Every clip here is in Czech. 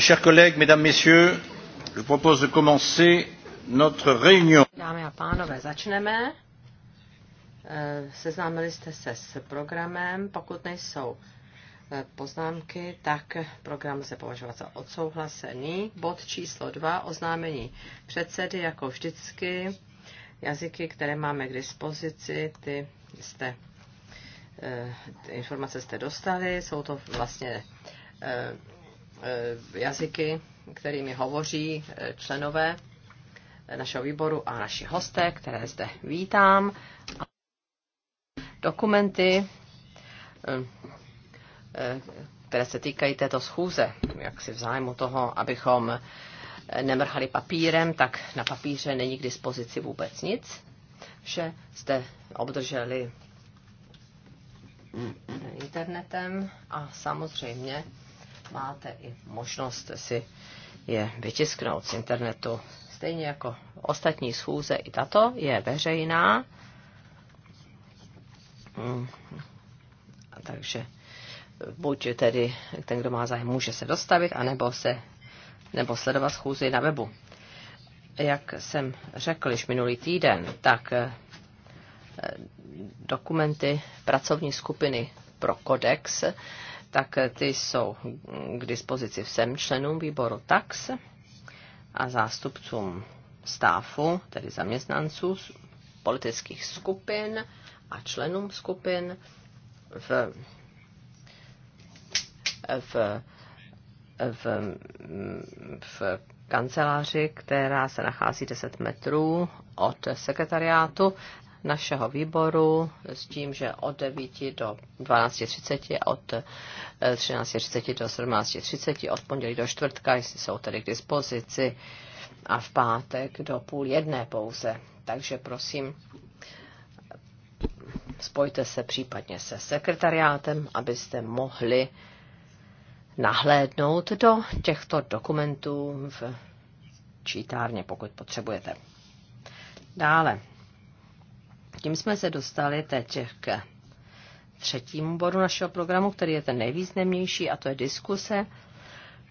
chers collègues, mesdames, et messieurs, je vous propose de commencer notre réunion. Dámy a pánové, začneme. Eh, seznámili jste se s programem. Pokud nejsou eh, poznámky, tak program se považovat za odsouhlasený. Bod číslo dva oznámení předsedy, jako vždycky. Jazyky, které máme k dispozici, ty jste eh, ty informace jste dostali, jsou to vlastně E, jazyky, kterými hovoří e, členové e, našeho výboru a naši hosté, které zde vítám. Dokumenty, které se týkají této schůze, jak si v zájmu toho, abychom nemrhali papírem, tak na papíře není k dispozici vůbec nic. Vše jste obdrželi internetem a samozřejmě máte i možnost si je vytisknout z internetu. Stejně jako ostatní schůze, i tato je veřejná. Mm. Takže buď tedy ten, kdo má zájem, může se dostavit, anebo se, nebo sledovat schůzi na webu. Jak jsem řekl již minulý týden, tak eh, dokumenty pracovní skupiny pro kodex tak ty jsou k dispozici všem členům výboru tax a zástupcům stáfu, tedy zaměstnanců politických skupin a členům skupin v, v, v, v kanceláři, která se nachází 10 metrů od sekretariátu našeho výboru s tím, že od 9 do 12.30, od 13.30 eh, do 17.30, od pondělí do čtvrtka, jestli jsou tedy k dispozici, a v pátek do půl jedné pouze. Takže prosím, spojte se případně se sekretariátem, abyste mohli nahlédnout do těchto dokumentů v čítárně, pokud potřebujete. Dále tím jsme se dostali teď k třetímu bodu našeho programu, který je ten nejvýznamnější, a to je diskuse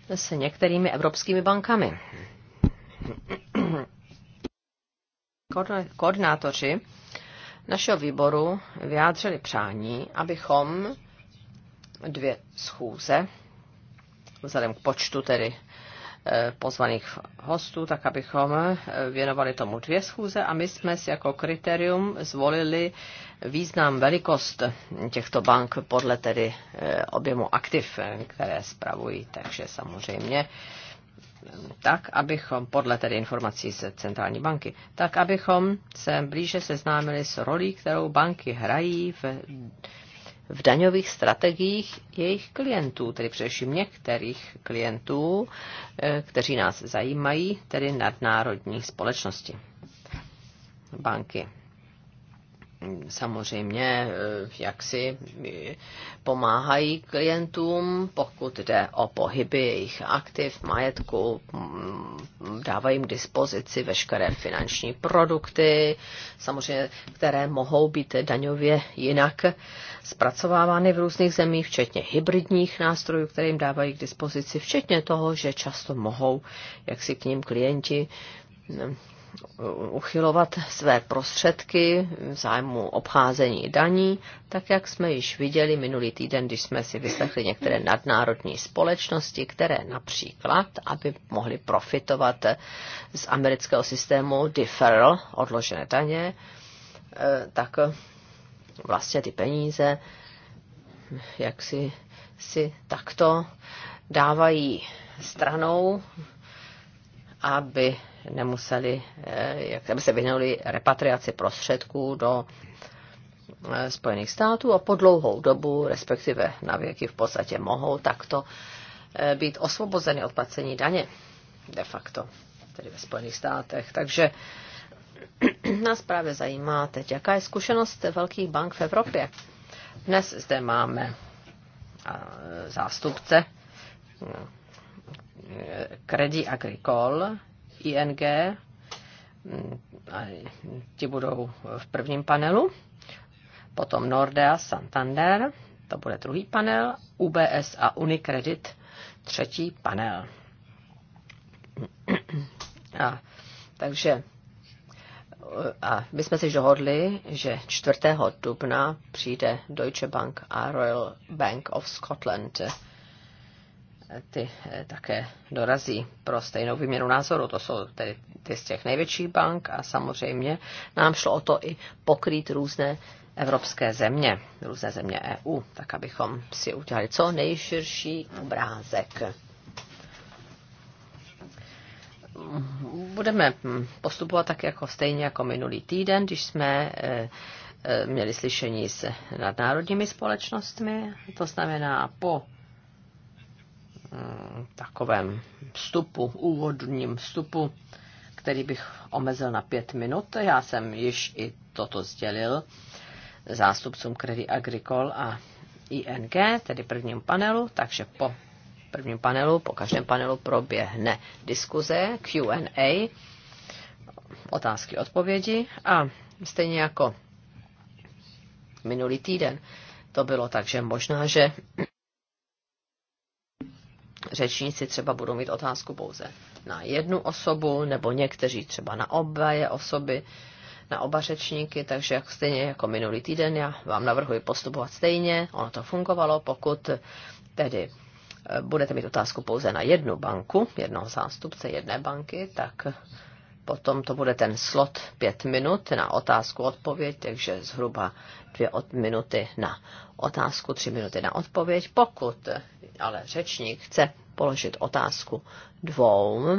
s některými evropskými bankami. Koordinátoři našeho výboru vyjádřili přání, abychom dvě schůze, vzhledem k počtu tedy Eh, pozvaných hostů, tak abychom eh, věnovali tomu dvě schůze a my jsme si jako kritérium zvolili význam velikost těchto bank podle tedy eh, objemu aktiv, které spravují. Takže samozřejmě tak, abychom, podle tedy informací z centrální banky, tak, abychom se blíže seznámili s rolí, kterou banky hrají v v daňových strategiích jejich klientů, tedy především některých klientů, eh, kteří nás zajímají, tedy nadnárodní společnosti, banky samozřejmě eh, jak si eh, pomáhají klientům, pokud jde o pohyby jejich aktiv, majetku, mm, dávají jim k dispozici veškeré finanční produkty, samozřejmě, které mohou být daňově jinak zpracovávány v různých zemích, včetně hybridních nástrojů, které jim dávají k dispozici, včetně toho, že často mohou, jak si k ním klienti mm, Eh, uchylovat své prostředky v zájmu obcházení daní, tak jak jsme již viděli minulý týden, když jsme si vyslechli některé nadnárodní společnosti, které například, aby mohly profitovat z amerického systému deferral, odložené daně, eh, tak vlastně ty peníze, jak si, si takto dávají stranou aby nemuseli, eh, jak, aby se vyhnuli repatriaci prostředků do eh, Spojených států a po dlouhou dobu, respektive na věky v podstatě mohou takto eh, být osvobozeny od placení daně de facto, tedy ve Spojených státech. Takže nás právě zajímá teď, jaká je zkušenost velkých bank v Evropě. Dnes zde máme zástupce Credit Agricole, ING, ti budou v prvním panelu, potom Nordea, Santander, to bude druhý panel, UBS a Unicredit, třetí panel. A, takže a my jsme si dohodli, že 4. dubna přijde Deutsche Bank a Royal Bank of Scotland ty eh, také dorazí pro stejnou výměnu názoru. To jsou tedy ty z těch největších bank a samozřejmě nám šlo o to i pokrýt různé evropské země, různé země EU, tak abychom si udělali co nejširší obrázek. Budeme hm, postupovat tak jako stejně jako minulý týden, když jsme eh, eh, měli slyšení s nadnárodními společnostmi, to znamená po Mm, takovém vstupu, úvodním vstupu, který bych omezil na pět minut. Já jsem již i toto sdělil zástupcům Credit Agricole a ING, tedy prvním panelu, takže po prvním panelu, po každém panelu proběhne diskuze, Q&A, otázky, odpovědi a stejně jako minulý týden to bylo, takže možná, že řečníci třeba budou mít otázku pouze na jednu osobu, nebo někteří třeba na oba je osoby, na oba řečníky, takže jak stejně jako minulý týden, já vám navrhuji postupovat stejně, ono to fungovalo, pokud tedy eh, budete mít otázku pouze na jednu banku, jednoho zástupce jedné banky, tak potom to bude ten slot pět minut na otázku odpověď, takže zhruba dvě od minuty na otázku, tři minuty na odpověď. Pokud ale řečník chce položit otázku dvou,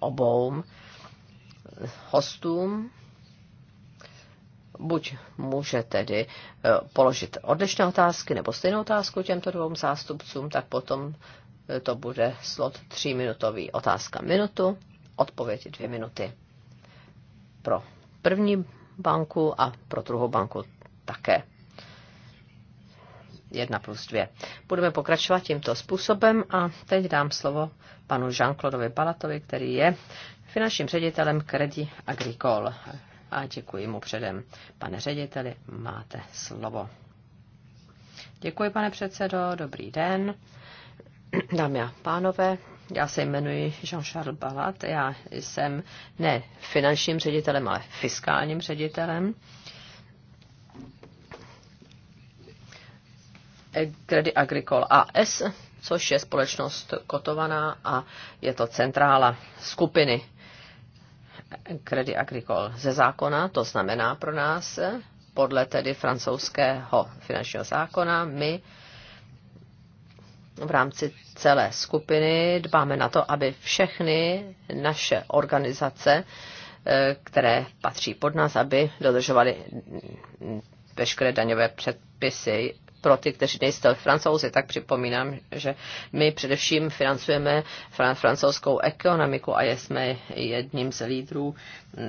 obou hostům. Buď může tedy e, položit odlišné otázky nebo stejnou otázku těmto dvou zástupcům, tak potom e, to bude slot tříminutový otázka minutu, odpověď dvě minuty pro první banku a pro druhou banku také. 1 plus 2. Budeme pokračovat tímto způsobem a teď dám slovo panu Jean-Claude Balatovi, který je finančním ředitelem Credit Agricole. A děkuji mu předem. Pane řediteli, máte slovo. Děkuji, pane předsedo, dobrý den. Dámy a pánové, já se jmenuji Jean-Charles Balat, já jsem ne finančním ředitelem, ale fiskálním ředitelem Credit Agricole AS, což je společnost kotovaná a je to centrála skupiny Credit Agricole ze zákona, to znamená pro nás, podle tedy francouzského finančního zákona, my v rámci celé skupiny dbáme na to, aby všechny naše organizace, eh, které patří pod nás, aby dodržovaly veškeré daňové předpisy pro ty, kteří nejste francouzi, tak připomínám, že my především financujeme fran- francouzskou ekonomiku a jsme jedním z lídrů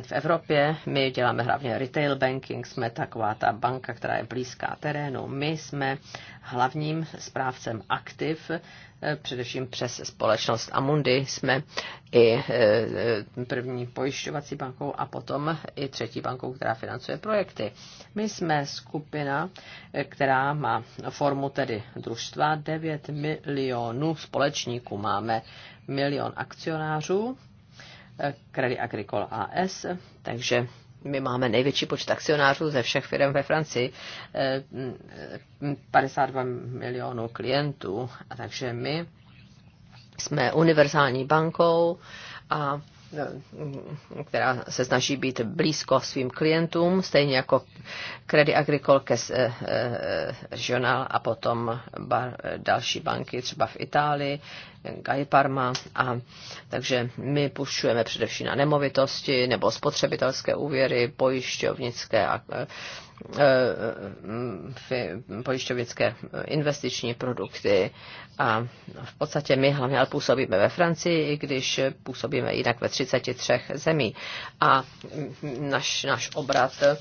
v Evropě. My děláme hlavně retail banking, jsme taková ta banka, která je blízká terénu. My jsme hlavním správcem aktiv Eh, především přes společnost Amundi jsme i eh, první pojišťovací bankou a potom i třetí bankou, která financuje projekty. My jsme skupina, eh, která má formu tedy družstva, 9 milionů společníků máme, milion akcionářů, Credit Agricole AS, takže my máme největší počet akcionářů ze všech firm ve Francii, 52 eh, milionů klientů, a takže my jsme univerzální bankou a eh, která se snaží být blízko svým klientům, stejně jako Credit Agricole, Kes, eh, eh Regional a potom bar, další banky, třeba v Itálii, Guy Parma. A, takže my pušťujeme především na nemovitosti nebo spotřebitelské úvěry, pojišťovnické a, e, e, pojišťovnické investiční produkty a v podstatě my hlavně ale působíme ve Francii, i když působíme jinak ve 33 zemí. A naš, náš obrat e,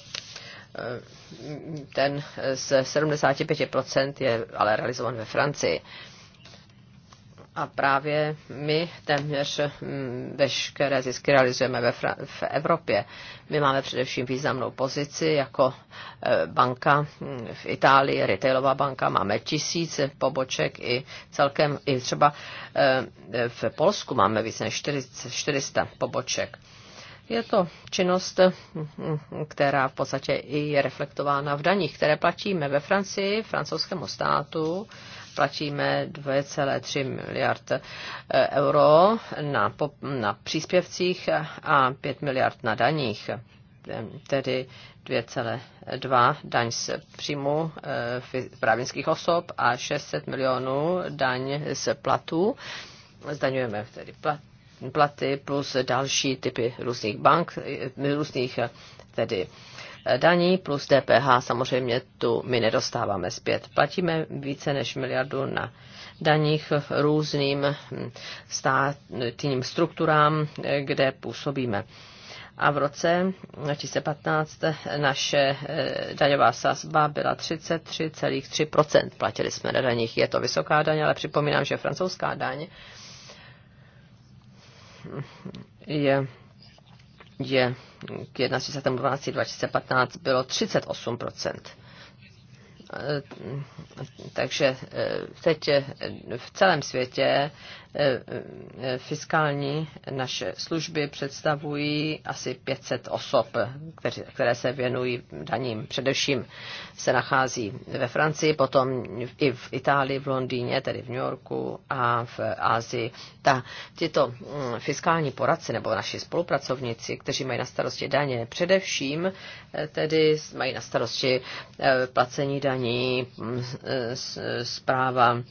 ten z 75% je ale realizovan ve Francii. A právě my téměř mm, veškeré zisky realizujeme ve v Evropě. My máme především významnou pozici jako e, banka mm, v Itálii, retailová banka, máme tisíce poboček i celkem, i třeba e, v Polsku máme více než 400 poboček. Je to činnost, mm, která v podstatě i je reflektována v daních, které platíme ve Francii, francouzskému státu platíme 2,3 miliard eh, euro na, na příspěvcích a 5 miliard na daních ehm, tedy 2,2 daň z příjmu eh, právnických osob a 600 milionů daň z platů. Zdaňujeme tedy platy plus další typy různých bank, eh, různých tedy daní plus DPH. Samozřejmě tu my nedostáváme zpět. Platíme více než miliardu na daních různým hm, státním strukturám, kde působíme. A v roce 2015 naše eh, daňová sazba byla 33,3%. Platili jsme na daních. Je to vysoká daň, ale připomínám, že francouzská daň je, je k 31.12.2015 bylo 38 e, takže e, teď v celém světě Eh, eh, fiskální naše služby představují asi 500 osob, které se věnují daním. Především se nachází ve Francii, potom i v Itálii, v Londýně, tedy v New Yorku a v Ázii. Ta, tyto mm, fiskální poradci nebo naši spolupracovníci, kteří mají na starosti daně, především eh, tedy mají na starosti placení daní, zpráva mm,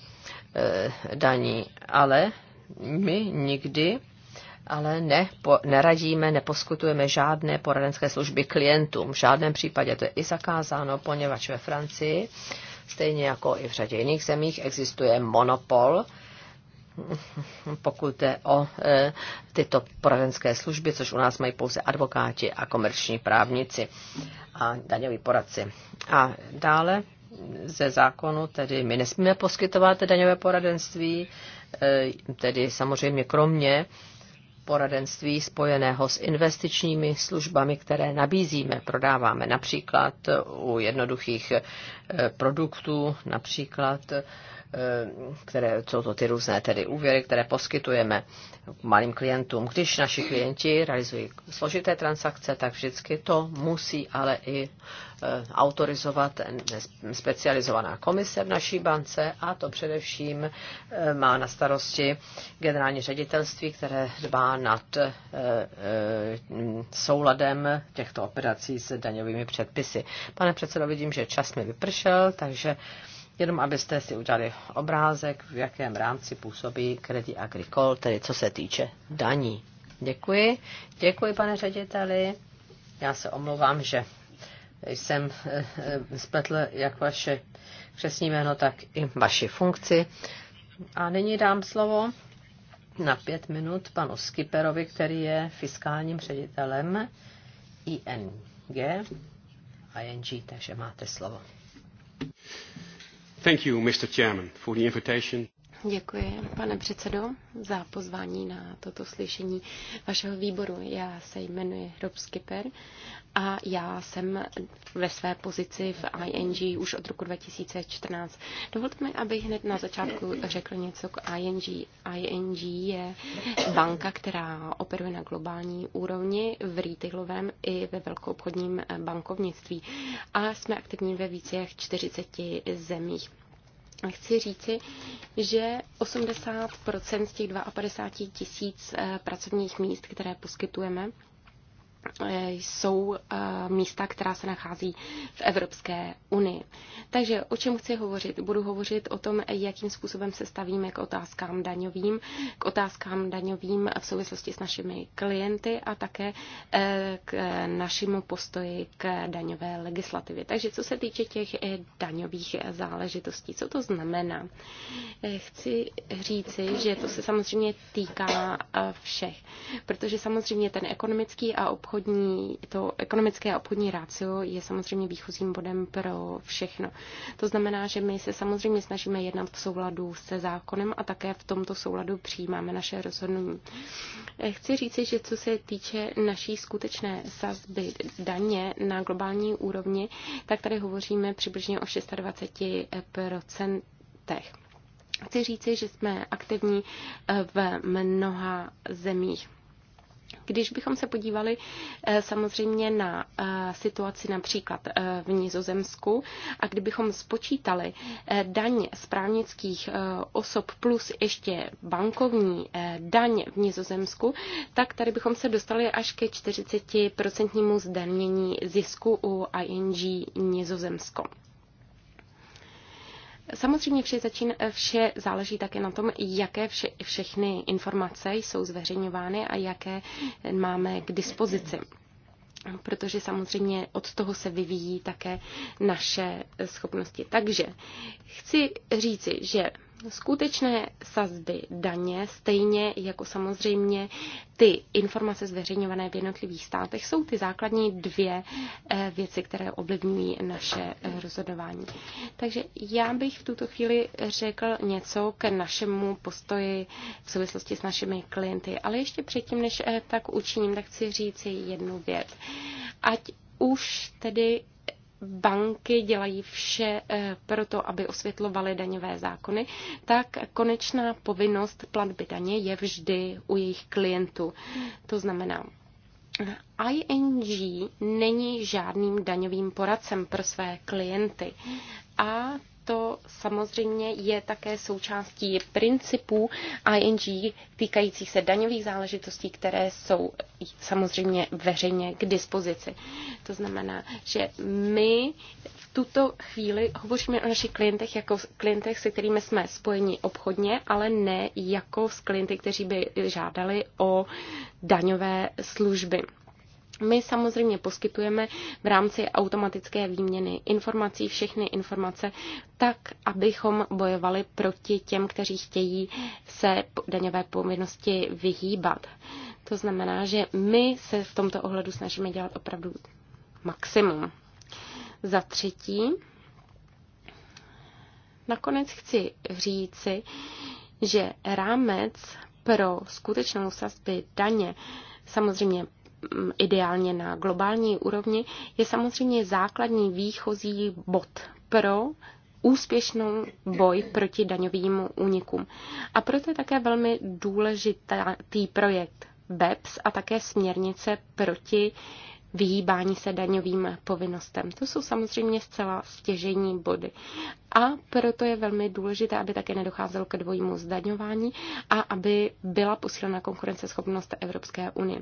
E, daní, ale my nikdy ale ne, po, neradíme, neposkutujeme žádné poradenské služby klientům. V žádném případě to je i zakázáno, poněvadž ve Francii, stejně jako i v řadě jiných zemích, existuje monopol, pokud jde o e, tyto poradenské služby, což u nás mají pouze advokáti a komerční právníci a daňoví poradci. A dále ze zákonu, tedy my nesmíme poskytovat daňové poradenství, eh, tedy samozřejmě kromě poradenství spojeného s investičními službami, které nabízíme, prodáváme například u jednoduchých eh, produktů, například Eh, které jsou to ty různé tedy úvěry, které poskytujeme malým klientům. Když naši klienti realizují složité transakce, tak vždycky to musí ale i eh, autorizovat specializovaná komise v naší bance a to především eh, má na starosti generální ředitelství, které dbá nad souladem těchto operací s daňovými předpisy. Pane předsedo, vidím, že čas mi vypršel, takže Jenom abyste si udělali obrázek, v jakém rámci působí Credit Agricole, tedy co se týče daní. Děkuji. Děkuji, pane řediteli. Já se omlouvám, že jsem eh, spletl jak vaše křesní jméno, tak i vaši funkci. A nyní dám slovo na pět minut panu Skiperovi, který je fiskálním ředitelem ING, ING, takže máte slovo. Thank you, Mr. president for the invitation. Děkuji, pane předsedo, za pozvání na toto slyšení vašeho výboru. Já se jmenuji Rob Skipper a já jsem ve své pozici v ING už od roku 2014. Dovolte mi, abych hned na začátku řekl něco k ING. ING je banka, která operuje na globální úrovni v retailovém i ve velkoobchodním bankovnictví a jsme aktivní ve více jak 40 zemích chci říci, že 80% z těch 52 tisíc eh, pracovních míst, které poskytujeme, Eh, jsou eh, místa, která se nachází v Evropské unii. Takže o čem chci hovořit? Budu hovořit o tom, jakým způsobem se stavíme k otázkám daňovým, k otázkám daňovým v souvislosti s našimi klienty a také eh, k našemu postoji k daňové legislativě. Takže co se týče těch daňových záležitostí, co to znamená? Chci říci, že to se samozřejmě týká všech, protože samozřejmě ten ekonomický a obchodní obchodní, to ekonomické a obchodní rácio je samozřejmě výchozím bodem pro všechno. To znamená, že my se samozřejmě snažíme jednat v souladu se zákonem a také v tomto souladu přijímáme naše rozhodnutí. Eh, chci říci, že co se týče naší skutečné sazby daně na globální úrovni, tak tady hovoříme přibližně o 26%. Chci říci, že jsme aktivní eh, v mnoha zemích. Když bychom se podívali eh, samozřejmě na eh, situaci například eh, v Nizozemsku a kdybychom spočítali daň z právnických osob plus ještě bankovní daň v Nizozemsku, tak tady bychom se dostali až ke 40% zdanění zisku u ING Nizozemsko. Samozřejmě vše, začín, vše záleží také na tom, jaké vše, všechny informace jsou zveřejňovány a jaké máme k dispozici protože samozřejmě od toho se vyvíjí také naše schopnosti. Takže chci říci, že skutečné sazby daně, stejně jako samozřejmě ty informace zveřejňované v jednotlivých státech, jsou ty základní dvě eh, věci, které ovlivňují naše eh, rozhodování. Takže já bych v tuto chvíli řekl něco k našemu postoji v souvislosti s našimi klienty, ale ještě předtím, než eh, tak učiním, tak chci říci jednu věc. Ať už tedy banky dělají vše eh, pro to, aby osvětlovaly daňové zákony, tak konečná povinnost platby daně je vždy u jejich klientů. To znamená, ING není žádným daňovým poradcem pro své klienty a to samozřejmě je také součástí principů ING týkajících se daňových záležitostí, které jsou samozřejmě veřejně k dispozici. To znamená, že my v tuto chvíli hovoříme o našich klientech jako klientech, se kterými jsme spojeni obchodně, ale ne jako s klienty, kteří by žádali o daňové služby. My samozřejmě poskytujeme v rámci automatické výměny informací všechny informace tak, abychom bojovali proti těm, kteří chtějí se daňové povinnosti vyhýbat. To znamená, že my se v tomto ohledu snažíme dělat opravdu maximum. Za třetí, nakonec chci říci, že rámec pro skutečnou sazby daně samozřejmě ideálně na globální úrovni, je samozřejmě základní výchozí bod pro úspěšnou boj proti daňovým únikům. A proto je také velmi důležitý projekt BEPS a také směrnice proti vyhýbání se daňovým povinnostem. To jsou samozřejmě zcela stěžení body. A proto je velmi důležité, aby také nedocházelo ke dvojímu zdaňování a aby byla posílena konkurenceschopnost Evropské unie.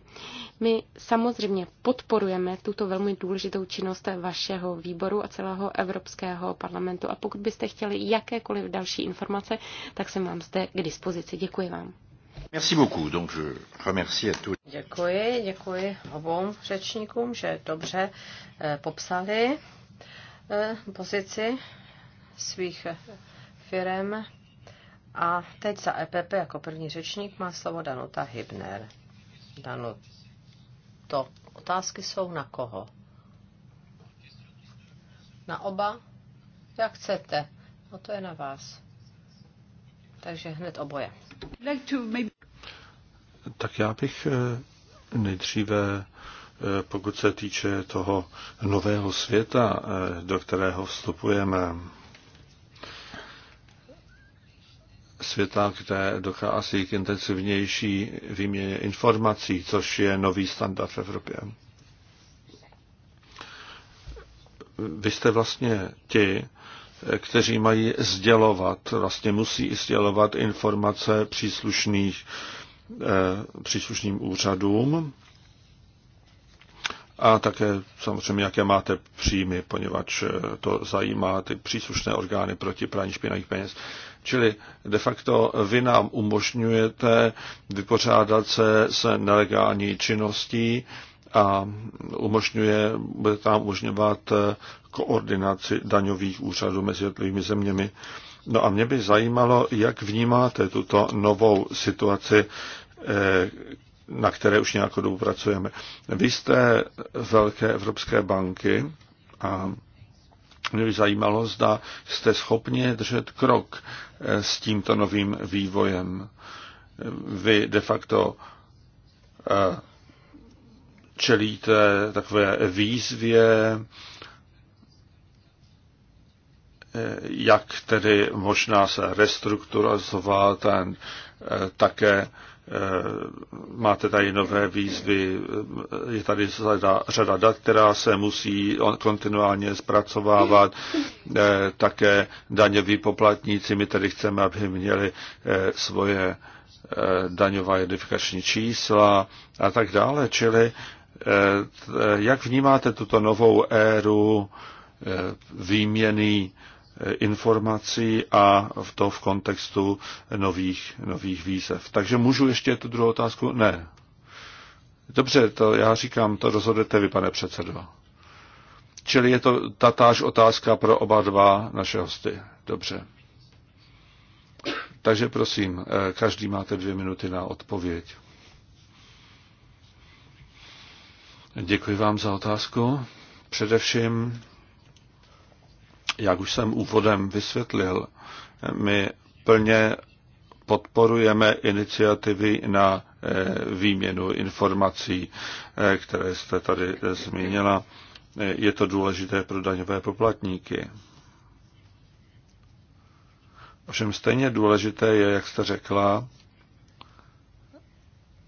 My samozřejmě podporujeme tuto velmi důležitou činnost vašeho výboru a celého Evropského parlamentu a pokud byste chtěli jakékoliv další informace, tak jsem vám zde k dispozici. Děkuji vám. Merci beaucoup. Donc je remercie à tous. Děkuji, děkuji obou řečníkům, že dobře eh, popsali eh, pozici svých firm. A teď za EPP jako první řečník má slovo Danuta Hybner. Danu, to otázky jsou na koho? Na oba? Jak chcete? No to je na vás. Takže hned oboje. Tak já bych eh, nejdříve, eh, pokud se týče toho nového světa, eh, do kterého vstupujeme, světa, kde dochází k intenzivnější výměně informací, což je nový standard v Evropě. Vy jste vlastně ti, kteří mají sdělovat, vlastně musí sdělovat informace příslušných Eh, příslušným úřadům a také samozřejmě, jaké máte příjmy, poněvadž eh, to zajímá ty příslušné orgány proti praní špinavých peněz. Čili de facto vy nám umožňujete vypořádat se s nelegální činností a umožňuje, budete nám umožňovat eh, koordinaci daňových úřadů mezi jednotlivými zeměmi. No a mě by zajímalo, jak vnímáte tuto novou situaci, eh, na které už nějakou dobu pracujeme. Vy jste velké evropské banky a mě by zajímalo, zda jste schopni držet krok eh, s tímto novým vývojem. Vy de facto eh, čelíte takové výzvě jak tedy možná se restrukturalizovat, ten, také e, máte tady nové výzvy, e, je tady řada, řada dat, která se musí kontinuálně zpracovávat, e, také daňoví poplatníci, my tedy chceme, aby měli svoje daňová identifikační čísla a tak dále, čili jak vnímáte tuto novou éru výměny informací a v to v kontextu nových, nových výzev. Takže můžu ještě tu druhou otázku? Ne. Dobře, to já říkám, to rozhodnete vy, pane předsedo. Čili je to tatáž otázka pro oba dva naše hosty. Dobře. Takže prosím, eh, každý máte dvě minuty na odpověď. Děkuji vám za otázku. Především jak už jsem úvodem vysvětlil, my plně podporujeme iniciativy na eh, výměnu informací, eh, které jste tady zmínila. Eh, je to důležité pro daňové poplatníky. Ovšem stejně důležité je, jak jste řekla,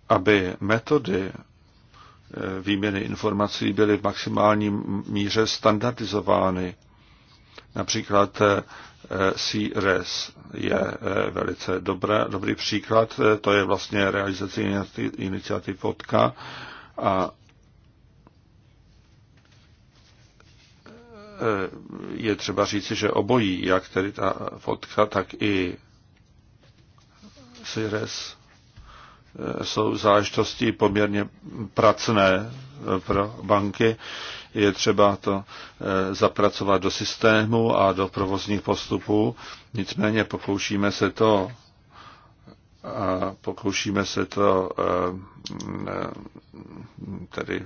aby metody výměny informací byly v maximální míře standardizovány Například CRS eh, eh, je eh, velice dobré, dobrý příklad. To je vlastně realizace iniciativ FOTKA a je třeba říci, že obojí, jak tedy ta fotka, tak i CRS jsou záležitosti poměrně pracné eh, pro banky. Je třeba to eh, zapracovat do systému a do provozních postupů. Nicméně pokoušíme se to a pokoušíme se to eh, tedy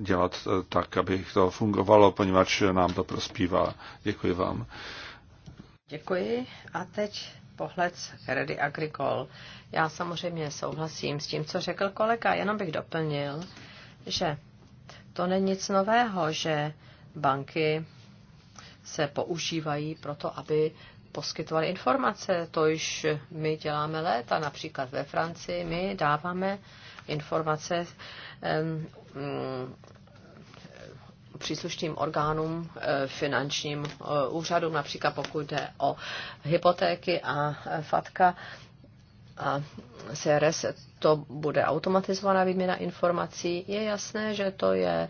dělat tak, aby to fungovalo, poněvadž nám to prospívá. Děkuji vám. Děkuji. A teď pohled z Redy Agricol. Já samozřejmě souhlasím s tím, co řekl kolega, jenom bych doplnil, že to není nic nového, že banky se používají proto, aby poskytovali informace. To již my děláme léta, například ve Francii my dáváme informace příslušným orgánům, eh, finančním eh, úřadům, například pokud jde o hypotéky a eh, FATKA a CRS, to bude automatizovaná výměna informací. Je jasné, že to je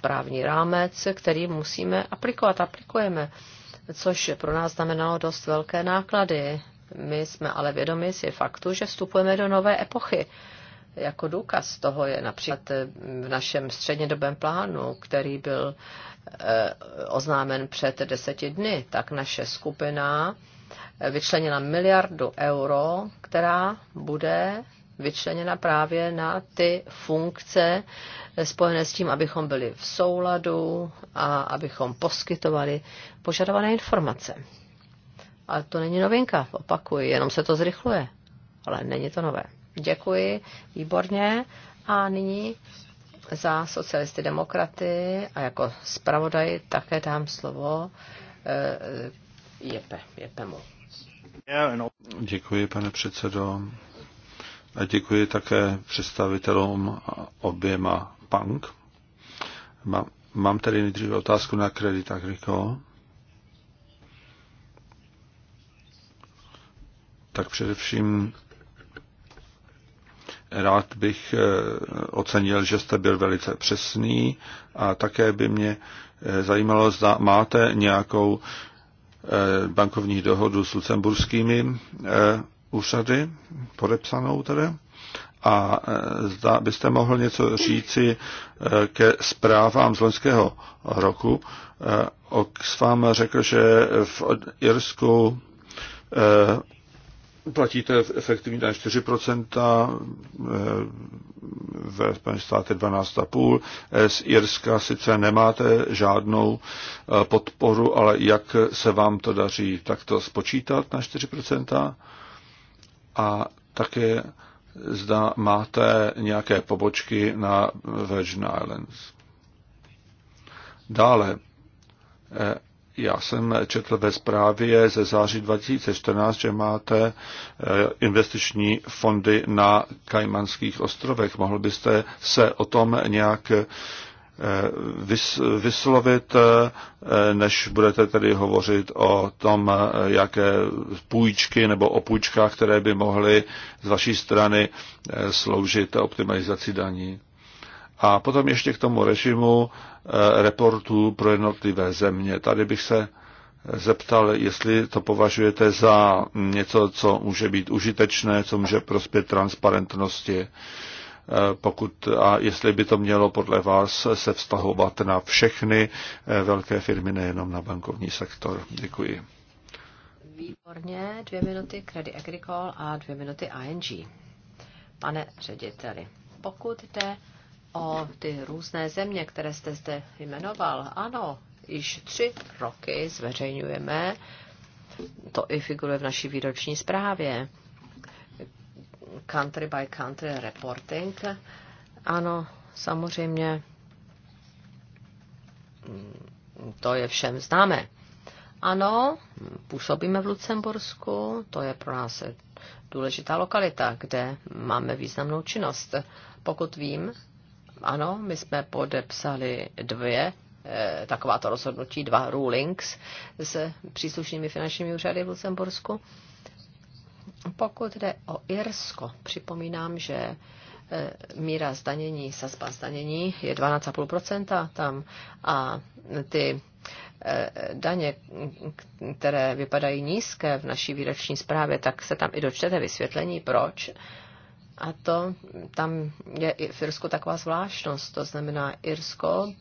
právní rámec, který musíme aplikovat, aplikujeme, což pro nás znamenalo dost velké náklady. My jsme ale vědomi si faktu, že vstupujeme do nové epochy jako důkaz toho je například eh, v našem střednědobém plánu, který byl eh, oznámen před deseti dny, tak naše skupina eh, vyčlenila miliardu euro, která bude vyčleněna právě na ty funkce spojené s tím, abychom byli v souladu a abychom poskytovali požadované informace. Ale to není novinka, opakuji, jenom se to zrychluje, ale není to nové. Děkuji, výborně. A nyní za socialisty demokraty a jako zpravodaj také dám slovo eh, Jepe, Jepemu. Děkuji, pane předsedo. A děkuji také představitelům oběma bank. Mám, tady nejdříve otázku na kredit Agricole. Tak především rád bych eh, ocenil, že jste byl velice přesný a také by mě eh, zajímalo, zda máte nějakou eh, bankovní dohodu s lucemburskými úřady, podepsanou tedy, a zda byste mohl něco říci ke zprávám z loňského roku. Oxfam řekl, že v Irsku Platíte efektivní daň 4%, ve Spojených státech 12,5%, z Irska sice nemáte žádnou eh, podporu, ale jak se vám to daří takto spočítat na 4%? A také zda máte nějaké pobočky na Virgin Islands. Dále, eh, já jsem četl ve zprávě ze září 2014, že máte eh, investiční fondy na Kajmanských ostrovech. Mohl byste se o tom nějak eh, vyslovit, eh, než budete tedy hovořit o tom, jaké půjčky nebo o půjčkách, které by mohly z vaší strany sloužit optimalizaci daní. A potom ještě k tomu režimu eh, reportů pro jednotlivé země. Tady bych se zeptal, jestli to považujete za něco, co může být užitečné, co může prospět transparentnosti, eh, pokud a jestli by to mělo podle vás se vztahovat na všechny eh, velké firmy, nejenom na bankovní sektor. Děkuji. Výborně, dvě minuty Credit Agricole a dvě minuty ING. Pane řediteli, pokud jde o ty různé země, které jste zde jmenoval. Ano, již tři roky zveřejňujeme, to i figuruje v naší výroční zprávě, country by country reporting. Ano, samozřejmě to je všem známe. Ano, působíme v Lucembursku, to je pro nás důležitá lokalita, kde máme významnou činnost. Pokud vím, ano, my jsme podepsali dvě eh, takováto rozhodnutí, dva rulings s příslušnými finančními úřady v Lucembursku. Pokud jde o Irsko, připomínám, že eh, míra zdanění, sazba zdanění je 12,5% tam a ty eh, daně, které vypadají nízké v naší výroční zprávě, tak se tam i dočtete vysvětlení, proč a to tam je i v Irsku taková zvláštnost. To znamená, Irsko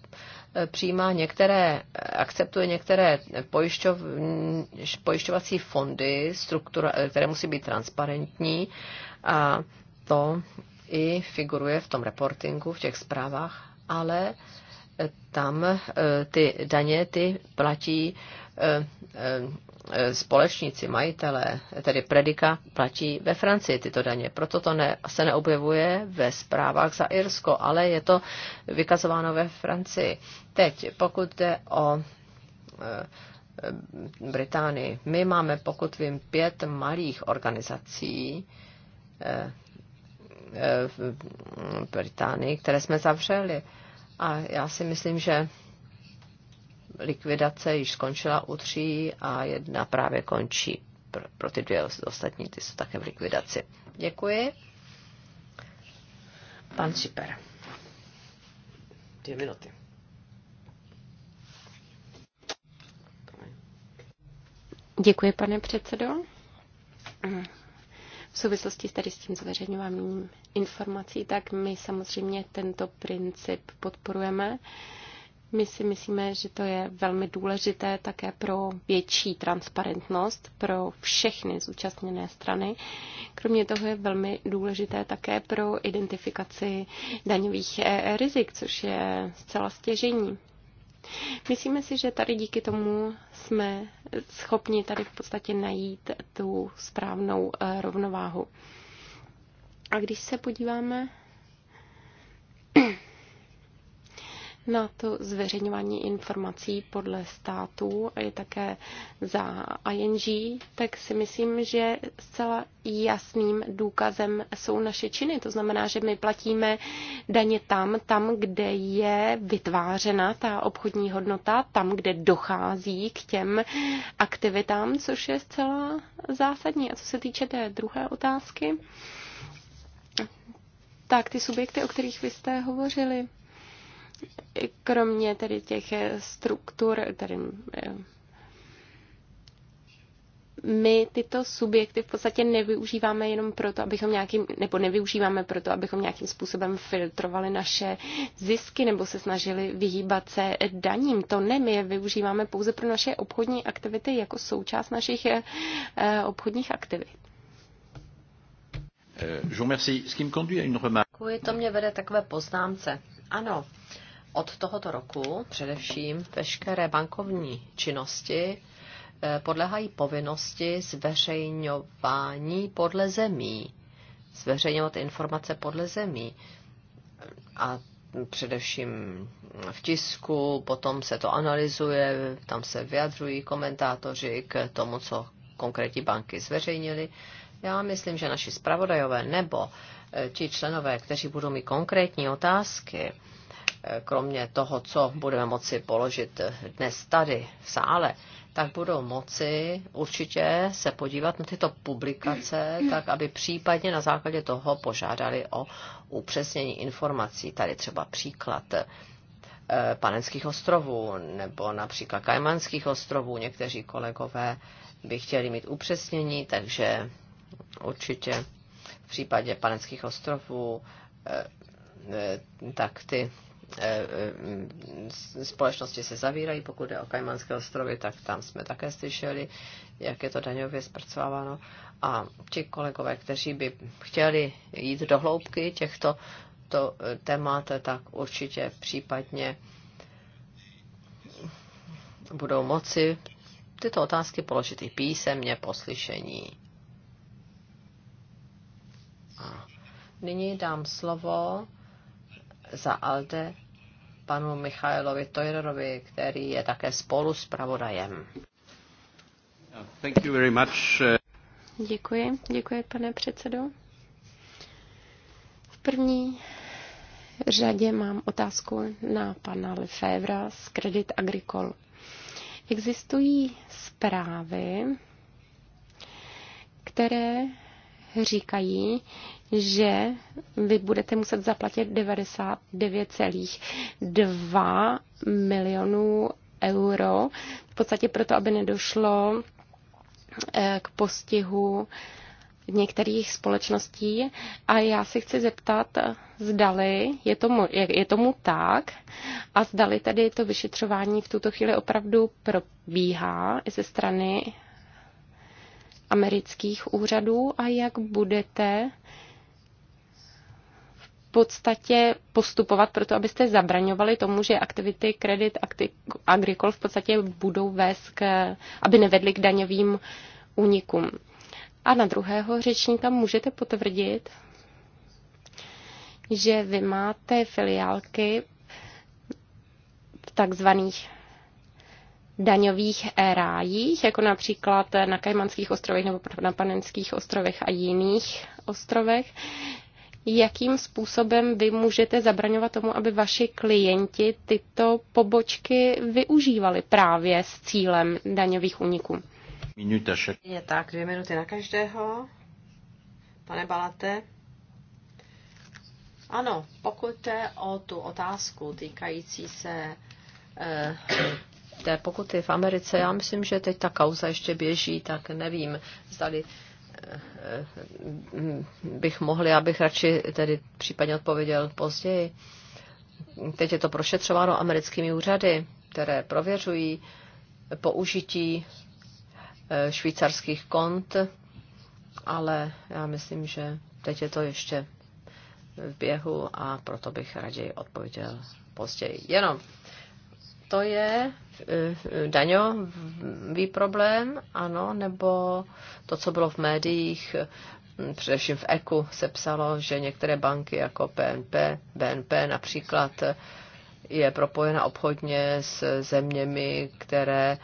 eh, přijímá některé, eh, akceptuje některé pojišťov, mm, pojišťovací fondy, struktura, eh, které musí být transparentní a to i figuruje v tom reportingu, v těch zprávách, ale tam ty daně ty platí E, společníci, majitelé, tedy predika, platí ve Francii tyto daně. Proto to ne, se neobjevuje ve zprávách za Irsko, ale je to vykazováno ve Francii. Teď, pokud jde o e, e, Británii, my máme, pokud vím, pět malých organizací v Británii, které jsme zavřeli. A já si myslím, že likvidace již skončila u tří a jedna právě končí. Pro, pro ty dvě ostatní, ty jsou také v likvidaci. Děkuji. Pan Šiper. Dvě minuty. Děkuji, pane předsedo. V souvislosti s tady s tím zveřejňováním informací, tak my samozřejmě tento princip podporujeme. Uh, my si myslíme, že to je velmi důležité také pro větší transparentnost pro všechny zúčastněné strany. Kromě toho je velmi důležité také pro identifikaci daňových eh, rizik, což je zcela stěžení. Myslíme si, že tady díky tomu jsme schopni tady v podstatě najít tu správnou eh, rovnováhu. A když se podíváme na to zveřejňování informací podle států a je také za ING, tak si myslím, že zcela jasným důkazem jsou naše činy. To znamená, že my platíme daně tam, tam, kde je vytvářena ta obchodní hodnota, tam, kde dochází k těm aktivitám, což je zcela zásadní. A co se týče té druhé otázky, tak ty subjekty, o kterých vy jste hovořili, kromě tedy těch eh, struktur, tedy eh, my tyto subjekty v podstatě nevyužíváme jenom proto, abychom nějakým, nebo nevyužíváme proto, abychom nějakým způsobem filtrovali naše zisky nebo se snažili vyhýbat se daním. To ne, my je využíváme pouze pro naše obchodní aktivity jako součást našich eh, obchodních aktivit. Je to mě vede takové poznámce. Ano, od tohoto roku především veškeré bankovní činnosti eh, podléhají povinnosti zveřejňování podle zemí, zveřejňovat informace podle zemí. A především v tisku, potom se to analyzuje, tam se vyjadřují komentátoři k tomu, co konkrétní banky zveřejnili. Já myslím, že naši zpravodajové nebo eh, ti členové, kteří budou mít konkrétní otázky, kromě toho, co budeme moci položit dnes tady v sále, tak budou moci určitě se podívat na tyto publikace, tak aby případně na základě toho požádali o upřesnění informací. Tady třeba příklad eh, Panenských ostrovů nebo například Kajmanských ostrovů. Někteří kolegové by chtěli mít upřesnění, takže určitě v případě Panenských ostrovů eh, eh, tak ty Eh, eh, společnosti se zavírají, pokud je o Kajmanské ostrovy, tak tam jsme také slyšeli, jak je to daňově zpracováváno. A ti kolegové, kteří by chtěli jít do hloubky těchto to eh, témat, tak určitě případně budou moci tyto otázky položit i písemně po slyšení. A nyní dám slovo za Alde panu Michailovi Tojerovi, který je také spolu s pravodajem. Thank you very much. Uh, děkuji, děkuji pane předsedo. V první řadě mám otázku na pana Lefevra z Credit Agricole. Existují zprávy, které říkají, že vy budete muset zaplatit 99,2 milionů euro v podstatě proto, aby nedošlo eh, k postihu některých společností a já si chci zeptat, zdali je tomu, je tomu tak a zdali tedy to vyšetřování v tuto chvíli opravdu probíhá ze strany amerických úřadů a jak budete podstatě postupovat proto, abyste zabraňovali tomu, že aktivity kredit agrikol v podstatě budou vést k, aby nevedly k daňovým únikům. A na druhého řečníka můžete potvrdit, že vy máte filiálky v takzvaných daňových rájích, jako například na Kajmanských ostrovech nebo na Panenských ostrovech a jiných ostrovech, jakým způsobem vy můžete zabraňovat tomu, aby vaši klienti tyto pobočky využívali právě s cílem daňových uniků. Minuta Je tak, dvě minuty na každého. Pane Balate. Ano, pokud jde o tu otázku týkající se eh, té pokuty v Americe, já myslím, že teď ta kauza ještě běží, tak nevím, zdali eh, bych mohli, abych radši tedy případně odpověděl později. Teď je to prošetřováno americkými úřady, které prověřují použití eh, švýcarských kont, ale já myslím, že teď je to ještě v běhu a proto bych raději odpověděl později. Jenom to je eh, eh, daňový problém, ano, nebo to, co bylo v médiích, hm, především v EKU se psalo, že některé banky jako PNP, BNP například, eh, je propojena obchodně s zeměmi, které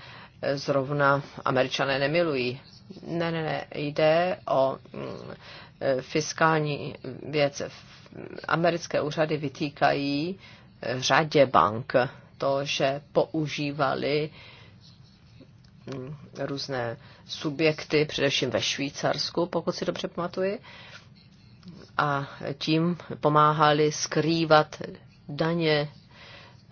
zrovna američané nemilují. Ne, ne, ne, jde o hm, fiskální věc. Americké úřady vytýkají řadě bank to, že používali mm, různé subjekty, především ve Švýcarsku, pokud si dobře pamatuji, a tím pomáhali skrývat daně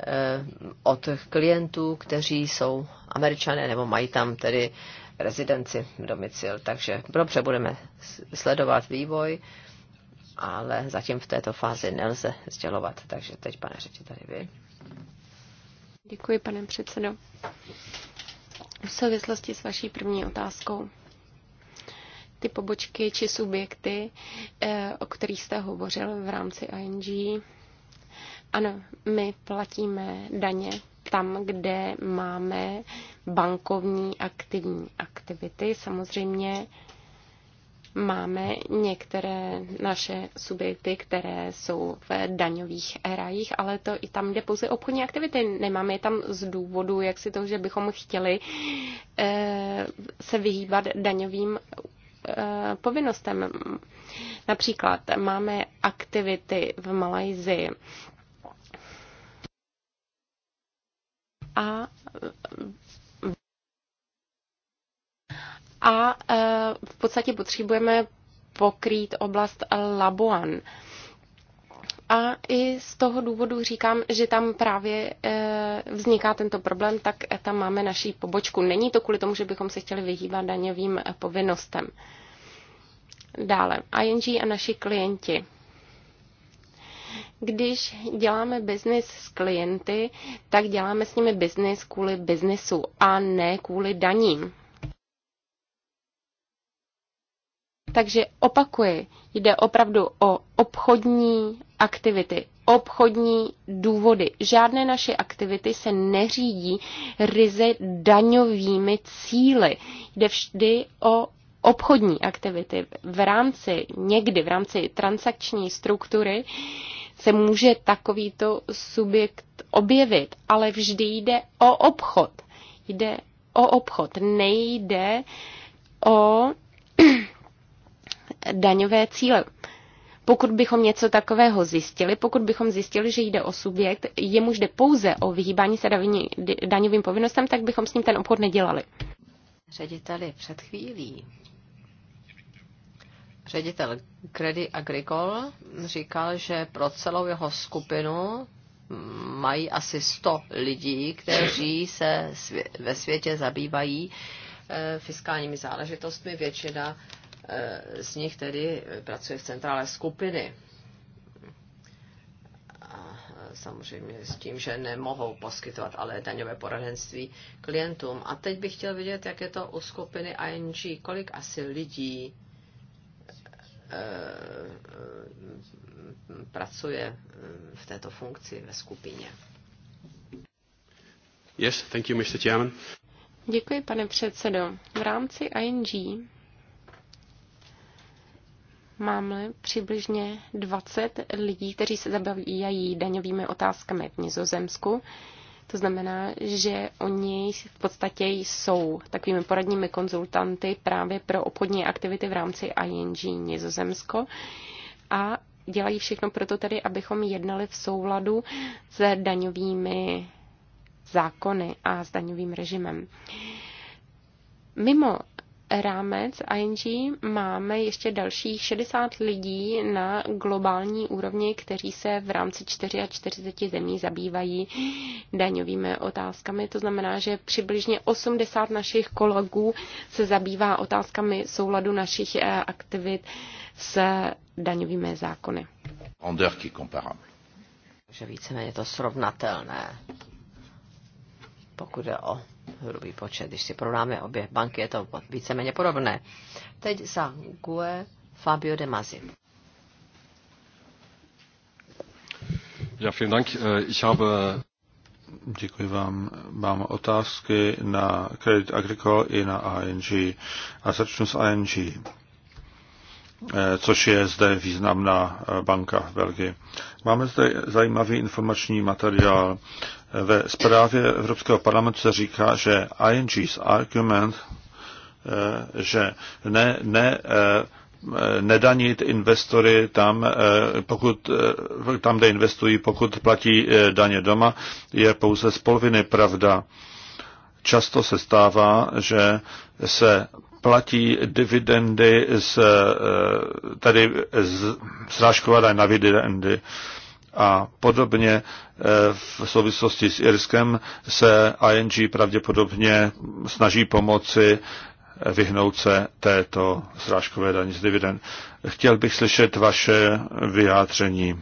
eh, od klientů, kteří jsou američané nebo mají tam tedy rezidenci, domicil. Takže dobře budeme sledovat vývoj, ale zatím v této fázi nelze sdělovat. Takže teď, pane tady vy. Děkuji, pane předsedo. V souvislosti s vaší první otázkou ty pobočky či subjekty, eh, o kterých jste hovořil v rámci ING. Ano, my platíme daně tam, kde máme bankovní aktivní aktivity. Samozřejmě máme některé naše subjekty, které jsou v daňových rajích, ale to i tam jde pouze obchodní aktivity. Nemáme je tam z důvodu, jak si to, že bychom chtěli eh, se vyhýbat daňovým eh, povinnostem. Například máme aktivity v Malajzi a a e, v podstatě potřebujeme pokrýt oblast Labuan. A i z toho důvodu říkám, že tam právě e, vzniká tento problém, tak tam máme naší pobočku. Není to kvůli tomu, že bychom se chtěli vyhýbat daňovým povinnostem. Dále, ING a naši klienti. Když děláme biznis s klienty, tak děláme s nimi biznis kvůli biznisu a ne kvůli daním. Takže opakuji, jde opravdu o obchodní aktivity, obchodní důvody. Žádné naše aktivity se neřídí ryze daňovými cíly. Jde vždy o obchodní aktivity. V rámci, někdy v rámci transakční struktury se může takovýto subjekt objevit, ale vždy jde o obchod. Jde o obchod, nejde o daňové cíle. Pokud bychom něco takového zjistili, pokud bychom zjistili, že jde o subjekt, jemuž jde pouze o vyhýbání se daňovým povinnostem, tak bychom s ním ten obchod nedělali. Řediteli, před chvílí ředitel Credit Agricole říkal, že pro celou jeho skupinu mají asi 100 lidí, kteří se ve světě zabývají eh, fiskálními záležitostmi. Většina Eh, z nich tedy pracuje v centrále skupiny. A eh, samozřejmě s tím, že nemohou poskytovat ale daňové poradenství klientům. A teď bych chtěl vidět, jak je to u skupiny ING. Kolik asi lidí eh, pracuje v této funkci ve skupině. Yes, thank you, Mr. Chairman. Děkuji, pane předsedo. V rámci ING máme přibližně 20 lidí, kteří se zabývají daňovými otázkami v Nizozemsku. To znamená, že oni v podstatě jsou takovými poradními konzultanty právě pro obchodní aktivity v rámci ING Nizozemsko a dělají všechno proto tedy, abychom jednali v souladu s daňovými zákony a s daňovým režimem. Mimo rámec ING máme ještě dalších 60 lidí na globální úrovni, kteří se v rámci 44 zemí zabývají daňovými otázkami. To znamená, že přibližně 80 našich kolegů se zabývá otázkami souladu našich eh, aktivit s daňovými zákony. Že víceméně je to srovnatelné, pokud je o hrubý počet. Když si porovnáme obě banky, je to víceméně podobné. Teď za GUE Fabio De Masi. Ja, vielen Dank. Äh, ich habe äh, Děkuji vám. Mám otázky na Credit Agricole i na ING. A začnu s ING. Eh, což je zde významná eh, banka v Belgii. Máme zde zajímavý informační materiál. Eh, ve zprávě Evropského parlamentu se říká, že ING's argument, že ne, ne nedanit investory tam, pokud, tam, kde investují, pokud platí daně doma, je pouze z poloviny pravda. Často se stává, že se platí dividendy z, eh, tady z, z daň na dividendy a podobně eh, v souvislosti s Irskem se ING pravděpodobně snaží pomoci eh, vyhnout se této zrážkové daní z dividend. Chtěl bych slyšet vaše vyjádření.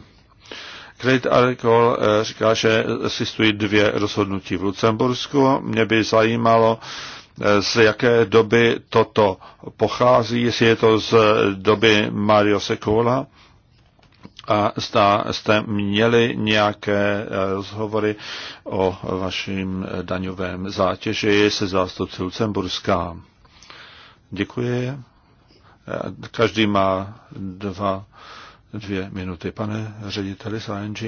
Credit Agricole říká, že existují dvě rozhodnutí v Lucembursku. Mě by zajímalo, z jaké doby toto pochází, jestli je to z doby Mario Sekola a zda jste měli nějaké eh, rozhovory o vaším daňovém zátěži se zástupci Lucemburská. Děkuji. Eh, každý má dva, dvě minuty. Pane řediteli z ANG,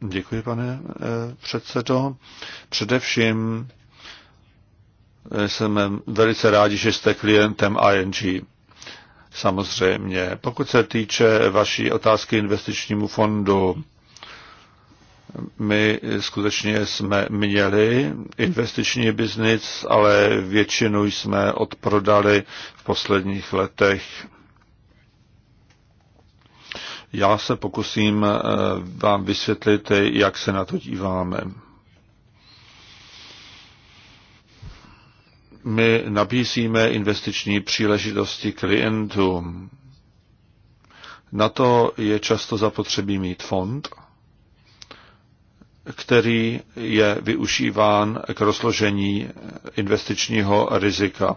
děkuji, pane eh, předsedo. Především jsem velice rádi, že jste klientem ING. Samozřejmě. Pokud se týče vaší otázky investičnímu fondu, my skutečně jsme měli investiční biznis, ale většinu jsme odprodali v posledních letech. Já se pokusím eh, vám vysvětlit, jak se na to díváme. my nabízíme investiční příležitosti klientům. Na to je často zapotřebí mít fond, který je využíván k rozložení investičního rizika.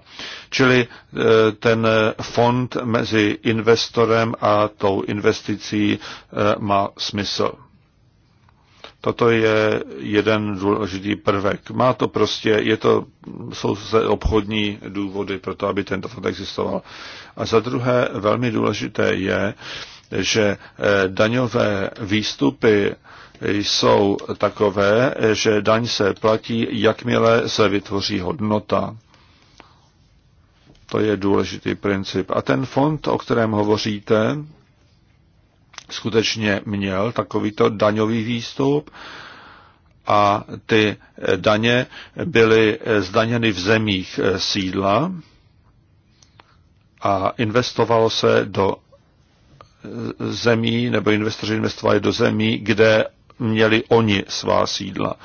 Čili eh, ten fond mezi investorem a tou investicí eh, má smysl. Toto je jeden důležitý prvek. Má to prostě, je to, jsou se obchodní důvody pro to, aby tento fond existoval. A za druhé, velmi důležité je, že eh, daňové výstupy jsou takové, že daň se platí, jakmile se vytvoří hodnota. To je důležitý princip. A ten fond, o kterém hovoříte, skutečně měl takovýto daňový výstup a ty daně byly zdaněny v zemích sídla a investovalo se do zemí, nebo investoři investovali do zemí, kde měli oni svá sídla.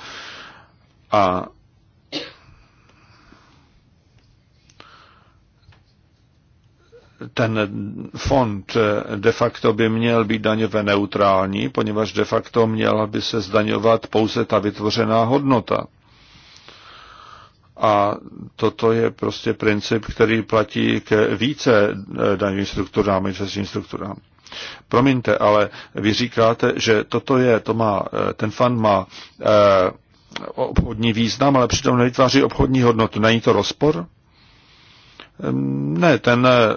A ten fond de facto by měl být daňové neutrální, poněvadž de facto měla by se zdaňovat pouze ta vytvořená hodnota. A toto je prostě princip, který platí k více eh, daňovým strukturám, investičním strukturám. Promiňte, ale vy říkáte, že toto je, to má, eh, ten fund má eh, obchodní význam, ale přitom nevytváří obchodní hodnotu. Není to rozpor? Ehm, ne, ten eh,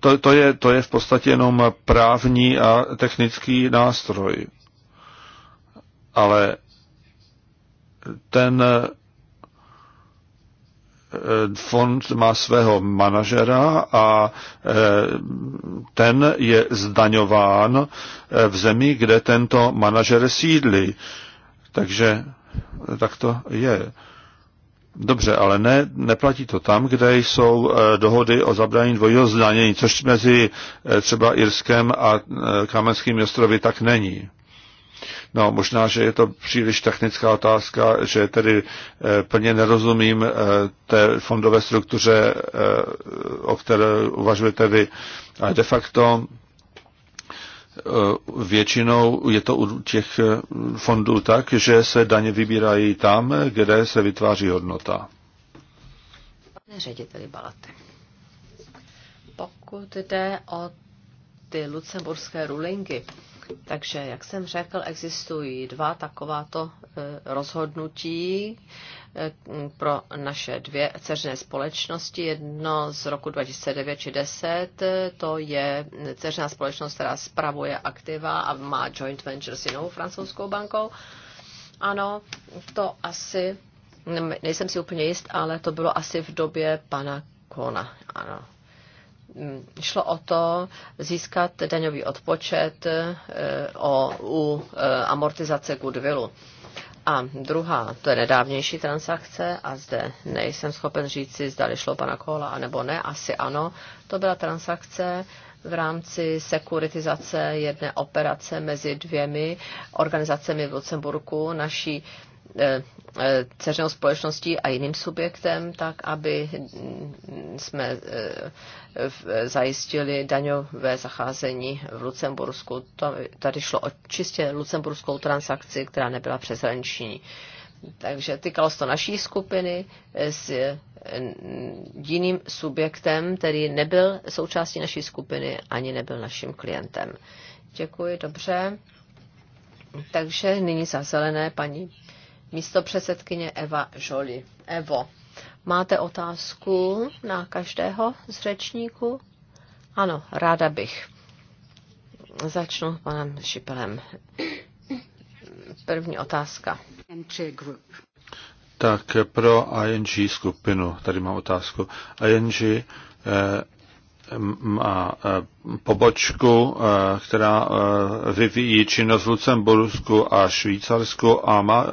to, to, je, to je v podstatě jenom právní a technický nástroj. Ale ten eh, fond má svého manažera a eh, ten je zdaňován eh, v zemi, kde tento manažer sídlí. Takže tak to je. Dobře, ale ne, neplatí to tam, kde jsou eh, dohody o zabrání dvojího zdanění, což mezi eh, třeba Irskem a eh, Kamenskými ostrovy tak není. No, možná, že je to příliš technická otázka, že tedy plně nerozumím té fondové struktuře, o které uvažujete vy. A de facto Eh, většinou je to u těch eh, fondů tak, že se daně vybírají tam, kde se vytváří hodnota. Pane řediteli Balate, pokud jde o ty lucemburské rulingy, takže, jak jsem řekl, existují dva takováto eh, rozhodnutí, pro naše dvě ceřné společnosti. Jedno z roku 2009 či 10, to je ceřná společnost, která spravuje aktiva a má joint venture s jinou francouzskou bankou. Ano, to asi, nejsem si úplně jist, ale to bylo asi v době pana Kona. Ano, šlo o to získat daňový odpočet eh, o, u eh, amortizace goodwillu. A druhá, to je nedávnější transakce a zde nejsem schopen říct si, zda šlo pana Kola, anebo ne, asi ano. To byla transakce v rámci sekuritizace jedné operace mezi dvěmi organizacemi v Lucemburku, naší Eh, eh, ceřenou společností a jiným subjektem, tak aby mm, jsme eh, zajistili daňové zacházení v Lucembursku. Tady šlo o čistě lucemburskou transakci, která nebyla přeshraniční. Takže týkalo se to naší skupiny s jiným subjektem, který nebyl součástí naší skupiny ani nebyl naším klientem. Děkuji, dobře. Takže nyní za zelené paní místo předsedkyně Eva Žoli. Evo, máte otázku na každého z řečníků? Ano, ráda bych. Začnu panem Šipelem. První otázka. Tak pro ING skupinu, tady mám otázku. ING eh, má e, pobočku, e, která e, vyvíjí činnost v Lucembursku a Švýcarsku a má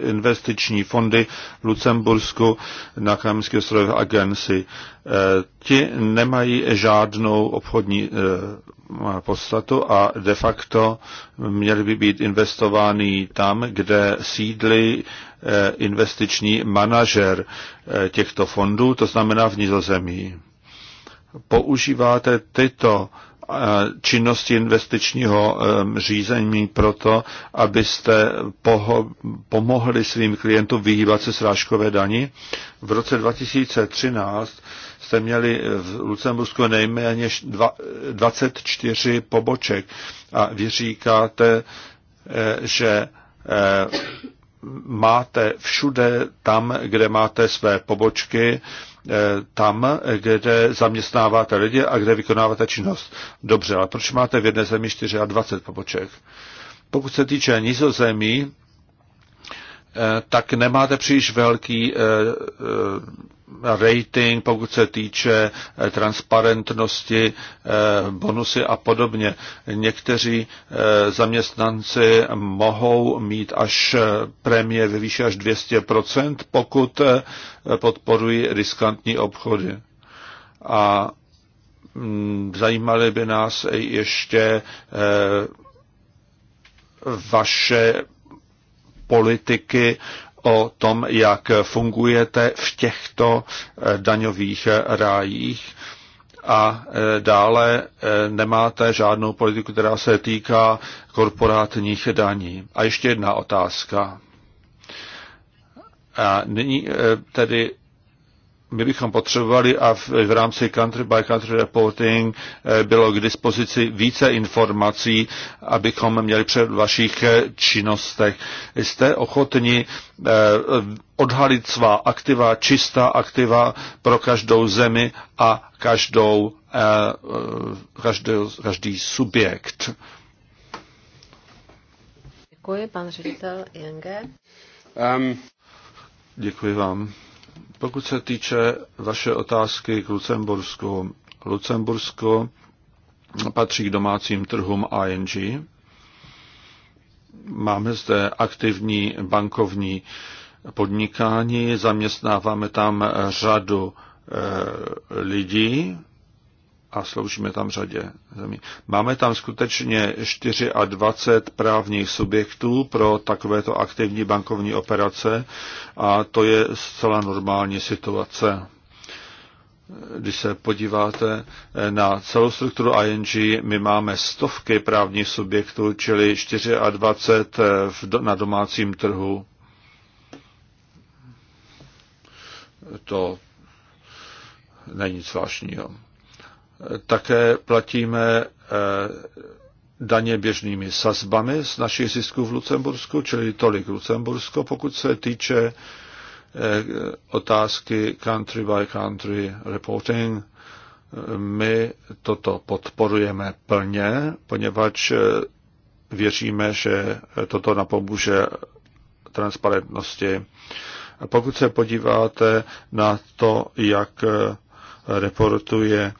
investiční fondy v Lucembursku na Kremských ostrově Agency. Ti nemají žádnou obchodní podstatu a de facto měly by být investovány tam, kde sídlí investiční manažer těchto fondů, to znamená v Nizozemí používáte tyto eh, činnosti investičního eh, řízení proto, abyste poho- pomohli svým klientům vyhýbat se srážkové dani. V roce 2013 jste měli v Lucembursku nejméně 24 poboček a vy říkáte, eh, že máte všude tam, kde máte své pobočky, Eh, tam, kde zaměstnáváte lidi a kde vykonáváte činnost. Dobře, ale proč máte v jedné zemi 24 poboček? Pokud se týče nizozemí, eh, tak nemáte příliš velký eh, rating, pokud se týče eh, transparentnosti, eh, bonusy a podobně. Někteří eh, zaměstnanci mohou mít až prémie ve výši až 200%, pokud podporují riskantní obchody. A mm, zajímaly by nás ještě vaše politiky o tom, jak fungujete v těchto eh, daňových eh, rájích a eh, dále nemáte žádnou politiku, která se týká korporátních daní. A ještě jedna otázka. A nyní tedy my bychom potřebovali a v, v rámci country by country reporting eh, bylo k dispozici více informací, abychom měli před vašich eh, činnostech. Jste ochotni eh, odhalit svá aktiva, čistá aktiva pro každou zemi a každou, každý, každý subjekt. Děkuji, pan ředitel Jenge. Um, Děkuji vám. Pokud se týče vaše otázky k Lucembursku, Lucembursko patří k domácím trhům ING. Máme zde aktivní bankovní podnikání, zaměstnáváme tam řadu eh, lidí, a sloužíme tam řadě zemí. Máme tam skutečně 24 právních subjektů pro takovéto aktivní bankovní operace a to je zcela normální situace. Když se podíváte eh, na celou strukturu ING, my máme stovky právních subjektů, čili 24 eh, na domácím trhu. To není nic zvláštního. Také platíme eh, daně běžnými sazbami z našich zisků v Lucembursku, čili tolik Lucembursko. Pokud se týče eh, otázky country by country reporting, my toto podporujeme plně, poněvadž eh, věříme, že toto napomůže transparentnosti. pokud se podíváte na to, jak reportuje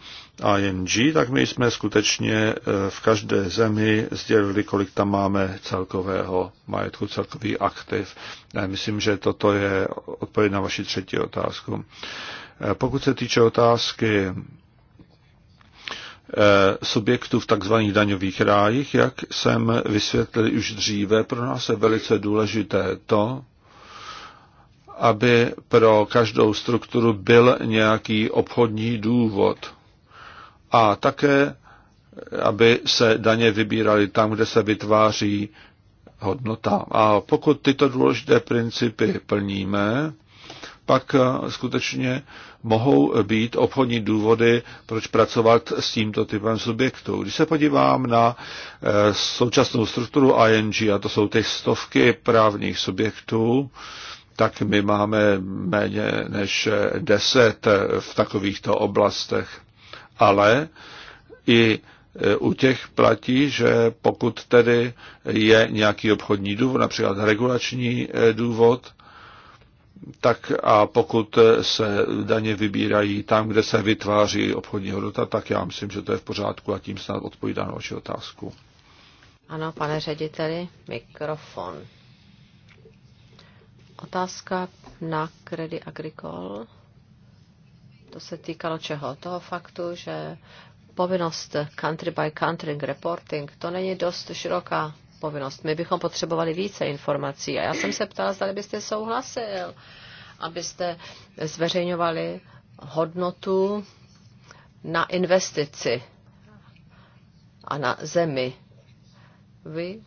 ING, tak my jsme skutečně eh, v každé zemi sdělili, kolik tam máme celkového majetku, celkový aktiv. Myslím, že toto je odpověď na vaši třetí otázku. Eh, pokud se týče otázky eh, subjektů v tzv. daňových rájích, jak jsem vysvětlil už dříve, pro nás je velice důležité to, aby pro každou strukturu byl nějaký obchodní důvod – a také, aby se daně vybíraly tam, kde se vytváří hodnota. A pokud tyto důležité principy plníme, pak eh, skutečně mohou být obchodní důvody, proč pracovat s tímto typem subjektu. Když se podívám na eh, současnou strukturu ING, a to jsou ty stovky právních subjektů, tak my máme méně než deset v takovýchto oblastech ale i e, u těch platí, že pokud tedy je nějaký obchodní důvod, například regulační e, důvod, tak a pokud se daně vybírají tam, kde se vytváří obchodní hodnota, tak já myslím, že to je v pořádku a tím snad odpovídá na vaši otázku. Ano, pane řediteli, mikrofon. Otázka na Credit Agricole. To se týkalo čeho? Toho faktu, že povinnost country by country reporting, to není dost široká povinnost. My bychom potřebovali více informací. A já jsem se ptala, zda byste souhlasil, abyste zveřejňovali hodnotu na investici a na zemi. Vy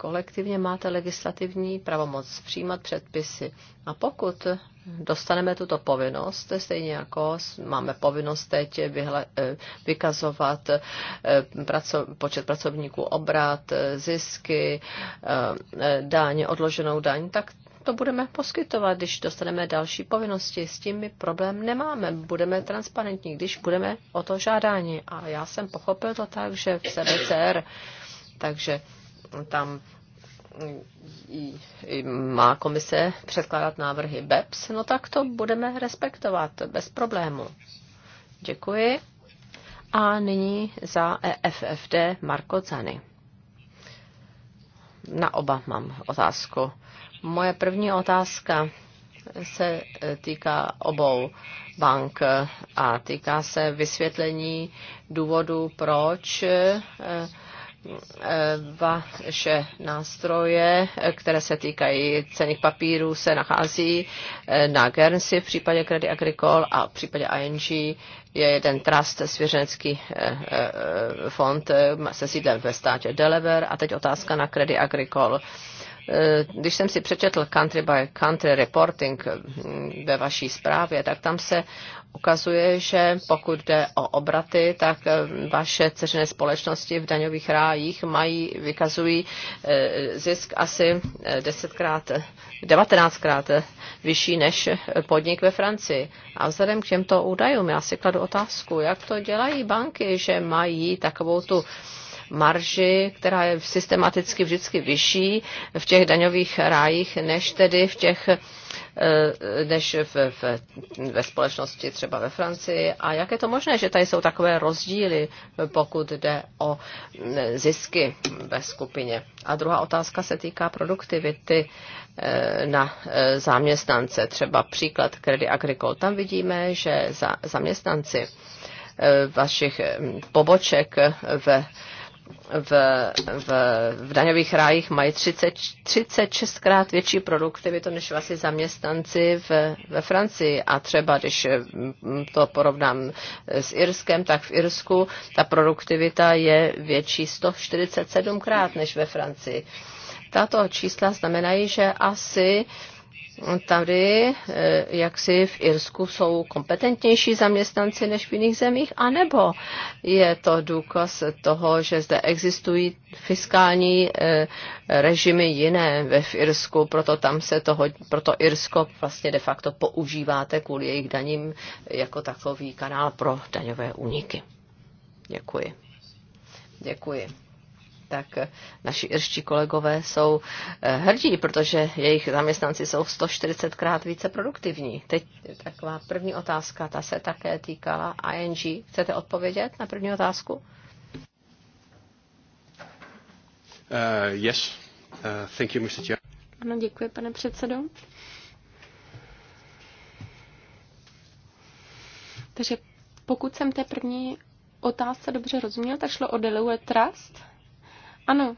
kolektivně máte legislativní pravomoc přijímat předpisy. A pokud dostaneme tuto povinnost, stejně jako máme povinnost teď eh, vykazovat eh, počet pracovníků, obrat, eh, zisky, daň, odloženou daň, tak to budeme poskytovat, když dostaneme další povinnosti. S tím my problém nemáme. Budeme transparentní, když budeme o to žádání. A já jsem pochopil to tak, že v CBCR, takže tam má komise předkládat návrhy BEPS, no tak to budeme respektovat bez problému. Děkuji. A nyní za EFFD Marko Zany. Na oba mám otázku. Moje první otázka se týká obou bank a týká se vysvětlení důvodu, proč eh, Eh, vaše nástroje, eh, které se týkají cených papírů, se nachází eh, na Guernsey v případě Credit Agricole a v případě ING je jeden trust, svěřenecký fond se sídlem ve státě Delaware. A teď otázka na Credit Agricole Eh, když jsem si přečetl country by country reporting hm, ve vaší zprávě, tak tam se ukazuje, že pokud jde o obraty, tak eh, vaše ceřené společnosti v daňových rájích mají, vykazují eh, zisk asi 10krát, 19krát vyšší než podnik ve Francii. A vzhledem k těmto údajům já si kladu otázku, jak to dělají banky, že mají takovou tu marži, která je systematicky vždycky vyšší v těch daňových rájích, než tedy v těch eh, než v, v, ve společnosti třeba ve Francii. A jak je to možné, že tady jsou takové rozdíly, pokud jde o eh, zisky ve skupině? A druhá otázka se týká produktivity eh, na zaměstnance. Třeba příklad Credit Agricole. Tam vidíme, že za, zaměstnanci vašich hm, poboček ve v, v, v daňových rájích mají 30, 36 krát větší produktivitu než vlastně zaměstnanci v, ve Francii. A třeba, když mm, to porovnám s Irskem, tak v Irsku ta produktivita je větší 147 krát než ve Francii. Tato čísla znamenají, že asi uh, tady, eh, jak si v Irsku jsou kompetentnější zaměstnanci než v jiných zemích, anebo je to důkaz toho, že zde existují fiskální eh, režimy jiné ve v Irsku, proto tam se to, proto Irsko vlastně de facto používáte kvůli jejich daním jako takový kanál pro daňové úniky. Děkuji. Děkuji tak naši irští kolegové jsou eh, hrdí, protože jejich zaměstnanci jsou 140 krát více produktivní. Teď taková první otázka, ta se také týkala ING. Chcete odpovědět na první otázku? Uh, yes. Uh, thank you, Mr. Chair. Ano, děkuji, pane předsedo. Takže pokud jsem té první otázce dobře rozuměl, tak šlo o Delaware Trust. Ano,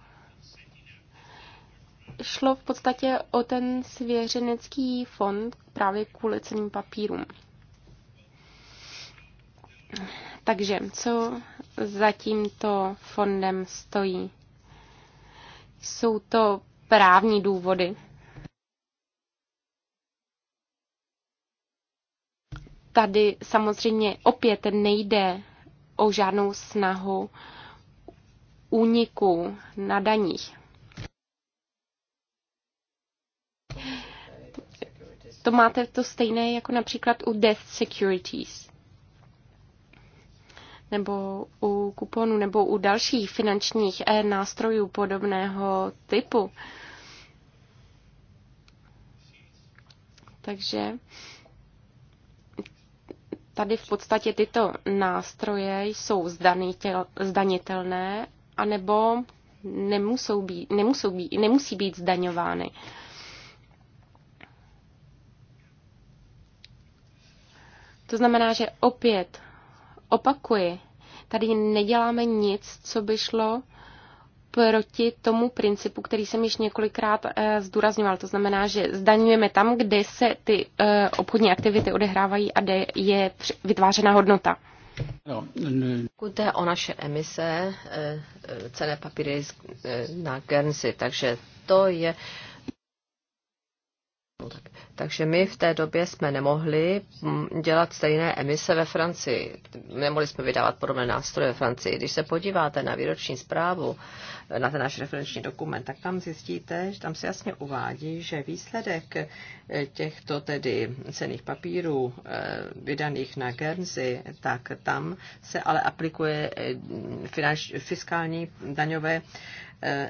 šlo v podstatě o ten svěřenecký fond právě kvůli ceným papírům. Takže, co za tímto fondem stojí? Jsou to právní důvody. Tady samozřejmě opět nejde o žádnou snahu uh, úniků na daních. To máte to stejné jako například u death securities nebo u kuponů nebo u dalších finančních eh, nástrojů podobného typu. Takže tady v podstatě tyto nástroje jsou zdanitelné anebo nemusou být, nemusou být, nemusí být zdaňovány. To znamená, že opět opakuji, tady neděláme nic, co by šlo proti tomu principu, který jsem již několikrát e, zdůrazňoval. To znamená, že zdaňujeme tam, kde se ty e, obchodní aktivity odehrávají a kde je vytvářena hodnota. No, Pokud jde o naše emise, eh, eh, cené papíry eh, na Guernsey, takže to je No takže my v té době jsme nemohli mm, dělat stejné emise ve Francii. Nemohli jsme vydávat podobné nástroje ve Francii. Když se podíváte na výroční zprávu, na ten náš referenční dokument, tak tam zjistíte, že tam se jasně uvádí, že výsledek eh, těchto tedy cených papírů eh, vydaných na Guernsey, tak tam se ale aplikuje eh, finanč, fiskální daňové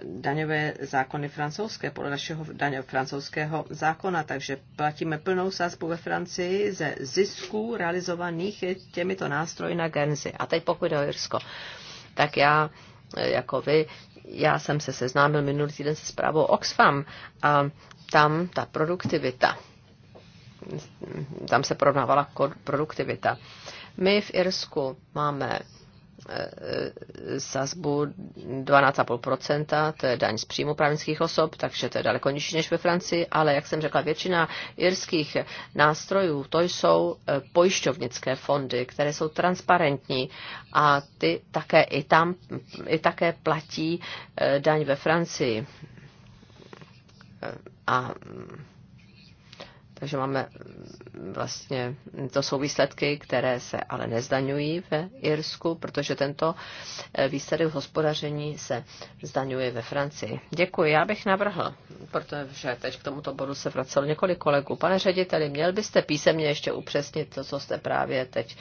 daňové zákony francouzské, podle našeho daně, francouzského zákona, takže platíme plnou sázbu ve Francii ze zisků realizovaných těmito nástroji na Genzi. A teď pokud jde o Jirsko, tak já jako vy, já jsem se seznámil minulý týden se zprávou Oxfam a tam ta produktivita, tam se porovnávala produktivita. My v Irsku máme Eh, sazbu 12,5%, to je daň z příjmu právnických osob, takže to je daleko nižší než ve Francii, ale jak jsem řekla, většina irských nástrojů, to jsou eh, pojišťovnické fondy, které jsou transparentní a ty také i tam, i také platí eh, daň ve Francii. A mm, takže máme mm, vlastně, mm, to jsou výsledky, které se ale nezdaňují ve Irsku, protože tento eh, výsledek hospodaření se zdaňuje ve Francii. Děkuji, já bych navrhl, protože teď k tomuto bodu se vracelo několik kolegů. Pane řediteli, měl byste písemně ještě upřesnit to, co jste právě teď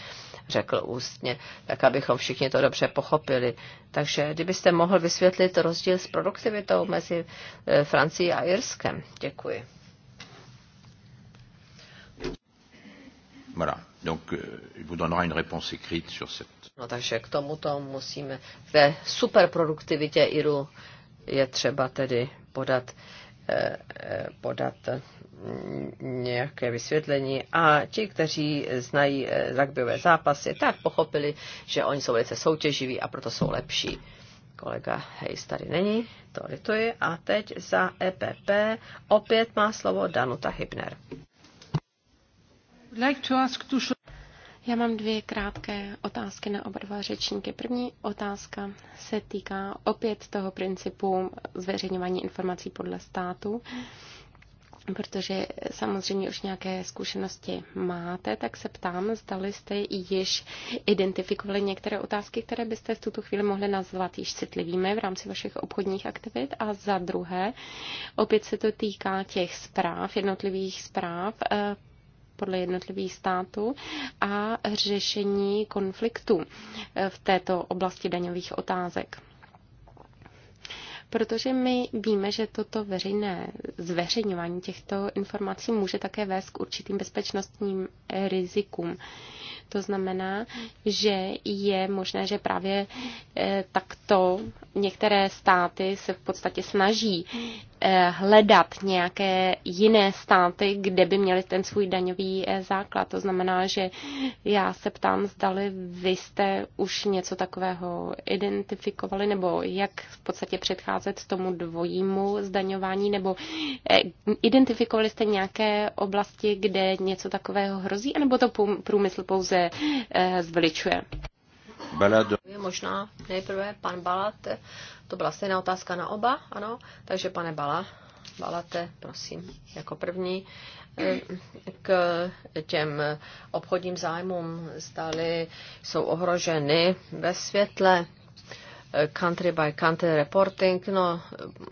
řekl ústně, tak abychom všichni to dobře pochopili. Takže kdybyste mohl vysvětlit rozdíl s produktivitou mezi eh, Francií a Irskem. Děkuji. Voilà. Donc, euh, il vous donnera une réponse écrite sur cette. No, takže k tomuto musíme, k té superproduktivitě IRU je třeba tedy podat, eh, eh podat mm, nějaké vysvětlení. A ti, kteří znají eh, rugbyové zápasy, tak pochopili, že oni jsou velice soutěživí a proto jsou lepší. Kolega Hejs tady není, to je. A teď za EPP opět má slovo Danuta Hybner. Já mám dvě krátké otázky na oba dva řečníky. První otázka se týká opět toho principu zveřejňování informací podle státu protože samozřejmě už nějaké zkušenosti máte, tak se ptám, zdali jste již identifikovali některé otázky, které byste v tuto chvíli mohli nazvat již citlivými v rámci vašich obchodních aktivit. A za druhé, opět se to týká těch zpráv, jednotlivých zpráv eh, podle jednotlivých států a řešení konfliktů eh, v této oblasti daňových otázek protože my víme, že toto veřejné zveřejňování těchto informací může také vést k určitým bezpečnostním rizikům. To znamená, že je možné, že právě eh, takto některé státy se v podstatě snaží eh, hledat nějaké jiné státy, kde by měli ten svůj daňový eh, základ. To znamená, že já se ptám, zdali vy jste už něco takového identifikovali, nebo jak v podstatě předcházet tomu dvojímu zdaňování, nebo identifikovali jste nějaké oblasti, kde něco takového hrozí, anebo to průmysl pouze se eh, zveličuje. Balado. Možná nejprve pan Balat, to byla stejná otázka na oba, ano, takže pane Bala, Balate, prosím, jako první eh, k těm obchodním zájmům, zdali jsou ohroženy ve světle country by country reporting, no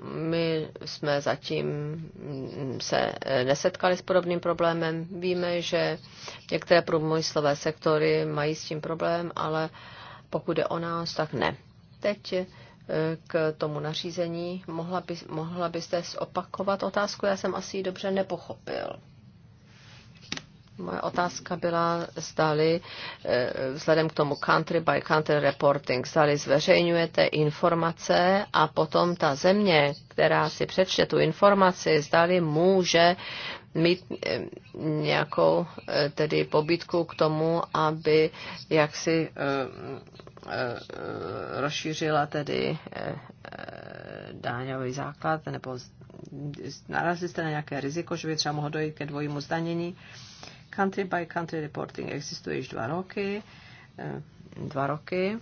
my jsme zatím se nesetkali s podobným problémem. Víme, že některé průmyslové sektory mají s tím problém, ale pokud je o nás, tak ne. Teď eh, k tomu nařízení. Mohla, by, mohla byste opakovat otázku? Já jsem asi ji dobře nepochopil. Moje otázka byla, zdali eh, vzhledem k tomu country by country reporting, zdali zveřejňujete informace a potom ta země, která si přečte tu informaci, zdali může mít eh, nějakou eh, tedy pobytku k tomu, aby jaksi rozšířila tedy dáňový základ, nebo narazili jste na nějaké riziko, že by třeba mohlo dojít ke dvojímu zdanění. Country by country reporting existuje již dva roky, eh, dva roky,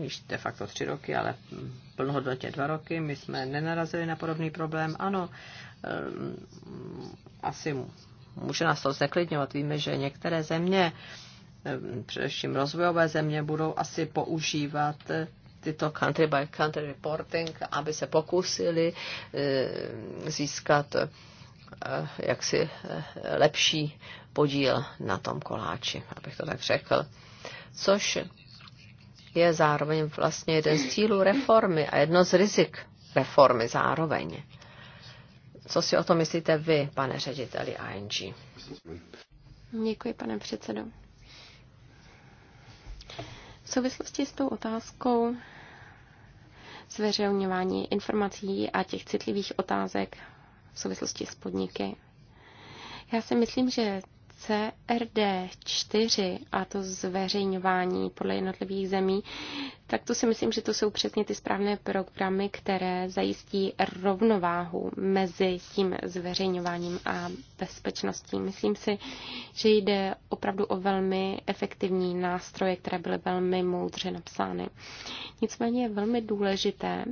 již de facto tři roky, ale plnohodnotně dva roky. My jsme nenarazili na podobný problém. Ano, eh, asi může nás to zneklidňovat. Víme, že některé země, eh, především rozvojové země, budou asi používat tyto country by country reporting, aby se pokusili získat Eh, jaksi eh, lepší podíl na tom koláči, abych to tak řekl. Což je zároveň vlastně jeden z cílů reformy a jedno z rizik reformy zároveň. Co si o tom myslíte vy, pane řediteli ING? Děkuji, pane předsedo. V souvislosti s tou otázkou zveřejňování informací a těch citlivých otázek v souvislosti s podniky. Já si myslím, že CRD 4 a to zveřejňování podle jednotlivých zemí, tak to si myslím, že to jsou přesně ty správné programy, které zajistí rovnováhu mezi tím zveřejňováním a bezpečností. Myslím si, že jde opravdu o velmi efektivní nástroje, které byly velmi moudře napsány. Nicméně je velmi důležité,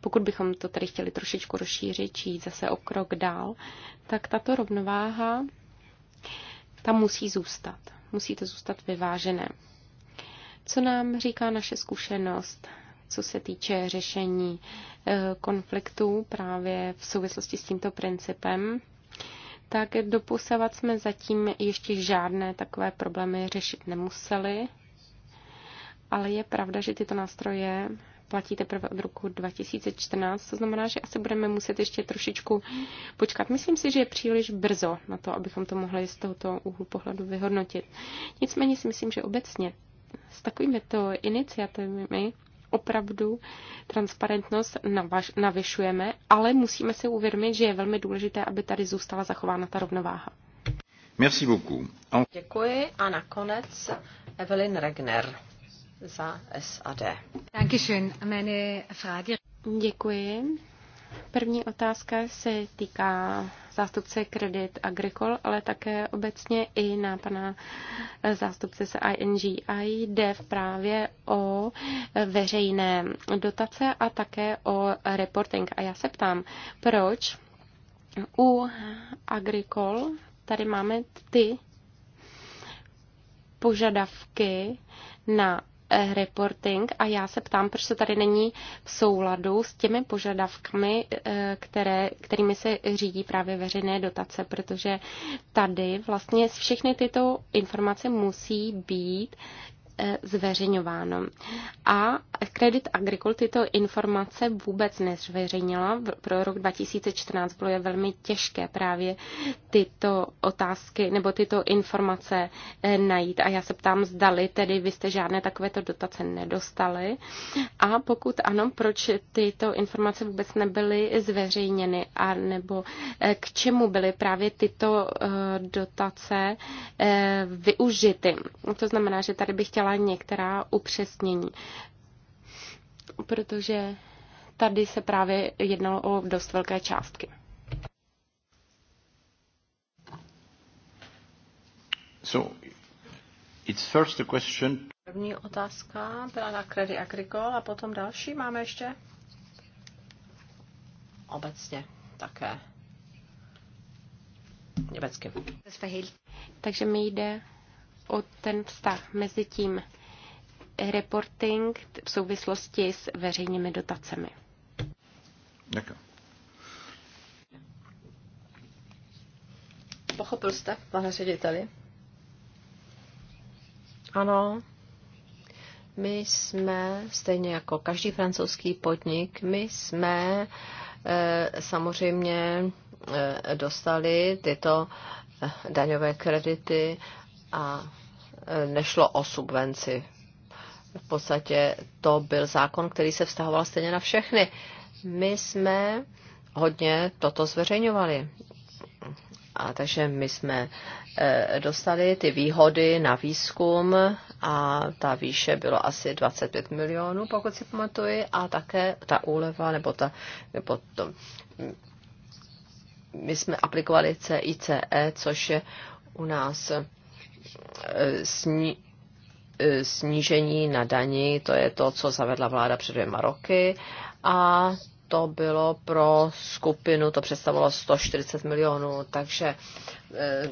pokud bychom to tady chtěli trošičku rozšířit, či jít zase o krok dál, tak tato rovnováha tam musí zůstat. Musí to zůstat vyvážené. Co nám říká naše zkušenost, co se týče řešení eh, konfliktů právě v souvislosti s tímto principem? tak doposavat jsme zatím ještě žádné takové problémy řešit nemuseli. Ale je pravda, že tyto nástroje platí teprve od roku 2014, to znamená, že asi budeme muset ještě trošičku počkat. Myslím si, že je příliš brzo na to, abychom to mohli z tohoto úhlu pohledu vyhodnotit. Nicméně si myslím, že obecně s takovými to iniciativami opravdu transparentnost navaž, navyšujeme, ale musíme si uvědomit, že je velmi důležité, aby tady zůstala zachována ta rovnováha. Merci beaucoup. Děkuji a nakonec Evelyn Regner za SAD. Děkuji. První otázka se týká zástupce Kredit Agricole, ale také obecně i na pana eh, zástupce se ING. A jde právě o veřejné dotace a také o reporting. A já se ptám, proč u Agricole tady máme ty požadavky na Eh, reporting a já se ptám, proč to tady není v souladu s těmi požadavkami, eh, které, kterými se řídí právě veřejné dotace, protože tady vlastně všechny tyto informace musí být E, zveřejňováno. A Credit Agricole tyto informace vůbec nezveřejnila. Pro rok 2014 bylo je velmi těžké právě tyto otázky nebo tyto informace e, najít. A já se ptám, zdali tedy vy jste žádné takovéto dotace nedostali. A pokud ano, proč tyto informace vůbec nebyly zveřejněny a nebo e, k čemu byly právě tyto dotace využity. To znamená, že tady bych chtěla chtěla některá upřesnění, protože tady se právě jednalo o dost velké částky. So, it's first a question. První otázka byla na Credit Agricole a potom další máme ještě obecně také německy. Takže mi jde o ten vztah mezi tím reporting v souvislosti s veřejnými dotacemi. Děkuji. Pochopil jste, pane řediteli? Ano. My jsme, stejně jako každý francouzský podnik, my jsme e, samozřejmě e, dostali tyto eh, daňové kredity a e, nešlo o subvenci. V podstatě to byl zákon, který se vztahoval stejně na všechny. My jsme hodně toto zveřejňovali. A takže my jsme e, dostali ty výhody na výzkum a ta výše bylo asi 25 milionů, pokud si pamatuji, a také ta úleva nebo ta, nebo to, my jsme aplikovali CICE, což je u nás sní, e, snížení na daní to je to, co zavedla vláda před dvěma roky a to bylo pro skupinu, to představovalo 140 milionů, takže e,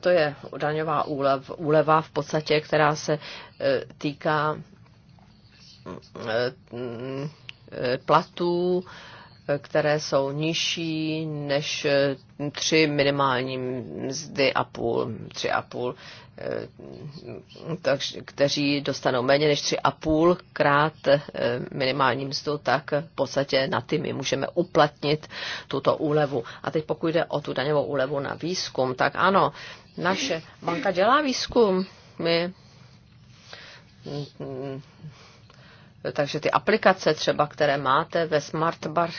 to je daňová úlev, úleva v podstatě, která se e, týká platů, které jsou nižší než tři minimální mzdy a půl, tři a půl, eh, tak, kteří dostanou méně než tři a půl krát eh, minimální mzdu, tak v podstatě na ty my můžeme uplatnit tuto úlevu. A teď pokud jde o tu daňovou úlevu na výzkum, tak ano, naše banka dělá výzkum, my mm, mm, takže ty aplikace třeba, které máte ve smart, bar,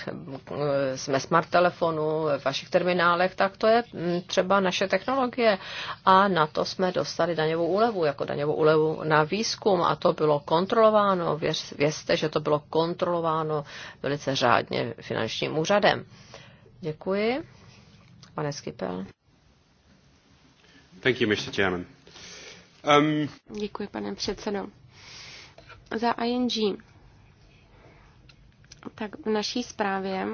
ve smart telefonu, ve vašich terminálech, tak to je mm, třeba naše technologie. A na to jsme dostali daňovou úlevu, jako daňovou úlevu na výzkum a to bylo kontrolováno. Věř, vězte, že to bylo kontrolováno velice řádně finančním úřadem. Děkuji. Pane Skipel. Thank you, Mr. Chairman. Um... Děkuji, pane předsedo za ING. Tak v naší zprávě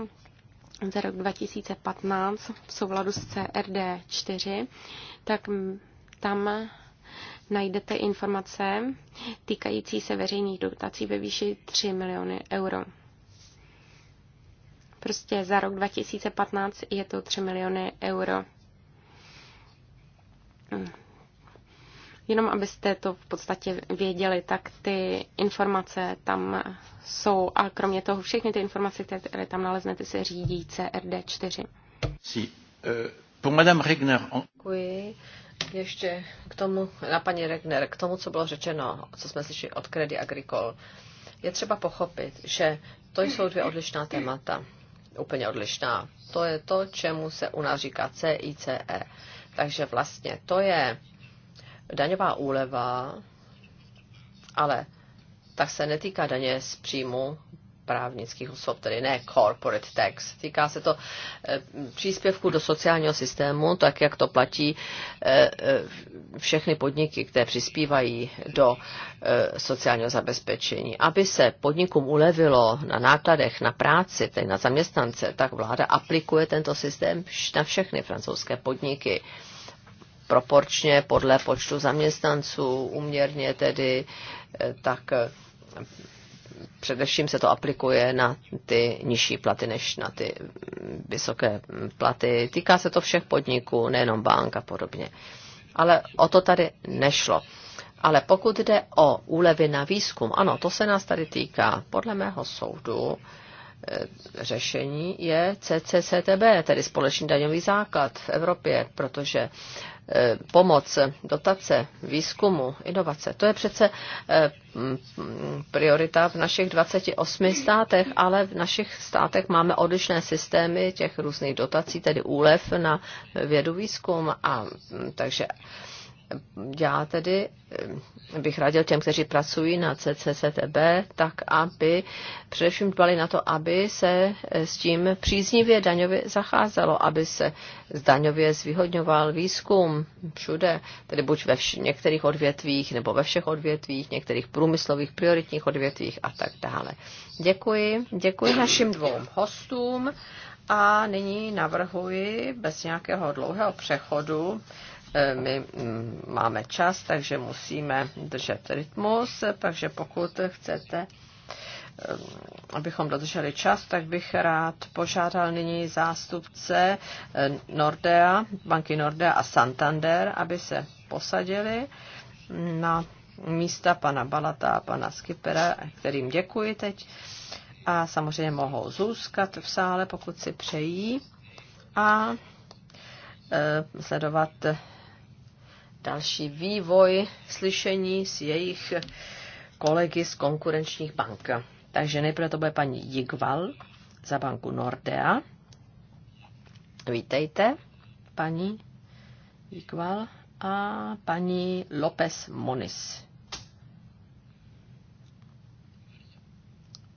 za rok 2015 v souladu s CRD 4, tak tam najdete informace týkající se veřejných dotací ve výši 3 miliony euro. Prostě za rok 2015 je to 3 miliony euro. Jenom abyste to v podstatě věděli, tak ty informace tam jsou a kromě toho všechny ty informace, které tam naleznete, se řídí CRD4. Si, uh, pour Madame Regner, on... Děkuji. Ještě k tomu, na paní Regner, k tomu, co bylo řečeno, co jsme slyšeli od Credit Agricole. Je třeba pochopit, že to jsou dvě odlišná témata. Úplně odlišná. To je to, čemu se u nás říká CICE. Takže vlastně to je daňová úleva, ale tak se netýká daně z příjmu právnických osob, tedy ne corporate tax. Týká se to eh, příspěvku do sociálního systému, tak jak to platí eh, eh, všechny podniky, které přispívají do sociálního zabezpečení. Aby se podnikům ulevilo na nákladech na práci, tedy na zaměstnance, tak vláda aplikuje tento systém na všechny francouzské podniky proporčně podle počtu zaměstnanců, uměrně tedy, eh, tak eh, především se to aplikuje na ty nižší platy než na ty mm, vysoké mm, platy. Týká se to všech podniků, nejenom bank a podobně. Ale o to tady nešlo. Ale pokud jde o úlevy na výzkum, ano, to se nás tady týká. Podle mého soudu Eh, řešení je CCCTB, tedy společný daňový základ v Evropě, protože eh, pomoc, dotace, výzkumu, inovace. To je přece eh, priorita v našich 28 státech, ale v našich státech máme odlišné systémy těch různých dotací, tedy úlev na vědu výzkum. A, takže já tedy eh, bych radil těm, kteří pracují na CCCTB, tak aby především dbali na to, aby se eh, s tím příznivě daňově zacházelo, aby se daňově zvýhodňoval výzkum všude, tedy buď ve vš- některých odvětvích nebo ve všech odvětvích, některých průmyslových prioritních odvětvích a tak dále. Děkuji, děkuji našim dvou hostům a nyní navrhuji bez nějakého dlouhého přechodu E, my mm, máme čas, takže musíme držet rytmus, takže pokud chcete, e, abychom dodrželi čas, tak bych rád požádal nyní zástupce e, Nordea, banky Nordea a Santander, aby se posadili na místa pana Balata a pana Skipera, kterým děkuji teď. A samozřejmě mohou zůstat v sále, pokud si přejí. A sledovat další vývoj slyšení s jejich kolegy z konkurenčních bank. Takže nejprve to bude paní Jigval za banku Nordea. Vítejte, paní Jigval a paní López Moniz.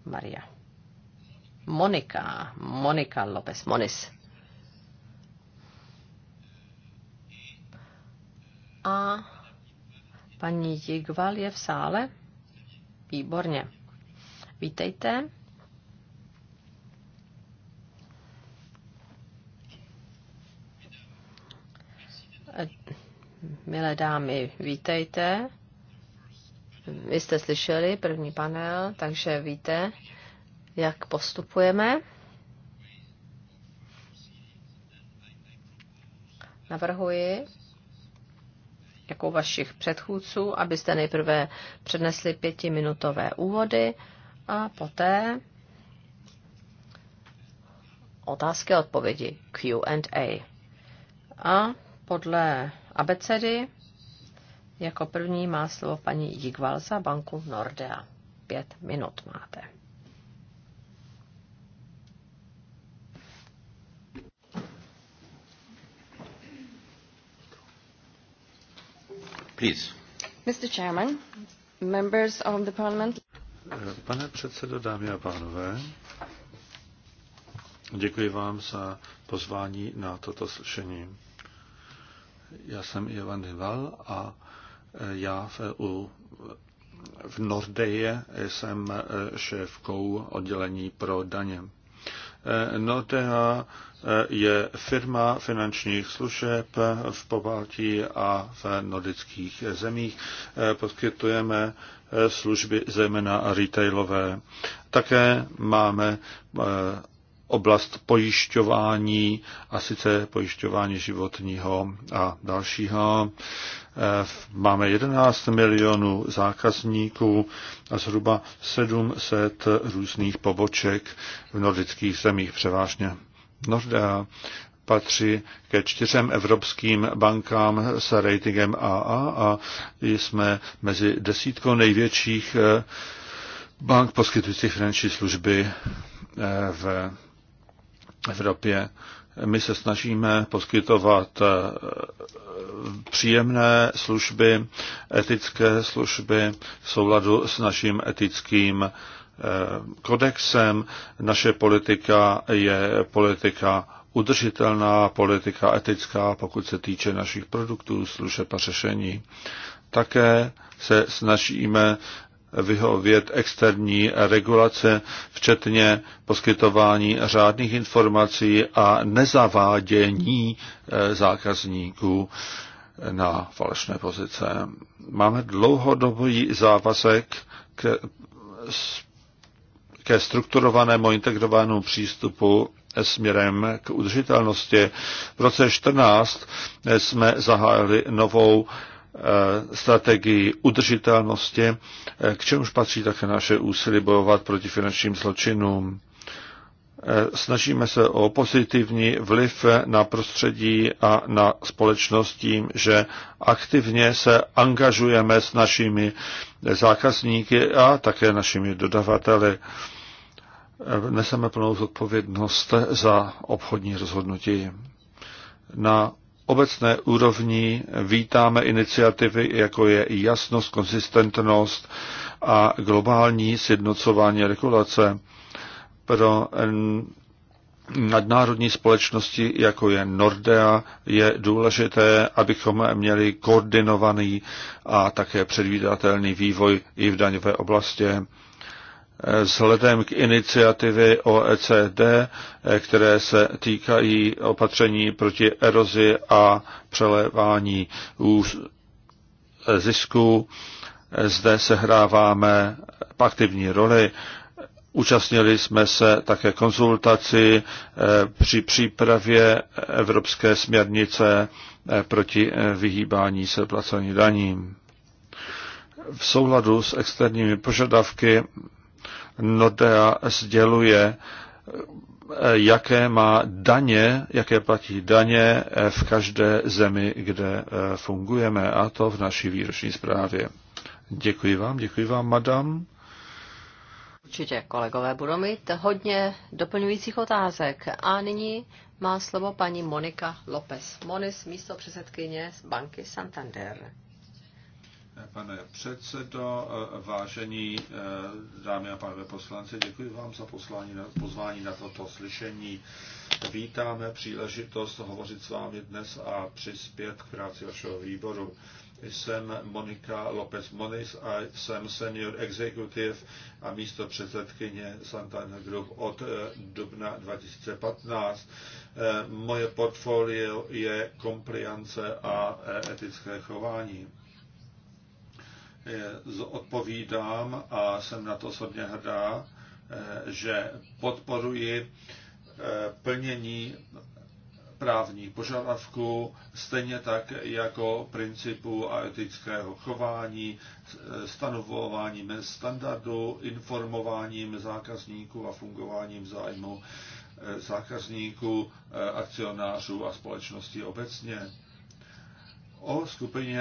Maria. Monika, Monika López Moniz. A paní Jigval je v sále? Výborně. Vítejte. Milé dámy, vítejte. Vy jste slyšeli první panel, takže víte, jak postupujeme. Navrhuji, jako vašich předchůdců, abyste nejprve přednesli pětiminutové úvody a poté otázky a odpovědi Q&A. A podle abecedy jako první má slovo paní Jigvalza banku Nordea. Pět minut máte. Pane předsedo, dámy a pánové, děkuji vám za pozvání na toto slyšení. Já jsem Ivan Hival a já v EU v Nordeje jsem šéfkou oddělení pro daně. Nordea eh, je firma finančních služeb v Pobaltí a v nordických zemích. Eh, poskytujeme eh, služby zejména retailové. Také máme oblast pojišťování, a sice pojišťování životního a dalšího. Eh, máme 11 milionů zákazníků a zhruba 700 různých poboček v nordických zemích převážně. Nordea patří ke čtyřem evropským bankám s ratingem AA a jsme mezi desítkou největších eh, bank poskytujících finanční služby eh, v Evropě. My se snažíme poskytovat eh, příjemné služby, etické služby v souladu s naším etickým eh, kodexem. Naše politika je politika udržitelná, politika etická, pokud se týče našich produktů, služeb a řešení. Také se snažíme vyhovět externí regulace, včetně poskytování řádných informací a nezavádění eh, zákazníků eh, na falešné pozice. Máme dlouhodobý závazek ke, ke strukturovanému integrovanému přístupu eh, směrem k udržitelnosti. V roce 14 jsme zahájili novou Eh, strategii udržitelnosti, eh, k čemuž patří také naše úsilí bojovat proti finančním zločinům. Eh, snažíme se o pozitivní vliv na prostředí a na společnost tím, že aktivně se angažujeme s našimi zákazníky a také našimi dodavateli. Neseme plnou zodpovědnost za obchodní rozhodnutí. Na obecné úrovni vítáme iniciativy, jako je jasnost, konsistentnost a globální sjednocování regulace pro nadnárodní společnosti, jako je Nordea, je důležité, abychom měli koordinovaný a také předvídatelný vývoj i v daňové oblasti vzhledem k iniciativy OECD, které se týkají opatření proti erozi a přelévání zisků. Zde sehráváme aktivní roli. Účastnili jsme se také konzultaci eh, při přípravě evropské směrnice eh, proti eh, vyhýbání se placení daním. V souladu s externími požadavky Nodea sděluje, eh, jaké má daně, jaké platí daně eh, v každé zemi, kde eh, fungujeme, a to v naší výroční zprávě. Děkuji vám, děkuji vám, madam. Určitě kolegové budou mít hodně doplňujících otázek. A nyní má slovo paní Monika López Monis, místo předsedkyně z banky Santander. Pane předsedo, eh, vážení eh, dámy a pánové poslanci, děkuji vám za poslání, pozvání na toto slyšení. Vítáme příležitost hovořit s vámi dnes a přispět k práci vašeho výboru. Jsem Monika López Moniz a jsem senior executive a místo předsedkyně Santana Group od eh, dubna 2015. Moje portfolio je kompliance a etické chování odpovídám a jsem na to osobně hrdá, eh, že podporuji eh, plnění právních požadavků, stejně tak jako principu a etického chování, eh, stanovování standardu, informováním zákazníků a fungováním zájmu zákazníků, akcionářů a společnosti obecně o skupině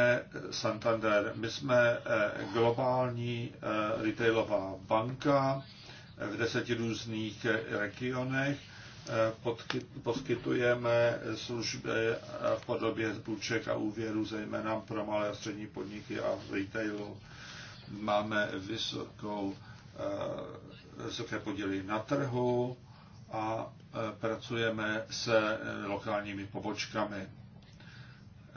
Santander. My jsme eh, globální eh, retailová banka eh, v deseti různých regionech. Poskytujeme služby v podobě půjček a úvěrů, zejména pro malé a střední podniky a v retailu. Máme vysokou, vysoké podíly na trhu a pracujeme se lokálními pobočkami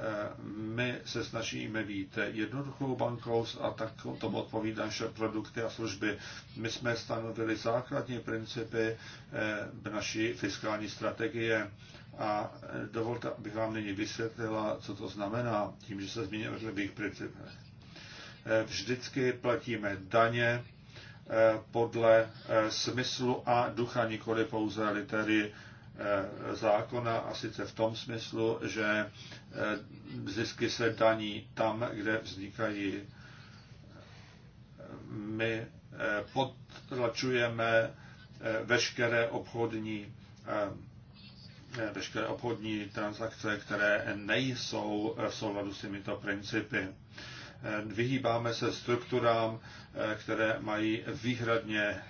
Eh, my se snažíme být jednoduchou bankou a tak tomu odpovídá naše produkty a služby. My jsme stanovili základní principy v eh, naší fiskální strategie a eh, dovolte, abych vám nyní vysvětlila, co to znamená, tím, že se změní jednotlivých principech. Vždycky platíme daně podle smyslu a ducha, nikoli pouze litery zákona a sice v tom smyslu, že Eh, zisky se daní tam, kde vznikají. My eh, potlačujeme eh, veškeré obchodní veškeré obchodní transakce, které nejsou v souladu s těmito principy. Vyhýbáme se strukturám, které mají výhradně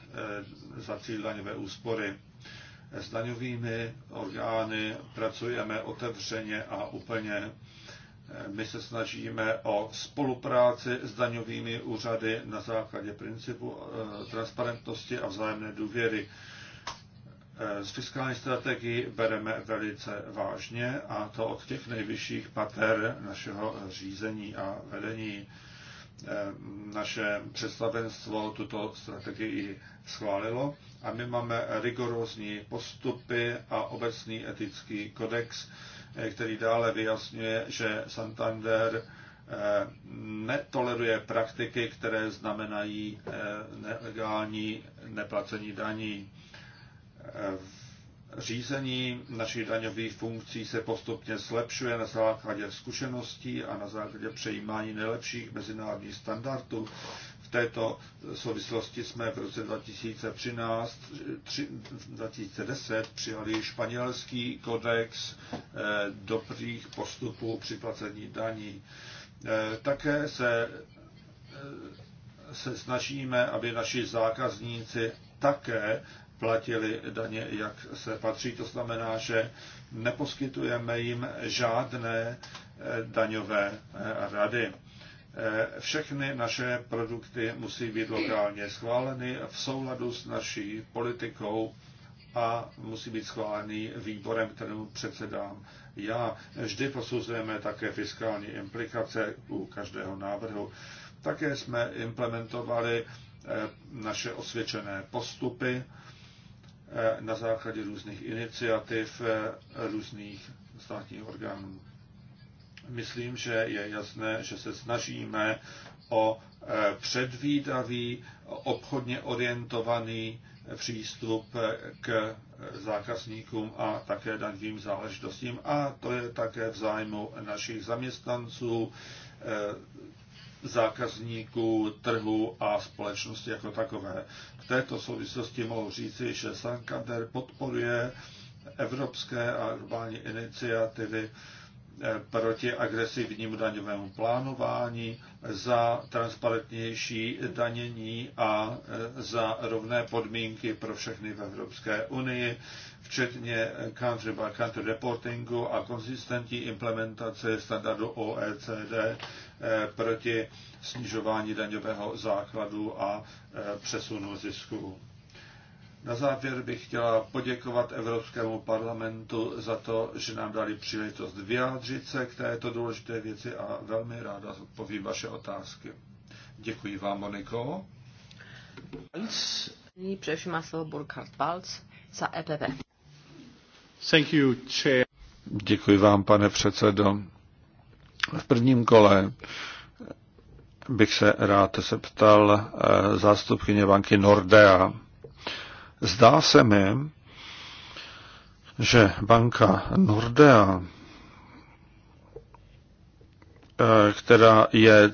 zacílené úspory s daňovými orgány pracujeme otevřeně a úplně. My se snažíme o spolupráci s daňovými úřady na základě principu eh, transparentnosti a vzájemné důvěry. Eh, z fiskální strategii bereme velice vážně a to od těch nejvyšších pater našeho řízení a vedení. Eh, naše představenstvo tuto strategii schválilo a my máme rigorózní postupy a obecný etický kodex, eh, který dále vyjasňuje, že Santander eh, netoleruje praktiky, které znamenají nelegální neplacení daní. Řízení našich daňových funkcí se postupně zlepšuje na základě zkušeností a na základě přejímání nejlepších mezinárodních standardů. V této souvislosti jsme v roce 2013, 2010 přijali španělský kodex eh, dobrých postupů při placení daní. Eh, také se, eh, se snažíme, aby naši zákazníci také platili daně, jak se patří. To znamená, že neposkytujeme jim žádné eh, daňové eh, rady. Eh, všechny naše produkty musí být lokálně schváleny v souladu s naší politikou a musí být schválený výborem, kterému předsedám já. Vždy posuzujeme také fiskální implikace u každého návrhu. Také jsme implementovali naše osvědčené postupy Eh, na základě různých iniciativ eh, různých státních orgánů. Myslím, že je jasné, že se snažíme o eh, předvídavý, obchodně orientovaný přístup k zákazníkům a také daňovým záležitostím. A to je také v zájmu našich zaměstnanců, zákazníků, trhu a společnosti jako takové. V této souvislosti mohu říci, že Santander podporuje evropské a globální iniciativy eh, proti agresivnímu daňovému plánování, za transparentnější danění a eh, za rovné podmínky pro všechny v Evropské unii, včetně country by country reportingu a konzistentní implementace standardu OECD Eh, proti snižování daňového základu a eh, přesunu zisků. Na závěr bych chtěla poděkovat Evropskému parlamentu za to, že nám dali příležitost vyjádřit se k této důležité věci a velmi ráda odpovím vaše otázky. Děkuji vám, Moniko. Burkhard e Thank you, chair. Děkuji vám, pane předsedo. V prvním kole bych se rád zeptal eh, zástupkyně banky Nordea. Zdá se mi, že banka Nordea, eh, která je eh,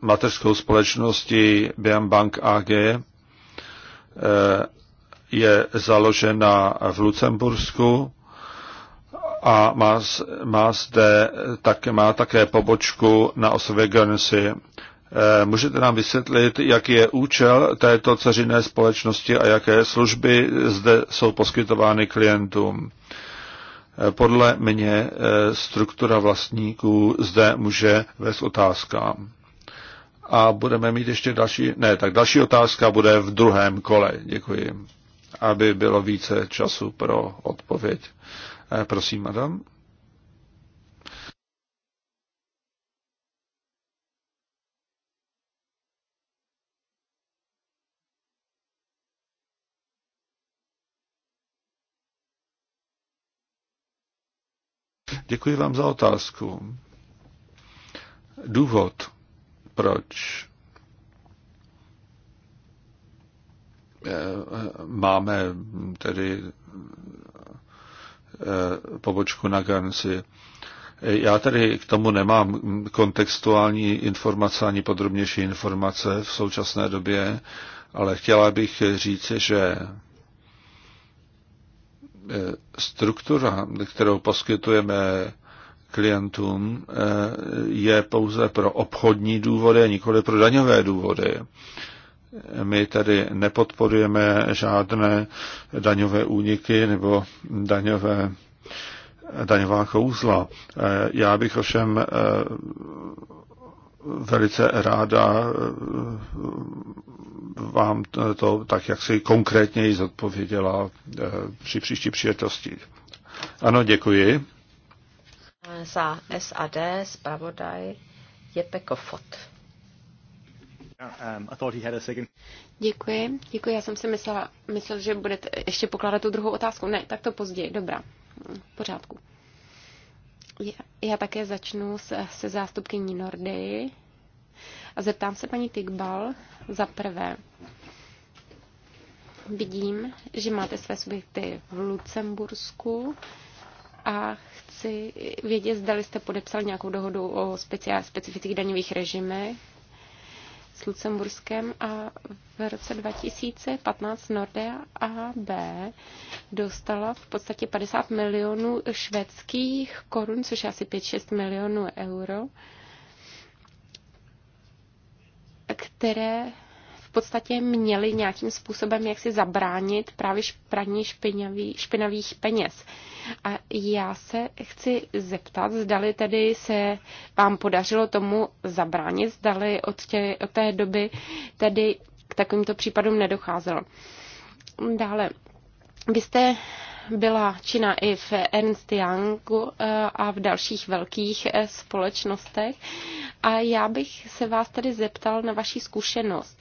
mateřskou společností BM Bank AG, je založena v Lucembursku a má, má zde tak, má také pobočku na osově Guernsey. Eh, můžete nám vysvětlit, jaký je účel této ceřinné společnosti a jaké služby zde jsou poskytovány klientům? Eh, podle mě eh, struktura vlastníků zde může vést otázkám. A budeme mít ještě další, ne, tak další otázka bude v druhém kole. Děkuji, aby bylo více času pro odpověď. Eh, prosím, Adam. Děkuji vám za otázku. Důvod, proč eh, eh, máme tedy Eh, pobočku na Guernsey. Já tady k tomu nemám kontextuální informace ani podrobnější informace v současné době, ale chtěla bych říci, že eh, struktura, kterou poskytujeme klientům, eh, je pouze pro obchodní důvody, nikoli pro daňové důvody. My tady nepodporujeme žádné daňové úniky nebo daňové, daňová kouzla. Já bych ovšem eh, velice ráda eh, vám to tak jak si konkrétněji zodpověděla eh, při příští příležitosti. Ano, děkuji. Za SAD zpravodaj je Pekofot. Um, děkuji, děkuji. Já jsem si myslela, myslel, že budete ještě pokládat tu druhou otázku. Ne, tak to později, dobrá, v pořádku. Já, také začnu se, se zástupkyní Nordy a zeptám se paní Tigbal za prvé. Vidím, že máte své subjekty v Lucembursku a chci vědět, zda jste podepsal nějakou dohodu o speciál, specifických daňových režimech s Lucemburskem a v roce 2015 Nordea AB dostala v podstatě 50 milionů švédských korun, což je asi 5-6 milionů euro, které podstatě měly nějakým způsobem jak si zabránit právě praní špinavý, špinavých peněz. A já se chci zeptat, zdali tedy se vám podařilo tomu zabránit, zdali od, tě, od té doby tedy k takovýmto případům nedocházelo. Dále, vy jste byla čina i v Ernst Youngu eh, a v dalších velkých eh, společnostech. A já bych se vás tady zeptal na vaši zkušenost.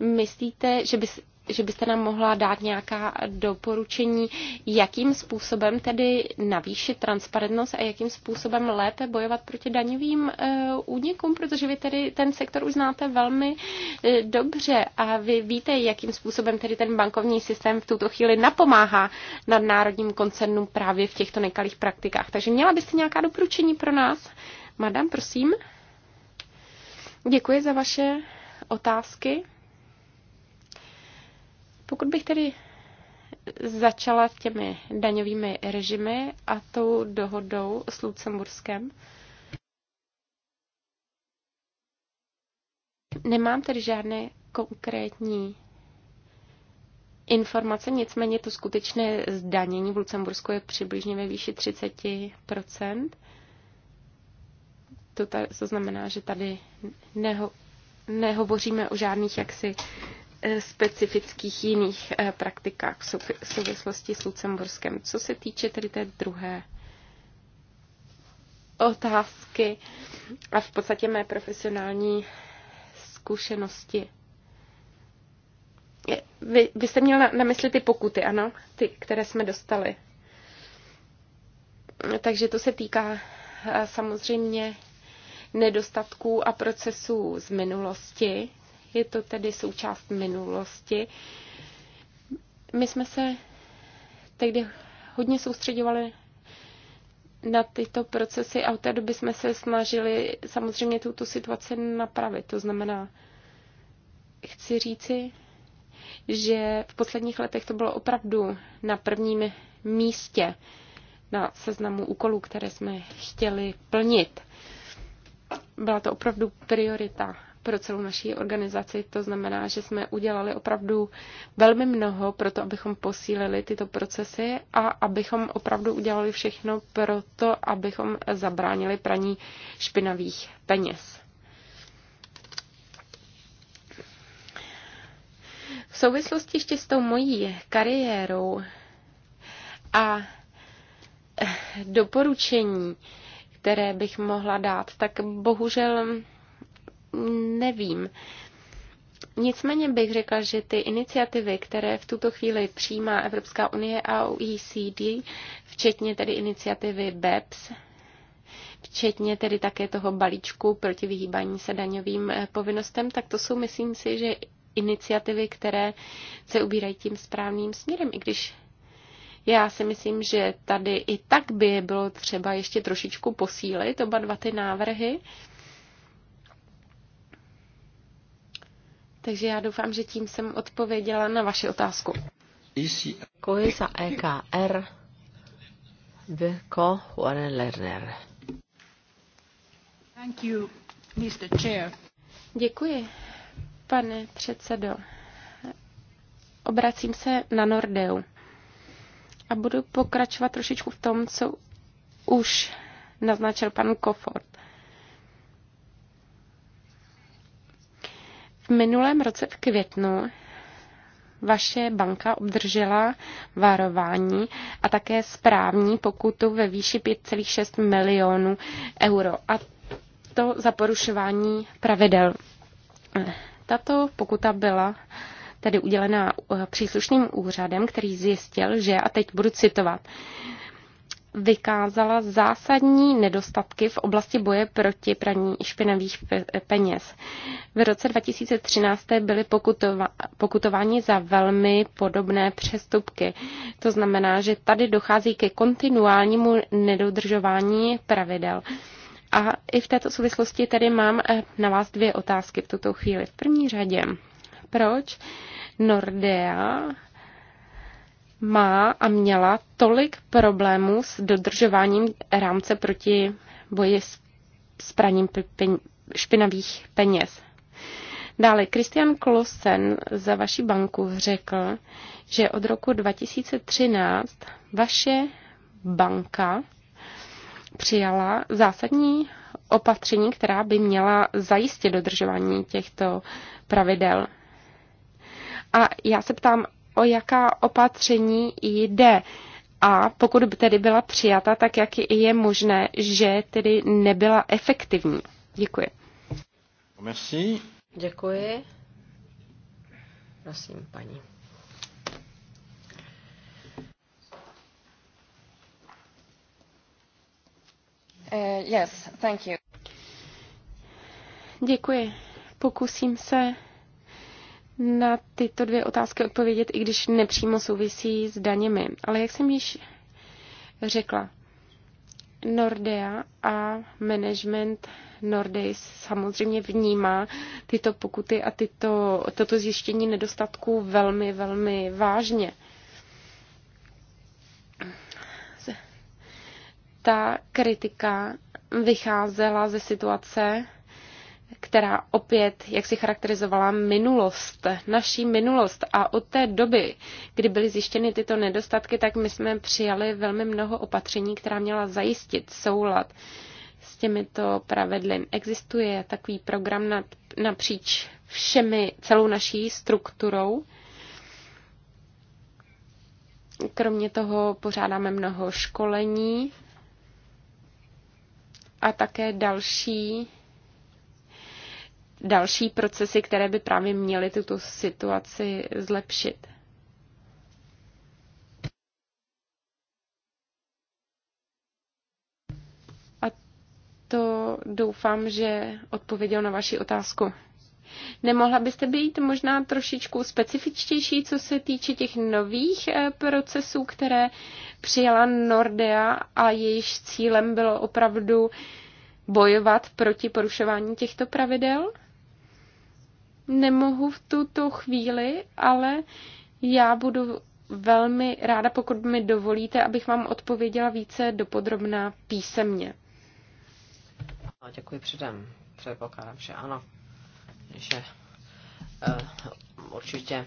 Myslíte, že by že byste nám mohla dát nějaká doporučení, jakým způsobem tedy navýšit transparentnost a jakým způsobem lépe bojovat proti daňovým eh, únikům, protože vy tedy ten sektor už znáte velmi eh, dobře a vy víte, jakým způsobem tedy ten bankovní systém v tuto chvíli napomáhá nadnárodním koncernům právě v těchto nekalých praktikách. Takže měla byste nějaká doporučení pro nás? Madam, prosím. Děkuji za vaše otázky. Pokud bych tedy začala těmi daňovými režimy a tou dohodou s Lucemburskem, Nemám tedy žádné konkrétní informace, nicméně to skutečné zdanění v Lucembursku je přibližně ve výši 30%. To, ta, to znamená, že tady neho, nehovoříme o žádných jaksi specifických jiných eh, praktikách v souvislosti s Lucemburskem. Co se týče tedy té druhé otázky a v podstatě mé profesionální zkušenosti. Vy, vy jste měl na, na mysli ty pokuty, ano? Ty, které jsme dostali. Takže to se týká eh, samozřejmě nedostatků a procesů z minulosti je to tedy součást minulosti. My jsme se tehdy hodně soustředovali na tyto procesy a od té doby jsme se snažili samozřejmě tuto situaci napravit. To znamená, chci říci, že v posledních letech to bylo opravdu na prvním místě na seznamu úkolů, které jsme chtěli plnit. Byla to opravdu priorita pro celou naší organizaci. To znamená, že jsme udělali opravdu velmi mnoho pro to, abychom posílili tyto procesy a abychom opravdu udělali všechno pro to, abychom zabránili praní špinavých peněz. V souvislosti ještě s tou mojí kariérou a doporučení, které bych mohla dát, tak bohužel nevím. Nicméně bych řekla, že ty iniciativy, které v tuto chvíli přijímá Evropská unie a OECD, včetně tedy iniciativy BEPS, včetně tedy také toho balíčku proti vyhýbání se daňovým eh, povinnostem, tak to jsou, myslím si, že iniciativy, které se ubírají tím správným směrem, i když já si myslím, že tady i tak by bylo třeba ještě trošičku posílit oba dva ty návrhy, Takže já doufám, že tím jsem odpověděla na vaši otázku. Děkuji za EKR. V Warren Lerner. Děkuji, pane předsedo. Obracím se na Nordeu a budu pokračovat trošičku v tom, co už naznačil pan Kofort. V minulém roce v květnu vaše banka obdržela varování a také správní pokutu ve výši 5,6 milionů euro. A to za porušování pravidel. Tato pokuta byla tedy udělená eh, příslušným úřadem, který zjistil, že, a teď budu citovat, vykázala zásadní nedostatky v oblasti boje proti praní špinavých peněz. V roce 2013 byly pokutova- pokutováni za velmi podobné přestupky. To znamená, že tady dochází ke kontinuálnímu nedodržování pravidel. A i v této souvislosti tedy mám eh, na vás dvě otázky v tuto chvíli. V první řadě, proč Nordea má a měla tolik problémů s dodržováním rámce proti boji s, s praním pen, špinavých peněz. Dále Christian Klosen za vaši banku řekl, že od roku 2013 vaše banka přijala zásadní opatření, která by měla zajistit dodržování těchto pravidel. A já se ptám, o jaká opatření jde. A pokud by tedy byla přijata, tak jak je možné, že tedy nebyla efektivní. Děkuji. Merci. Děkuji. Prosím, paní. Uh, yes, thank you. Děkuji. Pokusím se na tyto dvě otázky odpovědět, i když nepřímo souvisí s daněmi. Ale jak jsem již řekla, Nordea a management Nordej samozřejmě vnímá tyto pokuty a tyto, toto zjištění nedostatků velmi, velmi vážně. Ta kritika vycházela ze situace, která opět, jak si charakterizovala minulost, naší minulost. A od té doby, kdy byly zjištěny tyto nedostatky, tak my jsme přijali velmi mnoho opatření, která měla zajistit soulad s těmito pravidly. Existuje takový program nad, napříč všemi, celou naší strukturou. Kromě toho pořádáme mnoho školení a také další další procesy, které by právě měly tuto situaci zlepšit. A to doufám, že odpověděl na vaši otázku. Nemohla byste být možná trošičku specifičtější, co se týče těch nových eh, procesů, které přijala Nordea a jejich cílem bylo opravdu bojovat proti porušování těchto pravidel? nemohu v tuto chvíli, ale já budu velmi ráda, pokud mi dovolíte, abych vám odpověděla více dopodrobná písemně. A no, děkuji předem. Předpokládám, že ano. Že uh, určitě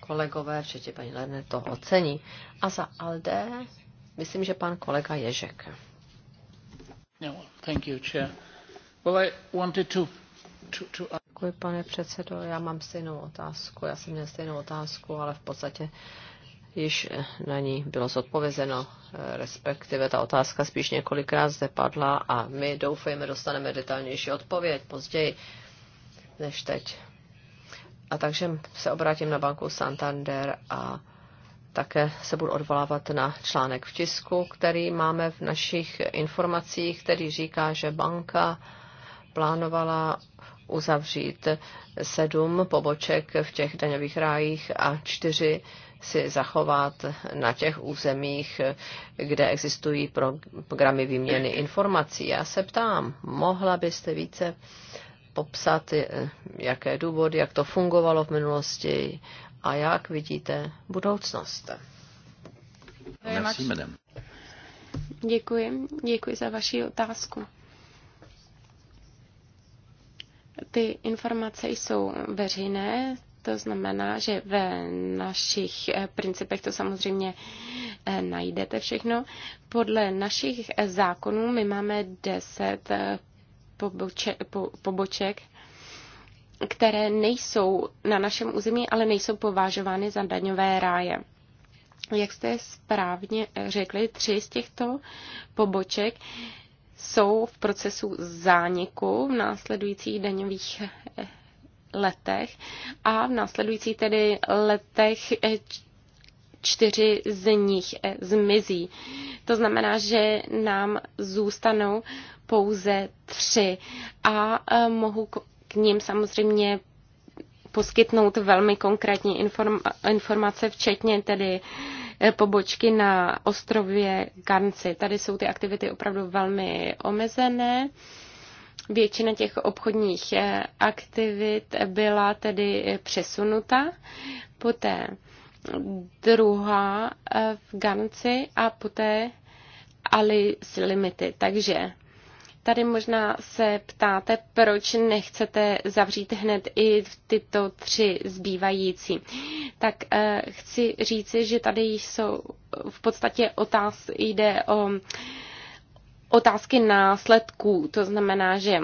kolegové, včetně paní Lerne, to ocení. A za Alde, myslím, že pan kolega Ježek. well, thank you, chair. Well, I wanted to, to, to... Děkuji, pane předsedo. Já mám stejnou otázku. Já jsem měl stejnou otázku, ale v podstatě již na ní bylo zodpovězeno, respektive ta otázka spíš několikrát zde padla a my doufejme dostaneme detailnější odpověď později než teď. A takže se obrátím na banku Santander a také se budu odvolávat na článek v tisku, který máme v našich informacích, který říká, že banka plánovala uzavřít sedm poboček v těch daňových rájích a čtyři si zachovat na těch územích, kde existují programy výměny informací. Já se ptám, mohla byste více popsat, eh, jaké důvody, jak to fungovalo v minulosti a jak vidíte budoucnost? Děkuji, děkuji za vaši otázku. Ty informace jsou veřejné, to znamená, že ve našich eh, principech to samozřejmě eh, najdete všechno. Podle našich eh, zákonů my máme 10 poboček, po, poboček které nejsou na našem území, ale nejsou považovány za daňové ráje. Jak jste správně řekli, tři z těchto poboček jsou v procesu zániku v následujících daňových eh, letech a v následujících tedy letech eh, čtyři z nich eh, zmizí. To znamená, že nám zůstanou pouze tři a mohu k ním samozřejmě poskytnout velmi konkrétní informace, včetně tedy Eh, pobočky na ostrově Ganci. Tady jsou ty aktivity opravdu velmi omezené. Většina těch obchodních eh, aktivit byla tedy eh, přesunuta. Poté druhá v Ganci a poté Ali Limity. Takže Tady možná se ptáte, proč nechcete zavřít hned i tyto tři zbývající. Tak eh, chci říci, že tady jsou v podstatě otáz, jde o otázky následků, to znamená, že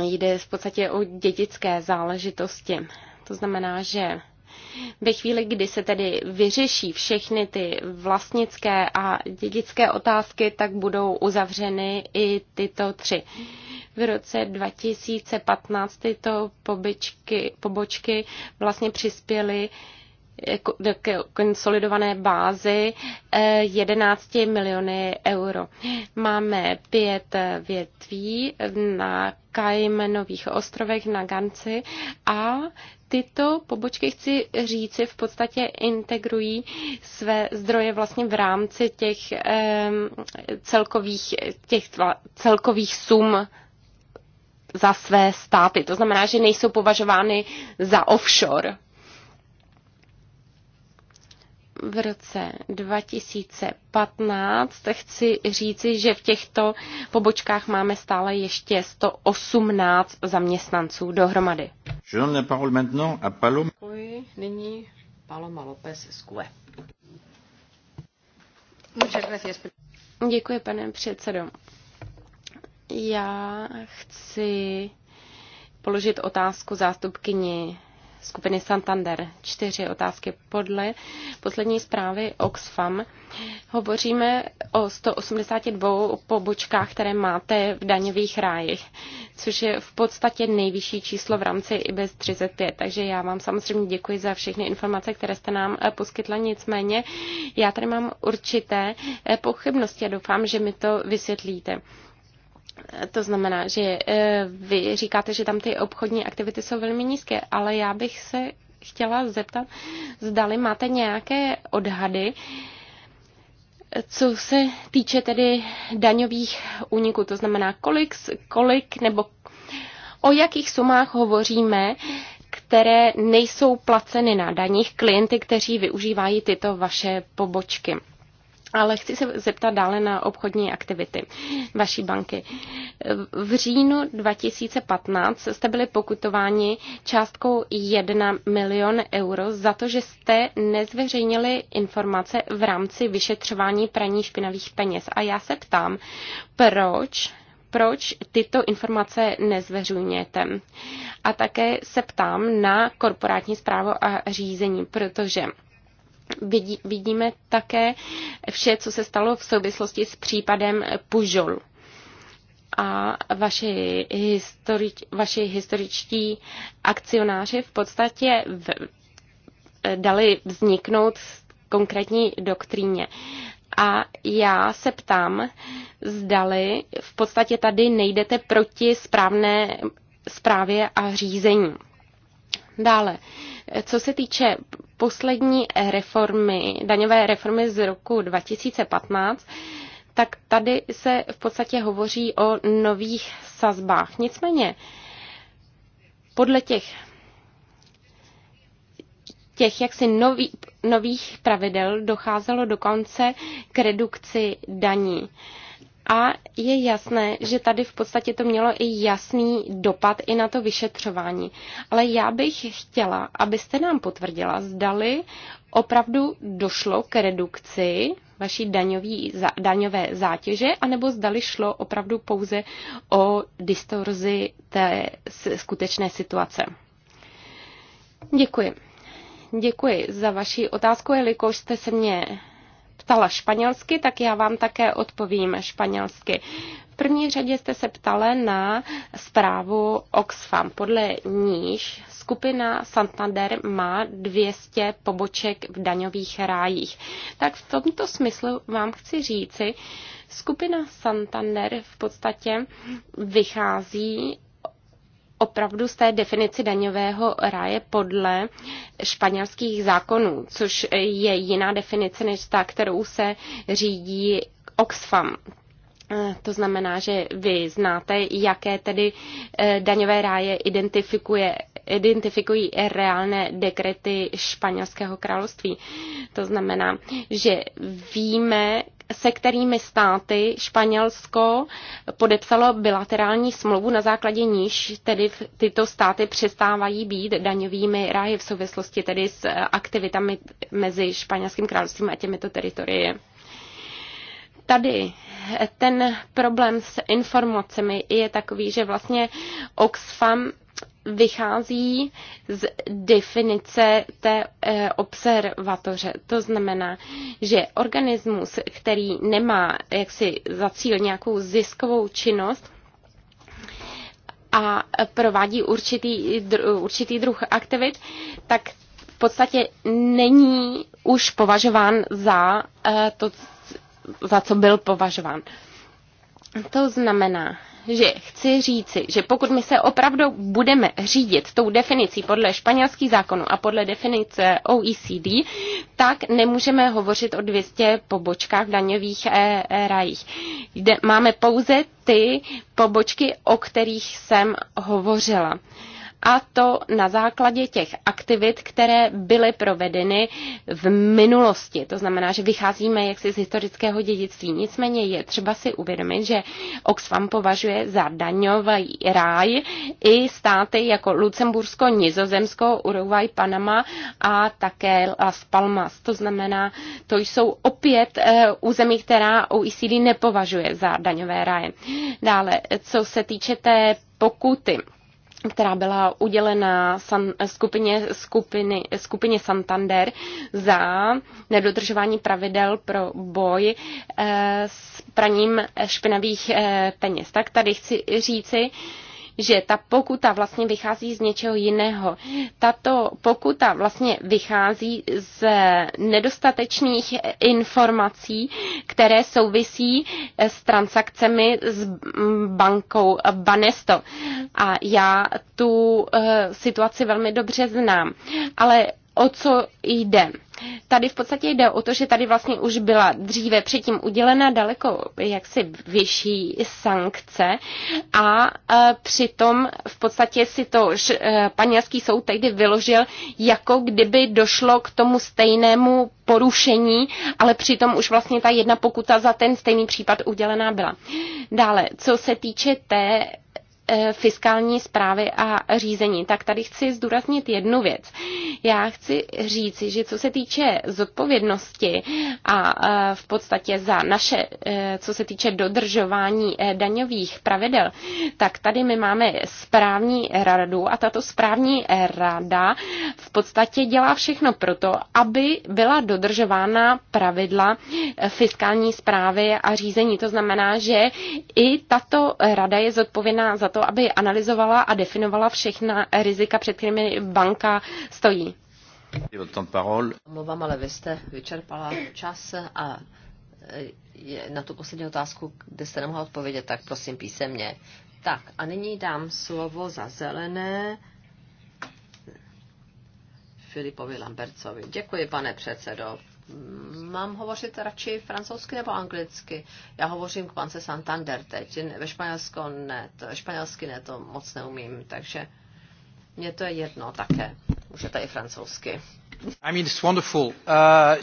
jde v podstatě o dědické záležitosti. To znamená, že ve chvíli, kdy se tedy vyřeší všechny ty vlastnické a dědické otázky, tak budou uzavřeny i tyto tři. V roce 2015 tyto pobočky, pobočky vlastně přispěly k konsolidované bázi 11 eh, miliony euro. Máme pět větví na Kajmenových ostrovech na Ganci a tyto pobočky, chci říci, v podstatě integrují své zdroje vlastně v rámci těch celkových, těch celkových sum za své státy. To znamená, že nejsou považovány za offshore v roce 2015. Chci říci, že v těchto pobočkách máme stále ještě 118 zaměstnanců dohromady. Děkuji. Nyní Paloma López z QE. Děkuji, pane předsedo. Já chci položit otázku zástupkyni skupiny Santander. Čtyři otázky podle poslední zprávy Oxfam. Hovoříme o 182 pobočkách, které máte v daňových rájích, což je v podstatě nejvyšší číslo v rámci IBES 35. Takže já vám samozřejmě děkuji za všechny informace, které jste nám eh, poskytla. Nicméně já tady mám určité eh, pochybnosti a doufám, že mi to vysvětlíte. To znamená, že eh, vy říkáte, že tam ty obchodní aktivity jsou velmi nízké, ale já bych se chtěla zeptat, zdali máte nějaké odhady, co se týče tedy daňových úniků, to znamená kolik, kolik nebo o jakých sumách hovoříme, které nejsou placeny na daních klienty, kteří využívají tyto vaše pobočky. Ale chci se zeptat dále na obchodní aktivity vaší banky. V říjnu 2015 jste byli pokutováni částkou 1 milion euro za to, že jste nezveřejnili informace v rámci vyšetřování praní špinavých peněz. A já se ptám, proč proč tyto informace nezveřejňujete. A také se ptám na korporátní zprávu a řízení, protože vidí, vidíme také vše, co se stalo v souvislosti s případem Pujol. A vaši, historič, vaši historičtí akcionáři v podstatě v, dali vzniknout konkrétní doktríně. A já se ptám, zdali v podstatě tady nejdete proti správné zprávě a řízení. Dále, co se týče poslední reformy, daňové reformy z roku 2015, tak tady se v podstatě hovoří o nových sazbách. Nicméně, podle těch těch jaksi nový, nových pravidel docházelo dokonce k redukci daní. Uh, a je jasné, že tady v podstatě to mělo i jasný dopad i na to vyšetřování. Ale já bych chtěla, abyste nám potvrdila, zdali opravdu došlo k redukci vaší daňový, daňové zátěže, anebo zdali šlo opravdu pouze o distorzi té skutečné situace. Děkuji. Děkuji za vaši otázku, jelikož jste se mě ptala španělsky, tak já vám také odpovím španělsky. V první řadě jste se ptala na zprávu Oxfam, podle níž skupina Santander má 200 poboček v daňových rájích. Tak v tomto smyslu vám chci říci, skupina Santander v podstatě vychází opravdu z té definici daňového ráje podle španělských zákonů, což je jiná definice než ta, kterou se řídí Oxfam. Eh, to znamená, že vy znáte, jaké tedy eh, daňové ráje identifikuje, identifikují reálné dekrety španělského království. To znamená, že víme, se kterými státy Španělsko podepsalo bilaterální smlouvu, na základě níž tedy tyto státy přestávají být daňovými ráji v souvislosti tedy s aktivitami mezi Španělským královstvím a těmito teritorie tady ten problém s informacemi je takový, že vlastně Oxfam vychází z definice té eh, observatoře. To znamená, že organismus, který nemá jaksi za cíl nějakou ziskovou činnost, a provádí určitý, určitý druh aktivit, tak v podstatě není už považován za eh, to, za co byl považován. To znamená, že chci říci, že pokud my se opravdu budeme řídit tou definicí podle španělských zákonů a podle definice OECD, tak nemůžeme hovořit o 200 pobočkách v daňových eh, eh, rajích. máme pouze ty pobočky, o kterých jsem hovořila a to na základě těch aktivit, které byly provedeny v minulosti. To znamená, že vycházíme jaksi z historického dědictví. Nicméně je třeba si uvědomit, že Oxfam považuje za daňový ráj i státy jako Lucembursko, Nizozemsko, Uruguay, Panama a také Las Palmas. To znamená, to jsou opět území, eh, která OECD nepovažuje za daňové ráje. Dále, co se týče té pokuty která byla udělena san, skupině, skupiny, skupině Santander za nedodržování pravidel pro boj eh, s praním špinavých eh, peněz. Tak tady chci říci, že ta pokuta vlastně vychází z něčeho jiného. Tato pokuta vlastně vychází z nedostatečných informací, které souvisí eh, s transakcemi s mm, bankou Banesto. A já tu eh, situaci velmi dobře znám. Ale o co jde? tady v podstatě jde o to, že tady vlastně už byla dříve předtím udělena daleko jaksi vyšší sankce a e, přitom v podstatě si to španělský e, soud tehdy vyložil, jako kdyby došlo k tomu stejnému porušení, ale přitom už vlastně ta jedna pokuta za ten stejný případ udělená byla. Dále, co se týče té Eh, fiskální zprávy a řízení, tak tady chci zdůraznit jednu věc. Já chci říci, že co se týče zodpovědnosti a eh, v podstatě za naše, eh, co se týče dodržování daňových pravidel, tak tady my máme správní radu a tato správní rada v podstatě dělá všechno proto, aby byla dodržována pravidla fiskální zprávy a řízení. To znamená, že i tato rada je zodpovědná za to, aby analyzovala a definovala všechna rizika, před kterými banka stojí. Mluvám, ale vy jste vyčerpala čas a e, je na tu poslední otázku, kde jste nemohla odpovědět, tak prosím písemně. Tak a nyní dám slovo za zelené Filipovi Lambercovi. Děkuji, pane předsedo mám hovořit radši francouzsky nebo anglicky? Já hovořím k pance Santander teď, ve španělsko ne, to, španělsky ne, to moc neumím, takže mně to je jedno také. Můžete i francouzsky. I mean, it's wonderful. Uh,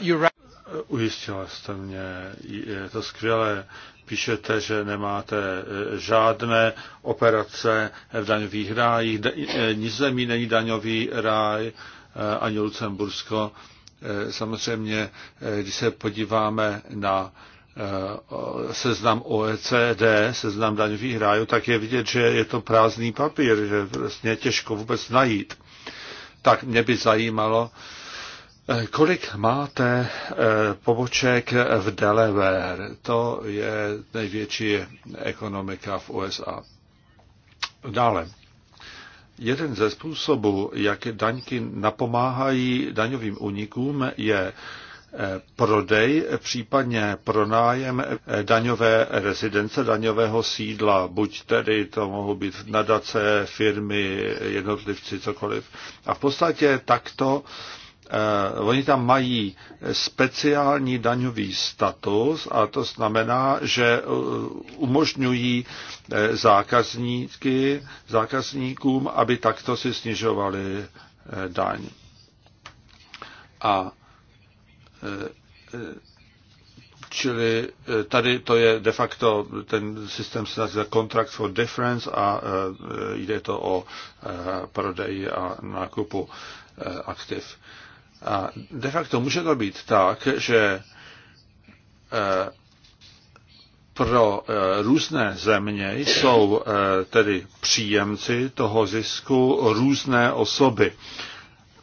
you're Ujistila jste mě, je to skvělé. Píšete, že nemáte eh, žádné operace v daňových rájích. Eh, nic zemí není daňový ráj, eh, ani Lucembursko Eh, samozřejmě, eh, když se podíváme na eh, seznam OECD, seznam daňových rájů, tak je vidět, že je to prázdný papír, že vlastně je těžko vůbec najít. Tak mě by zajímalo, kolik máte poboček v Delaware. To je největší ekonomika v USA. Dále. Jeden ze způsobů, jak daňky napomáhají daňovým unikům, je e, prodej, případně pronájem e, daňové rezidence, daňového sídla, buď tedy to mohou být nadace, firmy, jednotlivci, cokoliv. A v podstatě takto Eh, oni tam mají speciální daňový status a to znamená, že eh, umožňují eh, zákazníky, zákazníkům, aby takto si snižovali daň. A čili tady to je de facto, ten systém se nazývá Contract for Difference a jde to o prodej a nákupu aktiv. A de facto může to být tak, že eh, pro eh, různé země jsou eh, tedy příjemci toho zisku různé osoby.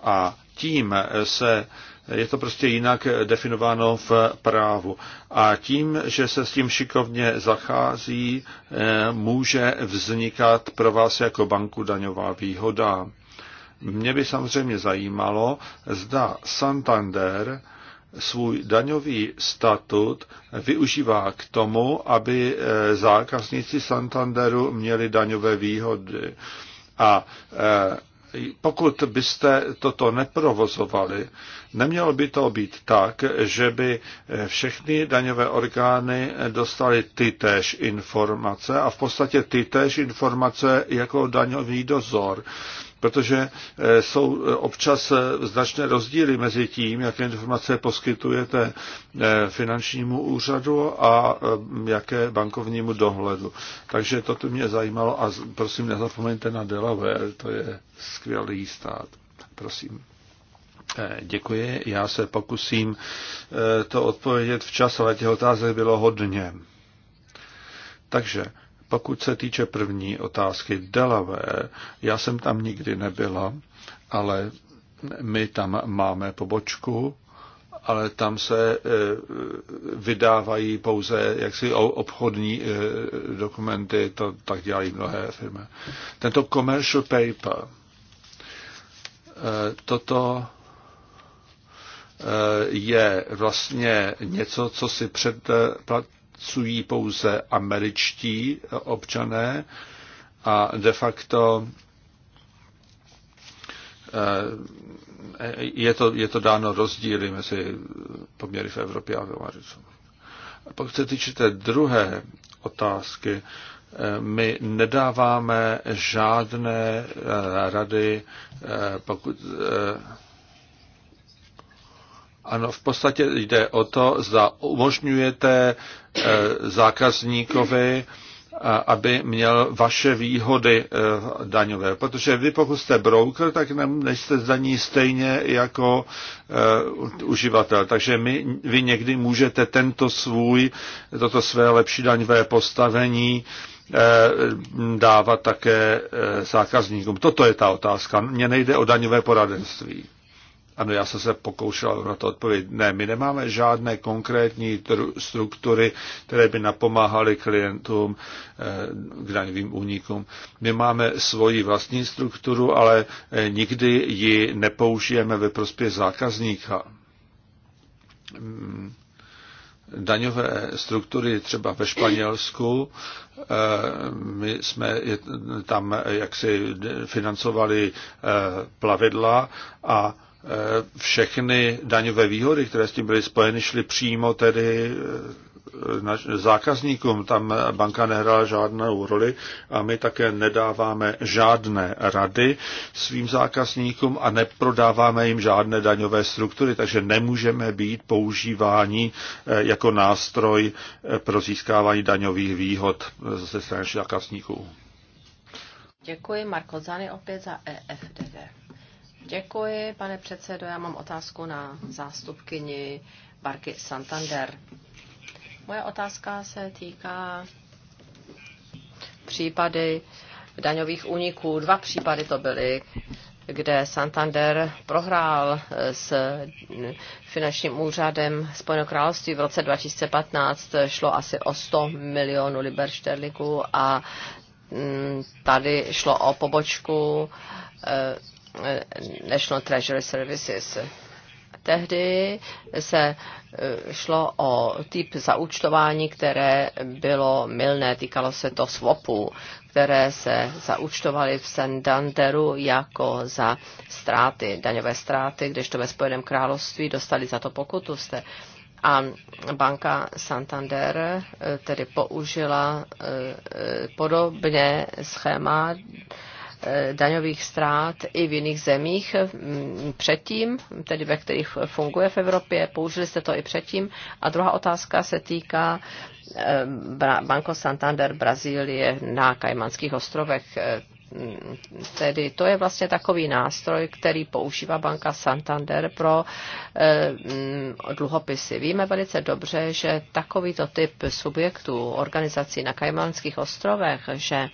A tím se je to prostě jinak definováno v právu. A tím, že se s tím šikovně zachází, může vznikat pro vás jako banku daňová výhoda. Mě by samozřejmě zajímalo, zda Santander svůj daňový statut využívá k tomu, aby eh, zákazníci Santanderu měli daňové výhody. A eh, pokud byste toto neprovozovali, nemělo by to být tak, že by eh, všechny daňové orgány dostaly ty též informace a v podstatě ty též informace jako daňový dozor protože eh, jsou eh, občas eh, značné rozdíly mezi tím, jaké informace poskytujete finančnímu úřadu a jaké bankovnímu dohledu. Takže to tu mě zajímalo a prosím nezapomeňte na Delaware, to je skvělý stát. Prosím. Děkuji, já se pokusím to odpovědět včas, ale těch otázek bylo hodně. Takže pokud se týče první otázky Delavé, já jsem tam nikdy nebyla, ale my tam máme pobočku, ale tam se e, vydávají pouze jaksi obchodní e, dokumenty, to tak dělají mnohé firmy. Tento commercial paper, e, toto je vlastně něco, co si před cují pouze američtí občané a de facto eh, je to, je to dáno rozdíly mezi poměry v Evropě a v Americe. Pokud se týče té druhé otázky, eh, my nedáváme žádné eh, rady, pokud ano, v podstatě jde o to, zda umožňujete eh, zákazníkovi, eh, aby měl vaše výhody eh, daňové. Protože vy, pokud jste broker, tak nejste ní stejně jako uživatel. Takže my, vy někdy můžete tento svůj, toto své lepší daňové postavení dávat také zákazníkům. Toto je ta otázka. Mně nejde o daňové poradenství. Ano, já jsem se pokoušel na to odpovědět. Ne, my nemáme žádné konkrétní struktury, které by napomáhaly klientům eh, k daňovým únikům. My máme svoji vlastní strukturu, ale eh, nikdy ji nepoužijeme ve prospěch zákazníka. Hmm. Daňové struktury třeba ve Španělsku, eh, my jsme tam jaksi financovali plavidla a Eh, všechny daňové výhody, které s tím byly spojeny, šly přímo tedy eh, zákazníkům. Tam banka nehrála žádnou roli a my také nedáváme žádné rady svým zákazníkům a neprodáváme jim žádné daňové struktury, takže nemůžeme být používáni eh, jako nástroj pro získávání daňových výhod ze strany zákazníků. Děkuji Marko Zany opět za EFDD. Děkuji, pane předsedo. Já mám otázku na zástupkyni Barky Santander. Moje otázka se týká případy daňových úniků. Dva případy to byly, kde Santander prohrál s finančním úřadem Spojeného království v roce 2015. Šlo asi o 100 milionů liber šterliků a mm, tady šlo o pobočku eh, National no, Treasury Services. Tehdy se e, šlo o typ zaúčtování, které bylo milné, týkalo se to swapů, které se zaučtovaly v Santanderu jako za ztráty, daňové ztráty, když to ve Spojeném království dostali za to pokutu jste. A banka Santander e, tedy použila e, podobně schéma Eh, daňových ztrát i v jiných zemích eh, předtím, tedy ve kterých funguje v Evropě, použili jste to i předtím. A druhá otázka se týká eh, Banco Santander Brazílie na Kajmanských ostrovech. Tedy to je vlastně takový nástroj, který používá banka Santander pro dluhopisy. Víme velice dobře, že takovýto typ subjektů, organizací na Kajmanských ostrovech, že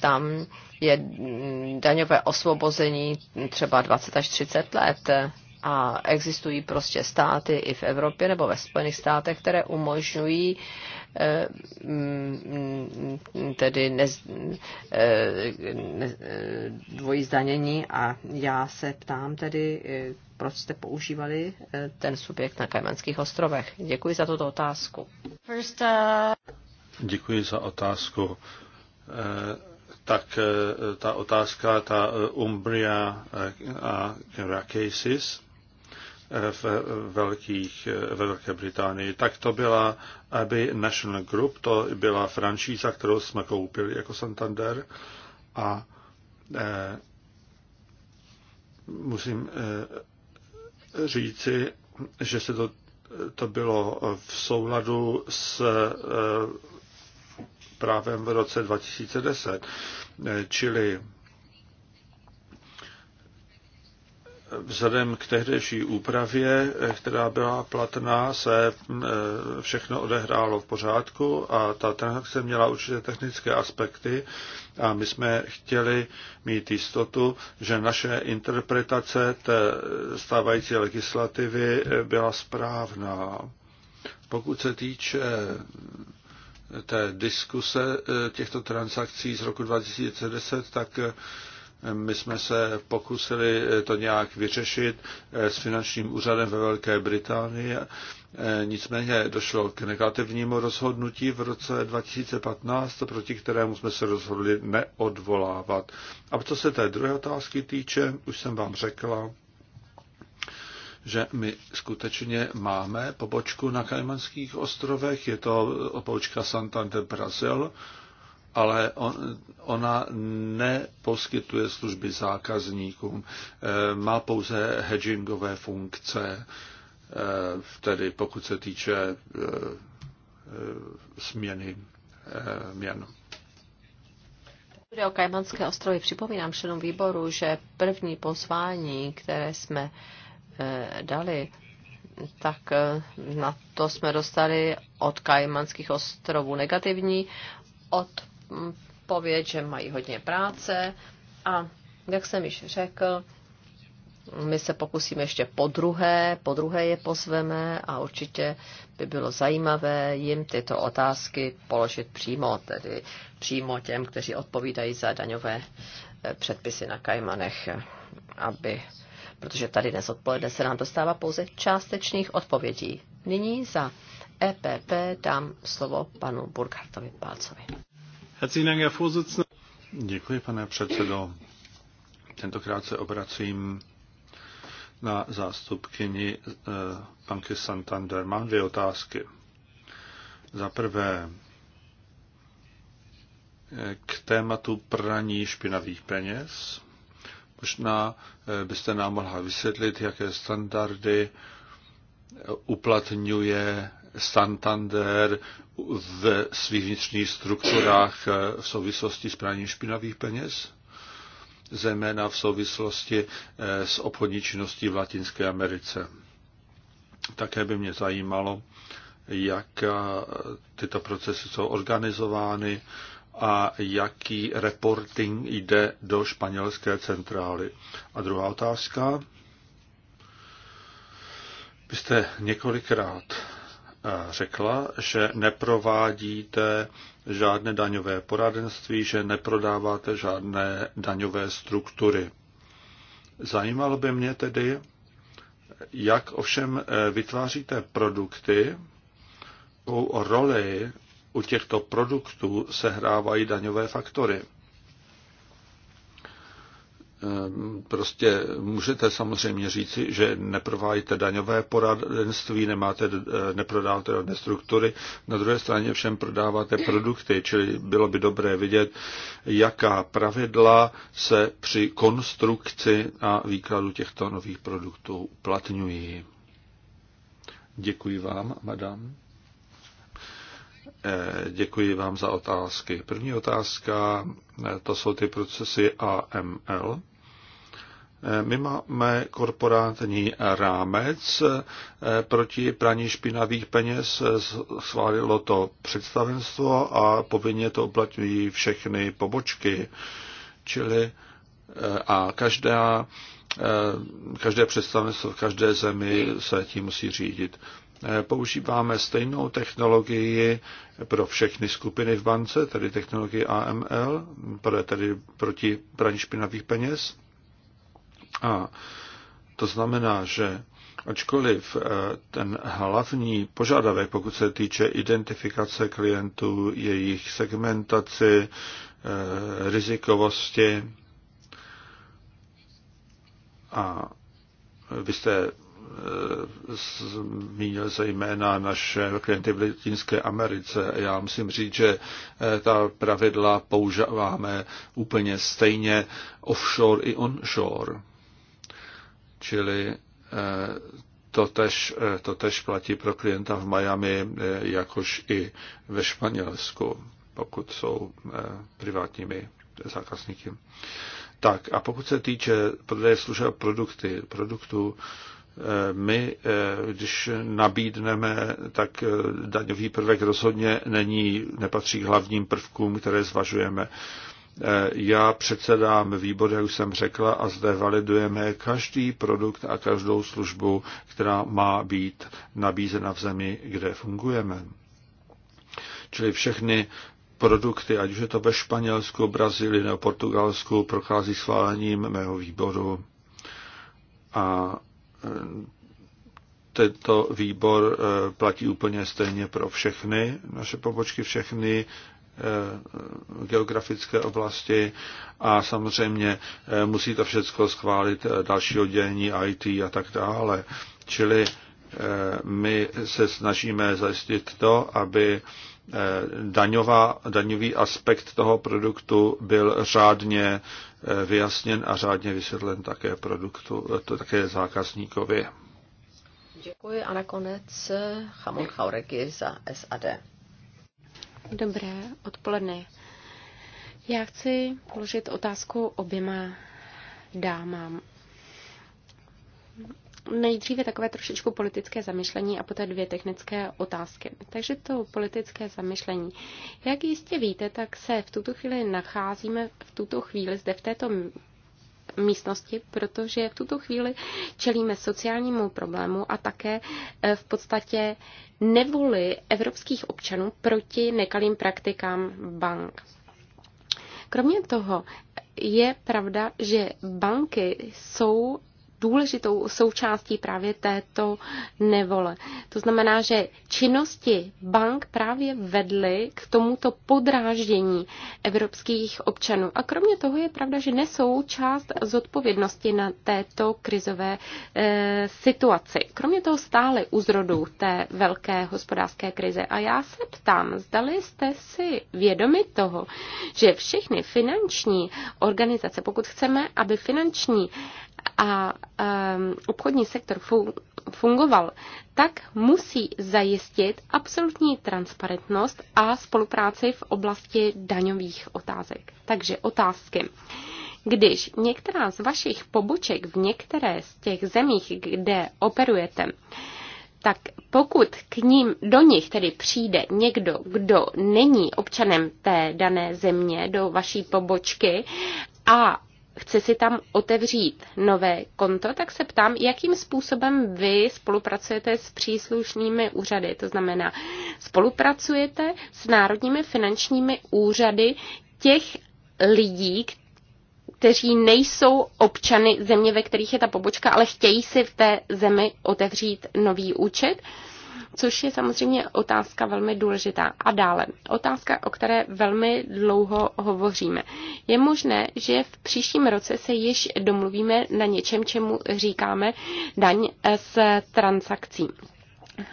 tam je mm, daňové osvobození třeba 20 až 30 let. A existují prostě státy i v Evropě nebo ve Spojených státech, které umožňují eh, mm, mm, tedy ne, eh, ne, eh, dvojí zdanění a já se ptám tedy, proč jste používali ten subjekt na Kajmanských ostrovech. Děkuji za tuto otázku. Uh, Děkuji za otázku tak eh, ta otázka, ta eh, Umbria eh, a Rakesis v velkých, ve Velké Británii, tak to byla aby National Group, to byla franšíza, kterou jsme koupili jako Santander a eh, musím eh, říci, že se to, to bylo v souladu s eh, právem v roce 2010. Čili vzhledem k tehdejší úpravě, která byla platná, se eh, všechno odehrálo v pořádku a ta transakce měla určité technické aspekty a my jsme chtěli mít jistotu, že naše interpretace té stávající legislativy byla správná. Pokud se týče té diskuse eh, těchto transakcí z roku 2010, tak eh, my jsme se pokusili eh, to nějak vyřešit s finančním úřadem ve Velké Británii. Nicméně došlo k negativnímu rozhodnutí v roce 2015, proti kterému jsme se rozhodli neodvolávat. A co se té druhé otázky týče, už jsem vám řekla, že my skutečně máme pobočku na Kajmanských ostrovech, je to pobočka Santander Brazil, ale on, ona neposkytuje služby zákazníkům, eh, má pouze hedgingové funkce, eh, tedy pokud se týče eh, směny měn. o Kajmanské ostrovy. Připomínám členům výboru, že první pozvání, které jsme Eh, dali, tak eh, na to jsme dostali od Kajmanských ostrovů negativní odpověď, že mají hodně práce a jak jsem již řekl, my se pokusíme ještě po druhé, po druhé je pozveme a určitě by bylo zajímavé jim tyto otázky položit přímo, tedy přímo těm, kteří odpovídají za daňové eh, předpisy na Kajmanech, aby protože tady dnes odpoledne se nám dostává pouze částečných odpovědí. Nyní za EPP dám slovo panu Burkhartovi Pálcovi. Děkuji, pane předsedo. Tentokrát se obracím na zástupkyni eh, banky Santander. Mám dvě otázky. Za prvé, eh, k tématu praní špinavých peněz. Možná eh, byste nám mohla vysvětlit, jaké standardy eh, uplatňuje Santander v svých vnitřních strukturách eh, v souvislosti s praním špinavých peněz, zejména v souvislosti s obchodní činností v Latinské Americe. Také by mě zajímalo, jak tyto procesy jsou organizovány, a jaký reporting jde do španělské centrály. A druhá otázka. Vy jste několikrát eh, řekla, že neprovádíte žádné daňové poradenství, že neprodáváte žádné daňové struktury. Zajímalo by mě tedy, jak ovšem eh, vytváříte produkty, jakou roli u těchto produktů sehrávají daňové faktory. Ehm, prostě můžete samozřejmě říci, že neprovádíte daňové poradenství, nemáte, eh, neprodáváte rodné struktury, na druhé straně všem prodáváte produkty, čili bylo by dobré vidět, jaká pravidla se při konstrukci a výkladu těchto nových produktů uplatňují. Děkuji vám, madame. Eh, děkuji vám za otázky. První otázka, eh, to jsou ty procesy AML. Eh, my máme korporátní rámec proti praní špinavých peněz, schválilo to představenstvo a povinně to uplatňují všechny pobočky. Čili a každá, každé představenstvo v každé zemi se tím musí řídit. Eh, používáme stejnou technologii pro všechny skupiny v bance, tedy technologii AML, tedy proti praní špinavých peněz. A to znamená, že ačkoliv eh, ten hlavní požadavek, pokud se týče identifikace klientů, jejich segmentaci, eh, rizikovosti a vy jste zmínil jména naše klienty v Latinské Americe. Já musím říct, že eh, ta pravidla používáme úplně stejně offshore i onshore. Čili eh, eh, to tež platí pro klienta v Miami, jakož i ve Španělsku, pokud jsou privátními zákazníky. Tak a pokud se týče prodeje služeb produkty, produktů, my, eh, když nabídneme, tak eh, daňový prvek rozhodně není, nepatří k hlavním prvkům, které zvažujeme. Eh, já předsedám výbor, jak už jsem řekla, a zde validujeme každý produkt a každou službu, která má být nabízena v zemi, kde fungujeme. Čili všechny produkty, ať už je to ve Španělsku, Brazílii nebo Portugalsku, prochází schválením mého výboru a tento výbor eh, platí úplně stejně pro všechny naše pobočky, všechny eh, geografické oblasti a samozřejmě eh, musí to všechno schválit další oddělení IT a tak dále. Čili my se snažíme zajistit to, aby Eh, daňová, daňový aspekt toho produktu byl řádně eh, vyjasněn a řádně vysvětlen také produktu, eh, to také zákazníkovi. Děkuji a nakonec Chamon Chauregi za SAD. Dobré odpoledne. Já chci položit otázku oběma dámám nejdříve takové trošičku politické zamyšlení a poté dvě technické otázky. Takže to politické zamyšlení. Jak jistě víte, tak se v tuto chvíli nacházíme v tuto chvíli zde v této místnosti, protože v tuto chvíli čelíme sociálnímu problému a také eh, v podstatě nevoli evropských občanů proti nekalým praktikám bank. Kromě toho je pravda, že banky jsou důležitou součástí právě této nevole. To znamená, že činnosti bank právě vedly k tomuto podráždění evropských občanů. A kromě toho je pravda, že nesou část zodpovědnosti na této krizové e, situaci. Kromě toho stále u zrodu té velké hospodářské krize. A já se ptám, zdali jste si vědomi toho, že všechny finanční organizace, pokud chceme, aby finanční a obchodní sektor fungoval, tak musí zajistit absolutní transparentnost a spolupráci v oblasti daňových otázek. Takže otázky. Když některá z vašich poboček v některé z těch zemích, kde operujete, tak pokud k ním, do nich tedy přijde někdo, kdo není občanem té dané země, do vaší pobočky a chce si tam otevřít nové konto, tak se ptám, jakým způsobem vy spolupracujete s příslušnými úřady. To znamená, spolupracujete s národními finančními úřady těch lidí, kteří nejsou občany země, ve kterých je ta pobočka, ale chtějí si v té zemi otevřít nový účet což je samozřejmě otázka velmi důležitá. A dále, otázka, o které velmi dlouho hovoříme. Je možné, že v příštím roce se již domluvíme na něčem, čemu říkáme daň z transakcí.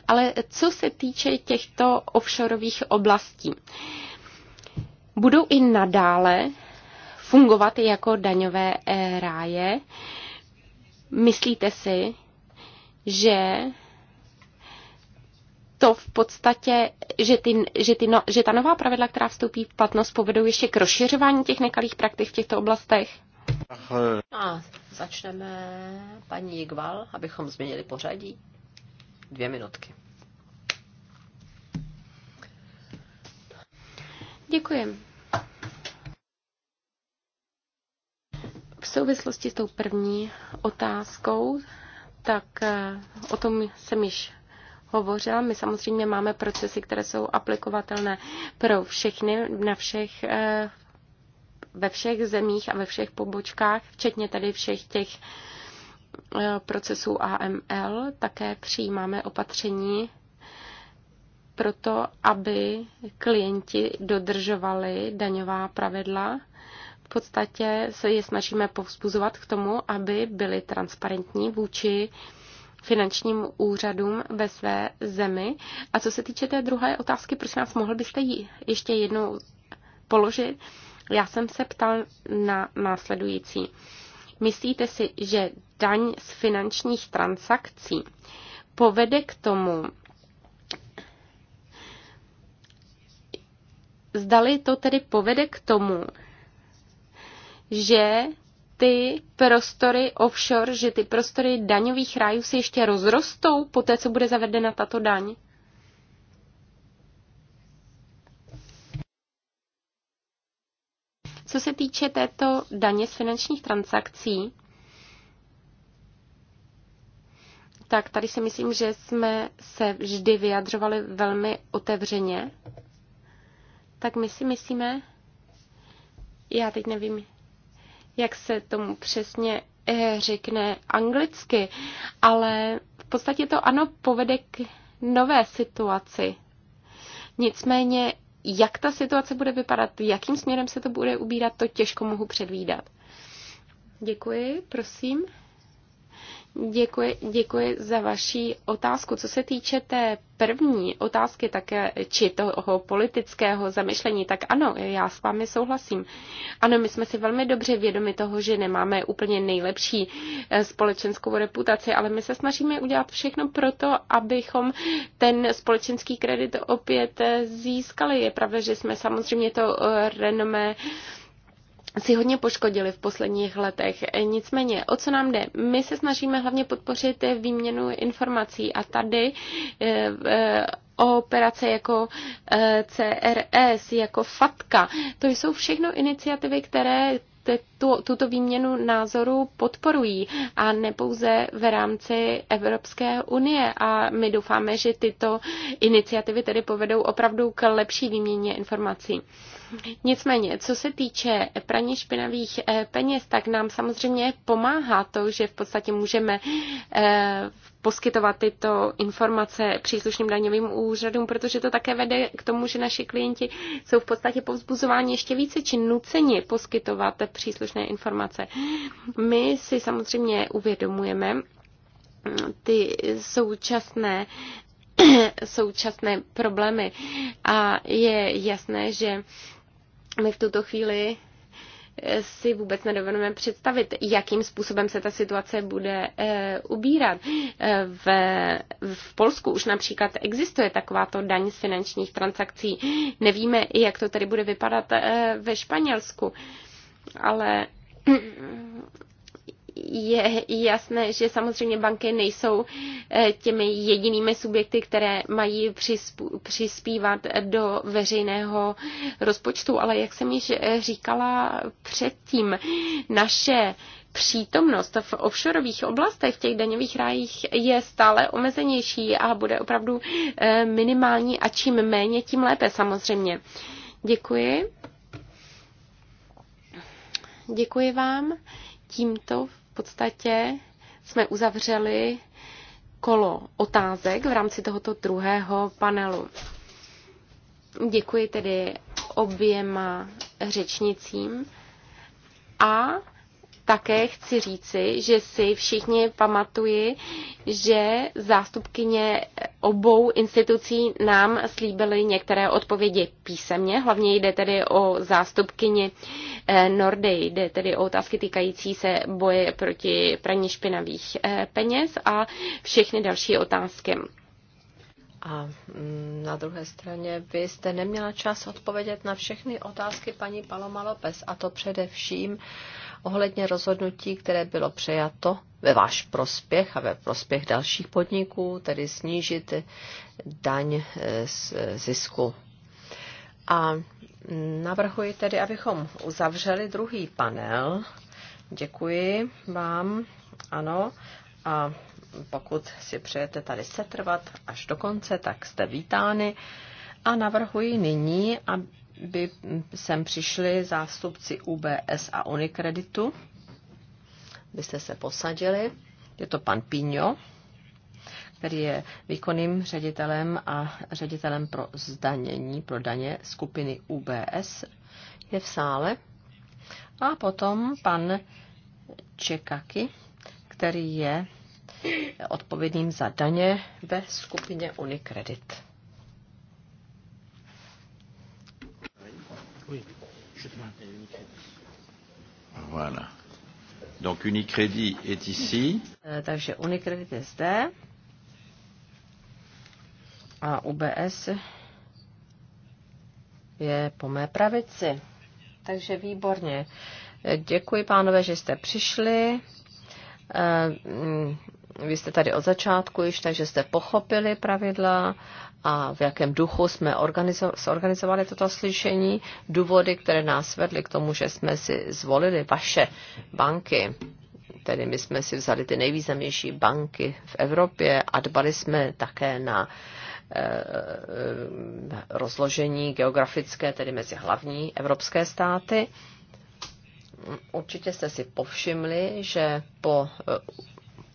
Ale co se týče těchto offshoreových oblastí, budou i nadále fungovat jako daňové eh, ráje. Myslíte si, že to v podstatě, že, ty, že, ty no, že ta nová pravidla, která vstoupí v platnost, povedou ještě k rozšiřování těch nekalých praktik v těchto oblastech? A začneme paní Jigval, abychom změnili pořadí. Dvě minutky. Děkuji. V souvislosti s tou první otázkou, tak eh, o tom jsem již hovořila. My samozřejmě máme procesy, které jsou aplikovatelné pro všechny na všech eh, ve všech zemích a ve všech pobočkách, včetně tedy všech těch eh, procesů AML. Také přijímáme opatření pro to, aby klienti dodržovali daňová pravidla. V podstatě se je snažíme povzbuzovat k tomu, aby byli transparentní vůči finančním úřadům ve své zemi. A co se týče té druhé otázky, prosím vás, mohl byste ji ještě jednou položit? Já jsem se ptal na následující. Myslíte si, že daň z finančních transakcí povede k tomu, zdali to tedy povede k tomu, že ty prostory offshore, že ty prostory daňových rájů se ještě rozrostou po té, co bude zavedena tato daň? Co se týče této daně z finančních transakcí, tak tady si myslím, že jsme se vždy vyjadřovali velmi otevřeně. Tak my si myslíme, já teď nevím, jak se tomu přesně eh, řekne anglicky, ale v podstatě to ano povede k nové situaci. Nicméně, jak ta situace bude vypadat, jakým směrem se to bude ubírat, to těžko mohu předvídat. Děkuji, prosím. Děkuji, děkuji za vaši otázku. Co se týče té první otázky také, eh, či toho politického zamyšlení, tak ano, já s vámi souhlasím. Ano, my jsme si velmi dobře vědomi toho, že nemáme úplně nejlepší eh, společenskou reputaci, ale my se snažíme udělat všechno pro to, abychom ten společenský kredit opět eh, získali. Je pravda, že jsme samozřejmě to renomé si hodně poškodili v posledních letech. Nicméně, o co nám jde? My se snažíme hlavně podpořit výměnu informací a tady eh, eh, operace jako eh, CRS, jako FATKA. To jsou všechno iniciativy, které te, tu, tuto výměnu názorů podporují a ne pouze v rámci Evropské unie. A my doufáme, že tyto iniciativy tedy povedou opravdu k lepší výměně informací. Nicméně, co se týče praní špinavých eh, peněz, tak nám samozřejmě pomáhá to, že v podstatě můžeme v eh, poskytovat tyto informace příslušným daňovým úřadům, protože to také vede k tomu, že naši klienti jsou v podstatě povzbuzováni ještě více či nuceni poskytovat příslušné informace. My si samozřejmě uvědomujeme ty současné současné problémy a je jasné, že my v tuto chvíli si vůbec nedovedeme představit, jakým způsobem se ta situace bude eh, ubírat. Eh, v, v Polsku už například existuje takováto daň z finančních transakcí. Nevíme, jak to tady bude vypadat eh, ve Španělsku, ale je jasné, že samozřejmě banky nejsou eh, těmi jedinými subjekty, které mají přispívat do veřejného rozpočtu, ale jak jsem již eh, říkala předtím, naše přítomnost v offshoreových oblastech, v těch daňových rájích je stále omezenější a bude opravdu eh, minimální a čím méně, tím lépe samozřejmě. Děkuji. Děkuji vám. Tímto podstatě jsme uzavřeli kolo otázek v rámci tohoto druhého panelu. Děkuji tedy oběma řečnicím a také chci říci, že si všichni pamatuji, že zástupkyně obou institucí nám slíbily některé odpovědi písemně. Hlavně jde tedy o zástupkyni eh, Nordy, jde tedy o otázky týkající se boje proti praní špinavých eh, peněz a všechny další otázky. A mm, na druhé straně vy jste neměla čas odpovědět na všechny otázky paní Paloma López, a to především ohledně rozhodnutí, které bylo přijato ve váš prospěch a ve prospěch dalších podniků, tedy snížit daň eh, z eh, zisku. A navrhuji tedy, abychom uzavřeli druhý panel. Děkuji vám, ano. A pokud si přejete tady setrvat až do konce, tak jste vítány. A navrhuji nyní, aby by sem přišli zástupci UBS a Unikreditu. Byste se posadili. Je to pan Píňo, který je výkonným ředitelem a ředitelem pro zdanění, pro daně skupiny UBS. Je v sále. A potom pan Čekaky, který je odpovědným za daně ve skupině Unicredit. Oui, Voilà. Donc Unicredit est ici. Eh, takže Unicredit je zde. A UBS je po mé pravici. Takže výborně. Děkuji, pánové, že jste přišli. Eh, mm, vy jste tady od začátku již, takže jste pochopili pravidla a v jakém duchu jsme organizovali toto slyšení, důvody, které nás vedly k tomu, že jsme si zvolili vaše banky. Tedy my jsme si vzali ty nejvýznamnější banky v Evropě a dbali jsme také na eh, eh, rozložení geografické, tedy mezi hlavní evropské státy určitě jste si povšimli, že po eh,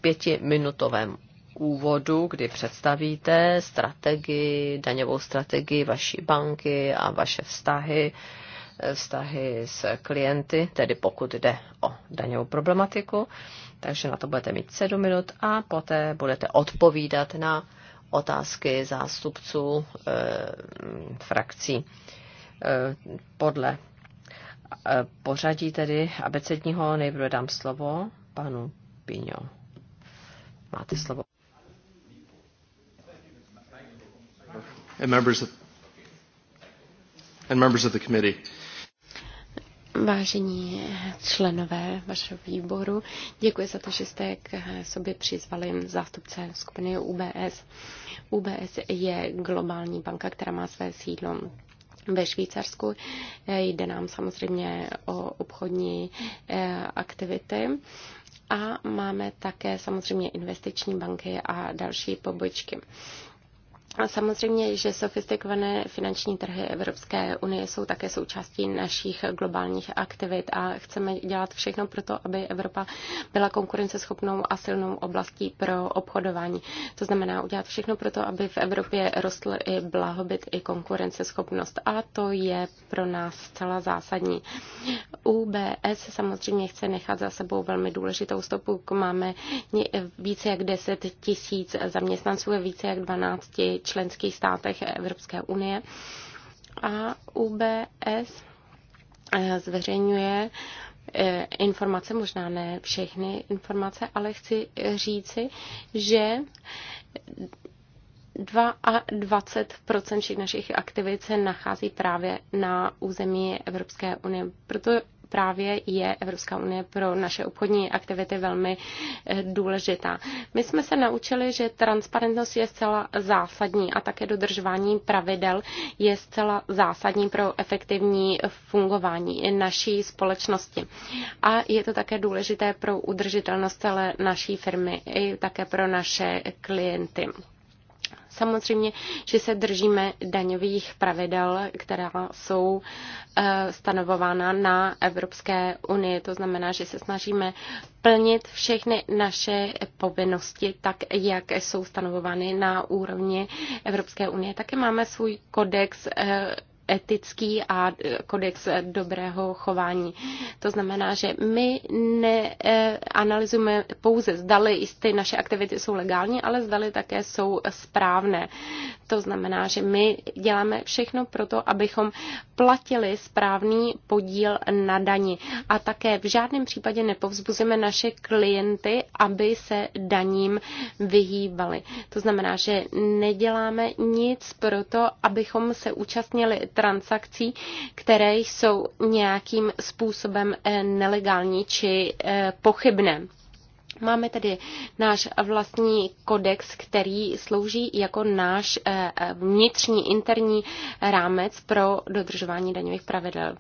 pětiminutovém úvodu, kdy představíte strategii, daňovou strategii vaší banky a vaše vztahy, vztahy s klienty, tedy pokud jde o daňovou problematiku. Takže na to budete mít 7 minut a poté budete odpovídat na otázky zástupců e, frakcí e, podle e, pořadí tedy abecedního nejprve dám slovo panu Pino. Máte slovo. And members of, and members of the committee. Vážení členové vašeho výboru, děkuji za to, že jste k sobě přizvali zástupce skupiny UBS. UBS je globální banka, která má své sídlo ve Švýcarsku. Jde nám samozřejmě o obchodní eh, aktivity a máme také samozřejmě investiční banky a další pobočky. Samozřejmě, že sofistikované finanční trhy Evropské unie jsou také součástí našich globálních aktivit a chceme dělat všechno pro to, aby Evropa byla konkurenceschopnou a silnou oblastí pro obchodování. To znamená udělat všechno pro to, aby v Evropě rostl i blahobyt, i konkurenceschopnost. A to je pro nás zcela zásadní. UBS samozřejmě chce nechat za sebou velmi důležitou stopu. Máme více jak 10 tisíc zaměstnanců a více jak 12 členských státech Evropské unie. A UBS eh, zveřejňuje eh, informace, možná ne všechny informace, ale chci říci, že 22% všech našich aktivit se nachází právě na území Evropské unie. Proto právě je Evropská unie pro naše obchodní aktivity velmi eh, důležitá. My jsme se naučili, že transparentnost je zcela zásadní a také dodržování pravidel je zcela zásadní pro efektivní fungování naší společnosti. A je to také důležité pro udržitelnost celé naší firmy i také pro naše klienty samozřejmě, že se držíme daňových pravidel, která jsou eh, stanovována na Evropské unii. To znamená, že se snažíme plnit všechny naše povinnosti tak, jak jsou stanovovány na úrovni Evropské unie. Také máme svůj kodex eh, etický a e, kodex dobrého chování. To znamená, že my neanalyzujeme pouze, zdali ty naše aktivity jsou legální, ale zdali také jsou správné. To znamená, že my děláme všechno pro to, abychom platili správný podíl na dani. A také v žádném případě nepovzbuzujeme naše klienty, aby se daním vyhýbali. To znamená, že neděláme nic pro to, abychom se účastnili transakcí, které jsou nějakým způsobem eh, nelegální či eh, pochybné. Máme tedy náš vlastní kodex, který slouží jako náš eh, eh, vnitřní interní rámec pro dodržování daňových pravidel.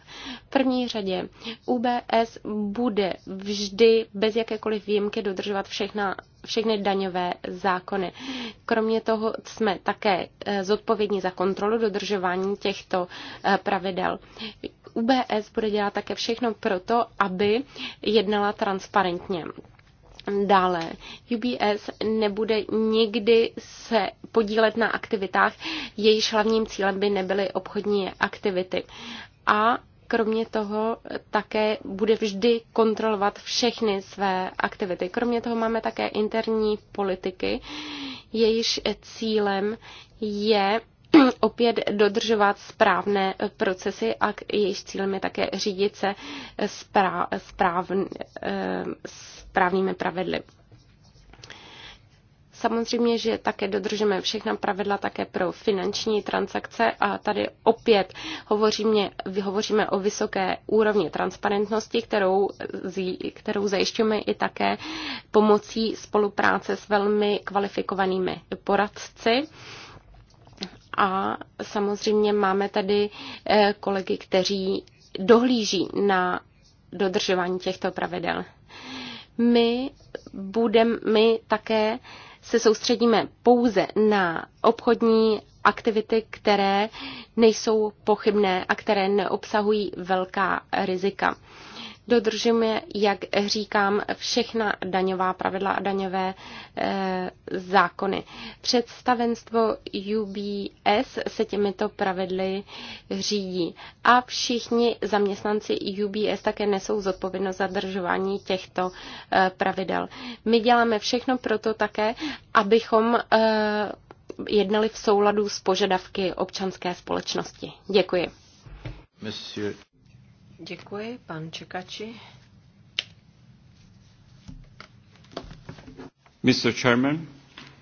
V první řadě UBS bude vždy bez jakékoliv výjimky dodržovat všechna, všechny daňové zákony. Kromě toho jsme také eh, zodpovědní za kontrolu dodržování těchto pravidel. UBS bude dělat také všechno proto, aby jednala transparentně. Dále, UBS nebude nikdy se podílet na aktivitách, jejíž hlavním cílem by nebyly obchodní aktivity. A kromě toho také bude vždy kontrolovat všechny své aktivity. Kromě toho máme také interní politiky, jejíž cílem je opět dodržovat správné procesy a jejich cílem je také řídit se eh, správnými pravidly. Samozřejmě, že také dodržujeme všechna pravidla také pro finanční transakce a tady opět hovoříme, hovoříme o vysoké úrovni transparentnosti, kterou, kterou zajišťujeme i také pomocí spolupráce s velmi kvalifikovanými poradci a samozřejmě máme tady eh, kolegy, kteří dohlíží na dodržování těchto pravidel. My budeme, my také se soustředíme pouze na obchodní aktivity, které nejsou pochybné a které neobsahují velká rizika dodržujeme, jak říkám, všechna daňová pravidla a daňové e, zákony. Představenstvo UBS se těmito pravidly řídí a všichni zaměstnanci UBS také nesou zodpovědnost za držování těchto e, pravidel. My děláme všechno proto také, abychom e, jednali v souladu s požadavky občanské společnosti. Děkuji. Monsieur. Děkuji, pan Čekači. Mr. Chairman,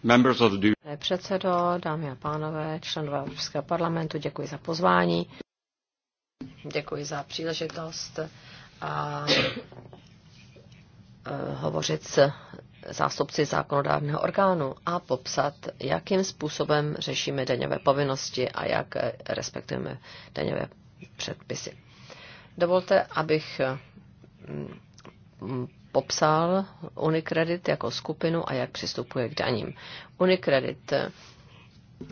members of the... Pane předsedo, dámy a pánové, členové Evropského parlamentu, děkuji za pozvání. Děkuji za příležitost a eh, hovořit s zástupci zákonodárného orgánu a popsat, jakým způsobem řešíme daňové povinnosti a jak eh, respektujeme daňové předpisy. Dovolte, abych mm, popsal Unicredit jako skupinu a jak přistupuje k daním. Unicredit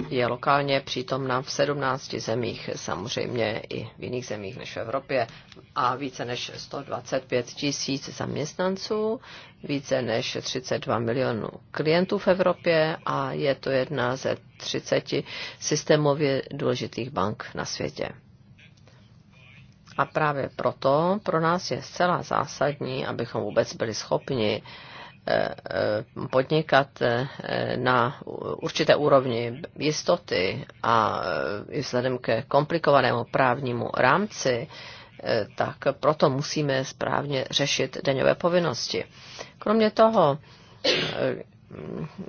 je lokálně přítomna v 17 zemích, samozřejmě i v jiných zemích než v Evropě a více než 125 tisíc zaměstnanců, více než 32 milionů klientů v Evropě a je to jedna ze 30 systémově důležitých bank na světě. A právě proto pro nás je zcela zásadní, abychom vůbec byli schopni eh, eh, podnikat eh, na určité úrovni jistoty a i vzhledem ke komplikovanému právnímu rámci, tak proto musíme správně řešit daňové povinnosti. Kromě toho,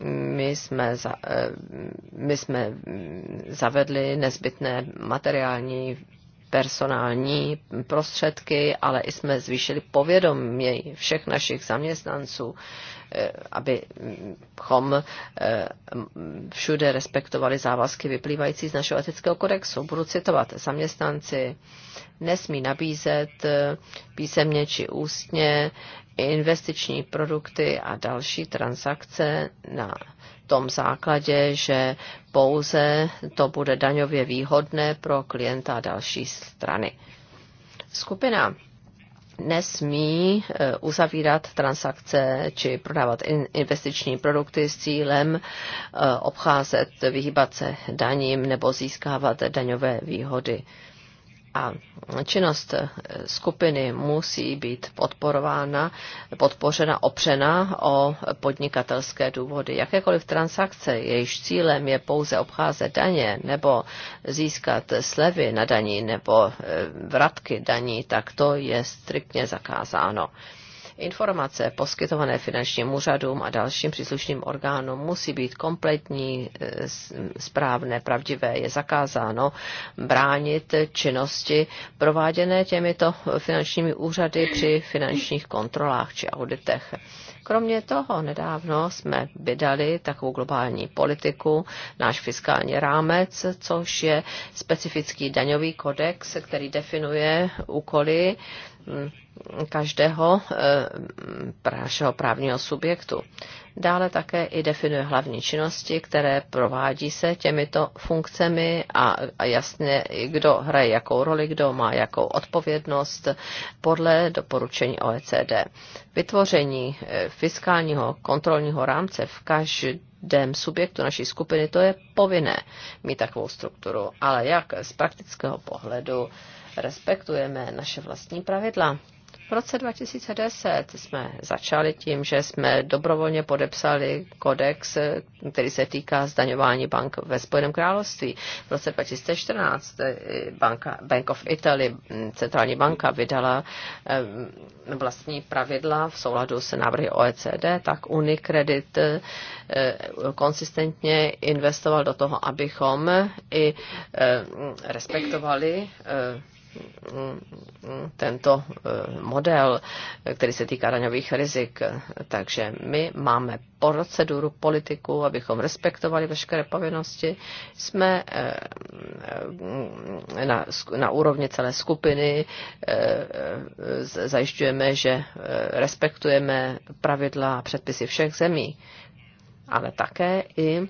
my jsme, za, my jsme zavedli nezbytné materiální personální prostředky, ale i jsme zvýšili povědomí všech našich zaměstnanců, eh, abychom mm, eh, všude respektovali závazky vyplývající z našeho etického kodexu. Budu citovat, zaměstnanci nesmí nabízet eh, písemně či ústně investiční produkty a další transakce na tom základě, že pouze to bude daňově výhodné pro klienta a další strany. Skupina nesmí e, uzavírat transakce či prodávat investiční produkty s cílem e, obcházet, vyhýbat se daním nebo získávat daňové výhody a činnost eh, skupiny musí být podporována, podpořena, opřena o podnikatelské důvody. Jakékoliv transakce, jejíž cílem je pouze obcházet daně nebo získat slevy na daní nebo eh, vratky daní, tak to je striktně zakázáno. Informace poskytované finančním úřadům a dalším příslušným orgánům musí být kompletní, eh, správné, pravdivé. Je zakázáno bránit činnosti prováděné těmito finančními úřady při finančních kontrolách či auditech. Kromě toho nedávno jsme vydali takovou globální politiku, náš fiskální rámec, což je specifický daňový kodex, který definuje úkoly, každého eh, našeho právního subjektu. Dále také i definuje hlavní činnosti, které provádí se těmito funkcemi a jasně, kdo hraje jakou roli, kdo má jakou odpovědnost podle doporučení OECD. Vytvoření eh, fiskálního kontrolního rámce v každém subjektu naší skupiny, to je povinné mít takovou strukturu, ale jak z praktického pohledu respektujeme naše vlastní pravidla. V roce 2010 jsme začali tím, že jsme dobrovolně podepsali kodex, který se týká zdaňování bank ve Spojeném království. V roce 2014 banka, Bank of Italy, centrální banka, vydala vlastní pravidla v souladu s návrhy OECD, tak Unicredit eh, konsistentně investoval do toho, abychom i eh, respektovali eh, tento eh, model, který se týká daňových rizik. Takže my máme proceduru politiku, abychom respektovali veškeré povinnosti. Jsme eh, na, na úrovni celé skupiny, eh, zajišťujeme, že respektujeme pravidla a předpisy všech zemí, ale také i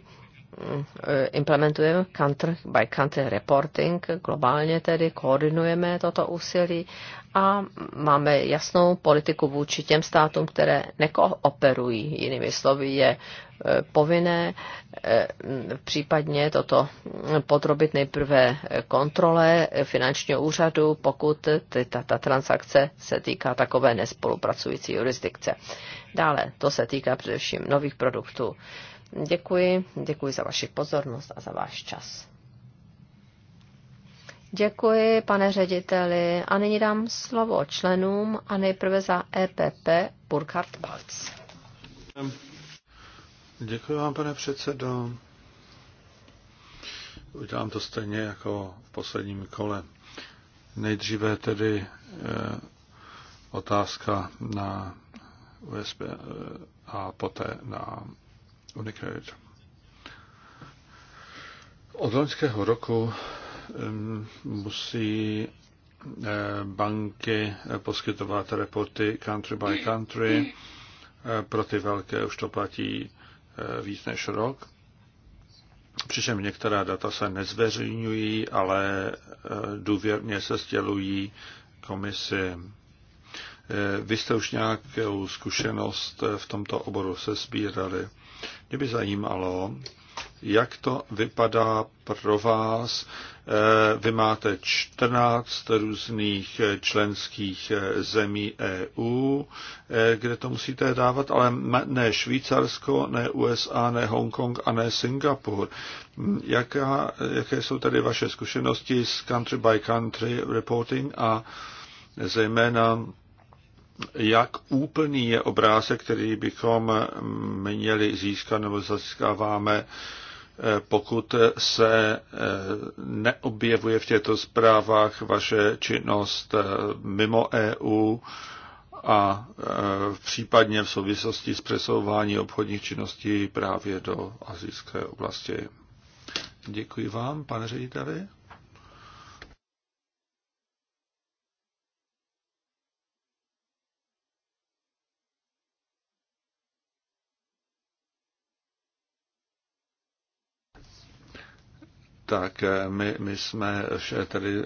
Eh, implementujeme country by country reporting, globálně tedy koordinujeme toto úsilí a máme jasnou politiku vůči těm státům, které nekooperují. Jinými slovy je eh, povinné eh, případně toto podrobit nejprve kontrole finančního úřadu, pokud ta, ta transakce se týká takové nespolupracující jurisdikce. Dále to se týká především nových produktů Děkuji, děkuji za vaši pozornost a za váš čas. Děkuji, pane řediteli. A nyní dám slovo členům a nejprve za EPP Burkhard Balc. Děkuji vám, pane předsedo. Udělám to stejně jako v posledním kole. Nejdříve tedy eh, otázka na USB eh, a poté na Unicode. Od loňského roku musí eh, banky poskytovat reporty country by country. Eh, pro ty velké už to platí eh, víc než rok. Přičem některá data se nezveřejňují, ale důvěrně se sdělují komisi. Vy jste už nějakou zkušenost v tomto oboru se sbírali. Mě by zajímalo, jak to vypadá pro vás. Eh, vy máte 14 různých členských eh, zemí EU, eh, kde to musíte dávat, ale ne Švýcarsko, ne USA, ne Hongkong a ne Singapur. Hm, jaká, jaké jsou tedy vaše zkušenosti s country by country reporting a zejména jak úplný je obrázek, který bychom měli získat nebo získáváme, eh, pokud se eh, neobjevuje v těchto zprávách vaše činnost eh, mimo EU a případně v souvislosti s přesouváním obchodních činností právě do azijské oblasti. Děkuji vám, pane řediteli. tak eh, my, my jsme eh, tedy eh,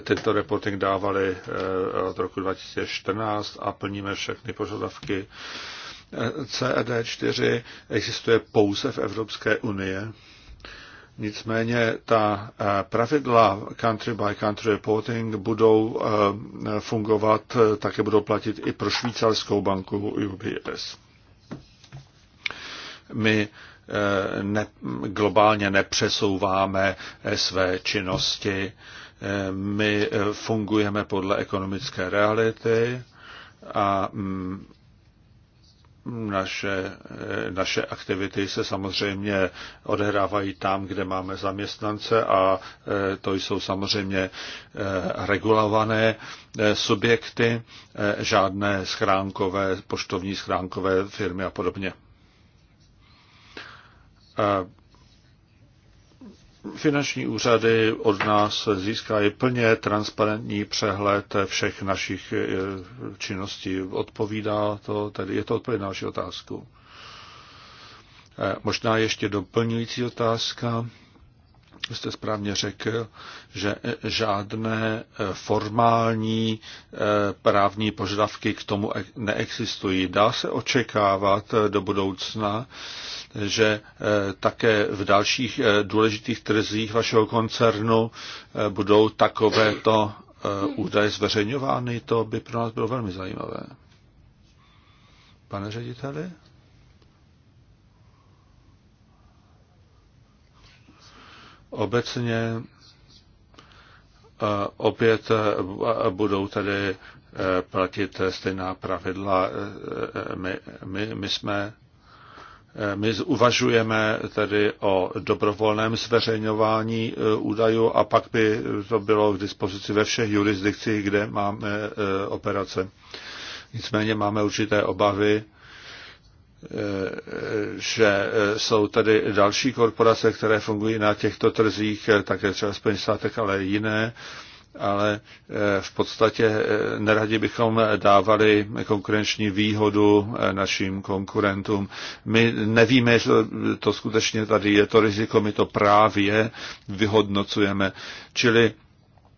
tento reporting dávali od roku 2014 a plníme všechny požadavky. CED4 existuje pouze v Evropské unii. Nicméně ta pravidla country by country reporting budou fungovat, také budou platit i pro švýcarskou banku UBS. My ne, globálně nepřesouváme své činnosti. My fungujeme podle ekonomické reality a mm, naše, naše aktivity se samozřejmě odehrávají tam, kde máme zaměstnance a e, to jsou samozřejmě e, regulované e, subjekty, žádné schránkové, poštovní schránkové firmy a podobně finanční úřady od nás získají plně transparentní přehled všech našich eh, činností. Odpovídá to, tedy je to odpověď na naši otázku. Eh, možná ještě doplňující otázka jste správně řekl, že žádné eh, formální eh, právní požadavky k tomu neexistují. Dá se očekávat eh, do budoucna, že také v dalších důležitých trzích vašeho koncernu budou takovéto údaje zveřejňovány. To by pro nás bylo velmi zajímavé. Pane řediteli? Obecně opět e, budou tedy e, platit stejná pravidla. E, my, my, my jsme my uvažujeme tedy o dobrovolném zveřejňování údajů a pak by to bylo k dispozici ve všech jurisdikcích, kde máme operace. Nicméně máme určité obavy, že eh, jsou tady další korporace, které fungují na těchto trzích, eh, také třeba Spojených státech, ale jiné, ale eh, v podstatě neradi bychom dávali konkurenční výhodu našim konkurentům. My nevíme, že to skutečně tady je to riziko, my to právě vyhodnocujeme. Čili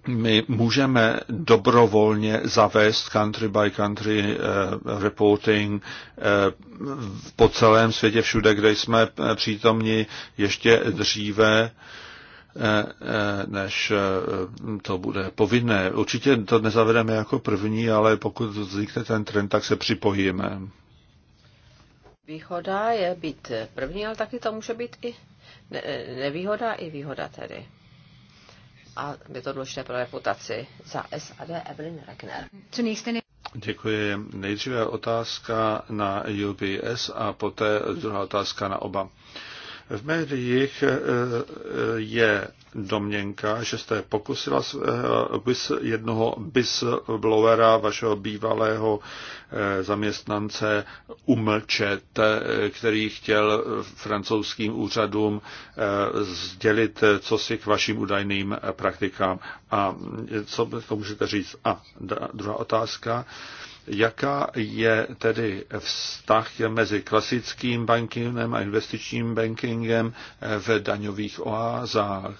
my můžeme dobrovolně zavést country by country eh, reporting eh, po celém světě, všude, kde jsme eh, přítomni ještě dříve, než to bude povinné. Určitě to nezavedeme jako první, ale pokud vznikne ten trend, tak se připojíme. Výhoda je být první, ale taky to může být i nevýhoda, i výhoda tedy a je to důležité pro reputaci za SAD Evelyn Regner. Děkuji. Nejdříve otázka na UBS a poté druhá otázka na oba. V médiích eh, eh, je domněnka, že jste pokusila eh, jednoho bisblowera, vašeho bývalého zaměstnance, umlčet, který chtěl francouzským úřadům sdělit, co si k vašim údajným praktikám. A co to můžete říct? A druhá otázka jaká je tedy vztah mezi klasickým bankingem a investičním bankingem v daňových oázách.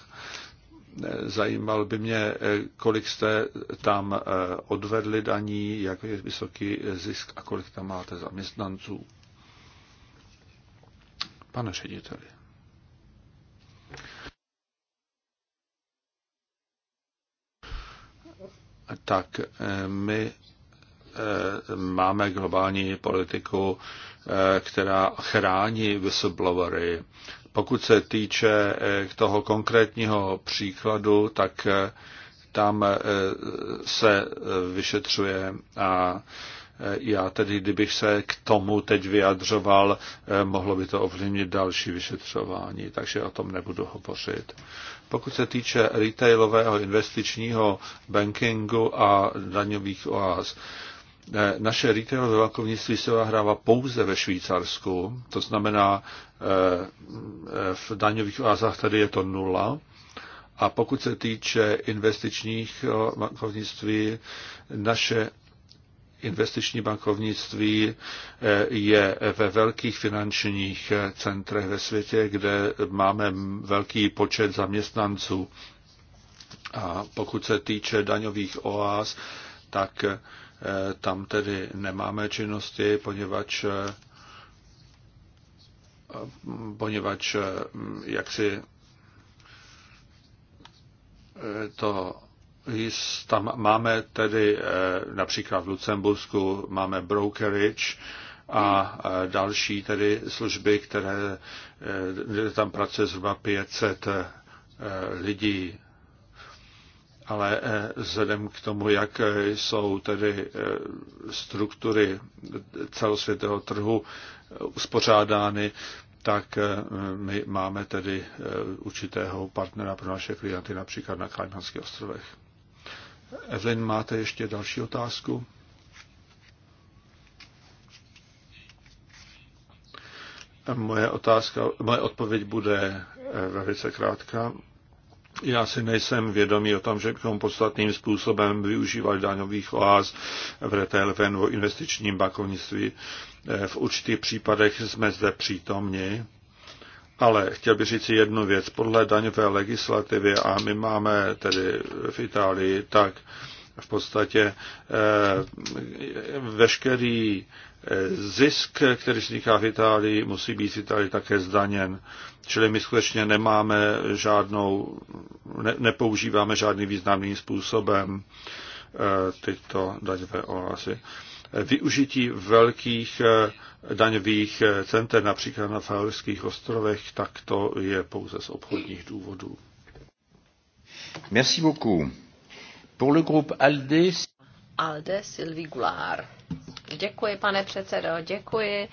Zajímal by mě, kolik jste tam eh, odvedli daní, jak je vysoký zisk a kolik tam máte zaměstnanců. Pane řediteli. Tak eh, my máme globální politiku, eh, která chrání whistleblowery. Pokud se týče eh, toho konkrétního příkladu, tak eh, tam se vyšetřuje a já tedy, kdybych se k tomu teď vyjadřoval, mohlo by to ovlivnit další vyšetřování, takže o tom nebudu hovořit. Pokud se týče retailového investičního bankingu a daňových oáz, naše retailové bankovnictví se odehrává pouze ve Švýcarsku, to znamená eh, eh, v daňových oázách tady je to nula. A pokud se týče investičních eh, bankovnictví, naše investiční bankovnictví je ve velkých finančních centrech ve světě, kde máme velký počet zaměstnanců. A pokud se týče daňových oáz, tak Eh, tam tedy nemáme činnosti, poněvadž eh, poněvadž eh, jaksi to tam máme tedy například v Lucembursku máme brokerage a další tedy služby, které tam pracuje zhruba 500 lidí ale eh, vzhledem k tomu, jak eh, jsou tedy eh, struktury celosvětového trhu uspořádány, tak my máme tedy určitého partnera pro naše klienty, například na Kajmanských ostrovech. Evelyn, máte ještě další otázku? Moje, otázka, moje odpověď bude velice krátká. Já si nejsem vědomý o tom, že bychom podstatným způsobem využíval daňových oáz v RTLV nebo investičním bankovnictví. Eh, v určitých případech jsme zde přítomni, ale chtěl bych říct jednu věc. Podle daňové legislativy, a my máme tedy v Itálii tak v podstatě eh, veškerý eh, zisk, který vzniká v Itálii, musí být v Itálii také zdaněn. Čili my skutečně nemáme žádnou, ne, nepoužíváme žádným významným způsobem e, tyto daňové oázy. Využití velkých eh, daňových eh, center, například na Fajorských ostrovech, tak to je pouze z obchodních důvodů. Merci beaucoup. Pour le groupe ALDE... ALDE Sylvie Goulard. Děkuji, pane předsedo, děkuji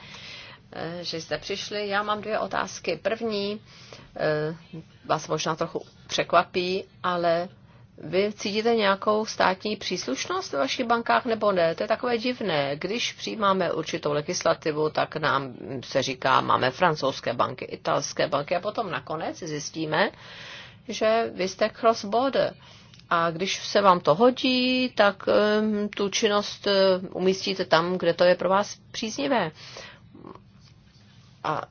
Eh, že jste přišli. Já mám dvě otázky. První eh, vás možná trochu překvapí, ale vy cítíte nějakou státní příslušnost ve vašich bankách nebo ne? To je takové divné. Když přijímáme určitou legislativu, tak nám se říká, máme francouzské banky, italské banky a potom nakonec zjistíme, že vy jste cross-border. A když se vám to hodí, tak eh, tu činnost umístíte tam, kde to je pro vás příznivé a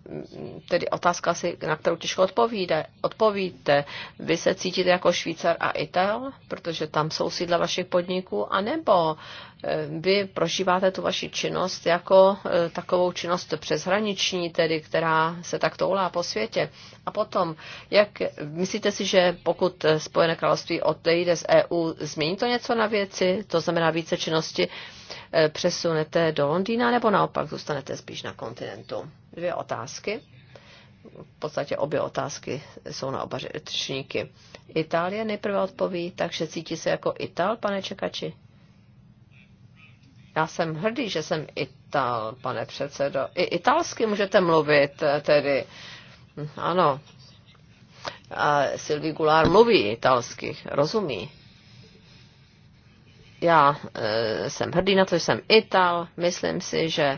tedy otázka si, na kterou těžko odpovíde, odpovíte. Vy se cítíte jako Švýcar a Itel, protože tam jsou sídla vašich podniků, anebo eh, vy prožíváte tu vaši činnost jako eh, takovou činnost přeshraniční, tedy která se tak toulá po světě. A potom, jak myslíte si, že pokud Spojené království odejde z EU, změní to něco na věci, to znamená více činnosti, eh, přesunete do Londýna nebo naopak zůstanete spíš na kontinentu? dvě otázky. V podstatě obě otázky jsou na oba řečníky. Itálie nejprve odpoví, takže cítí se jako Ital, pane Čekači? Já jsem hrdý, že jsem Ital, pane předsedo. I italsky můžete mluvit, tedy. Ano. A Sylvie Goulart mluví italsky, rozumí. Já e, jsem hrdý na to, že jsem Ital. Myslím si, že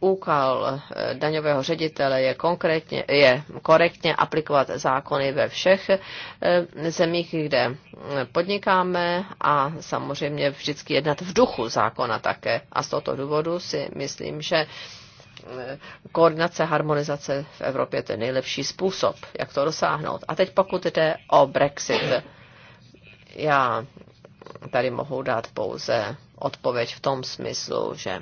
úkal eh, daňového ředitele je, konkrétně, je korektně aplikovat zákony ve všech eh, zemích, kde mm, podnikáme a samozřejmě vždycky jednat v duchu zákona také. A z tohoto důvodu si myslím, že eh, koordinace, harmonizace v Evropě je ten nejlepší způsob, jak to dosáhnout. A teď pokud jde o Brexit, já tady mohu dát pouze odpověď v tom smyslu, že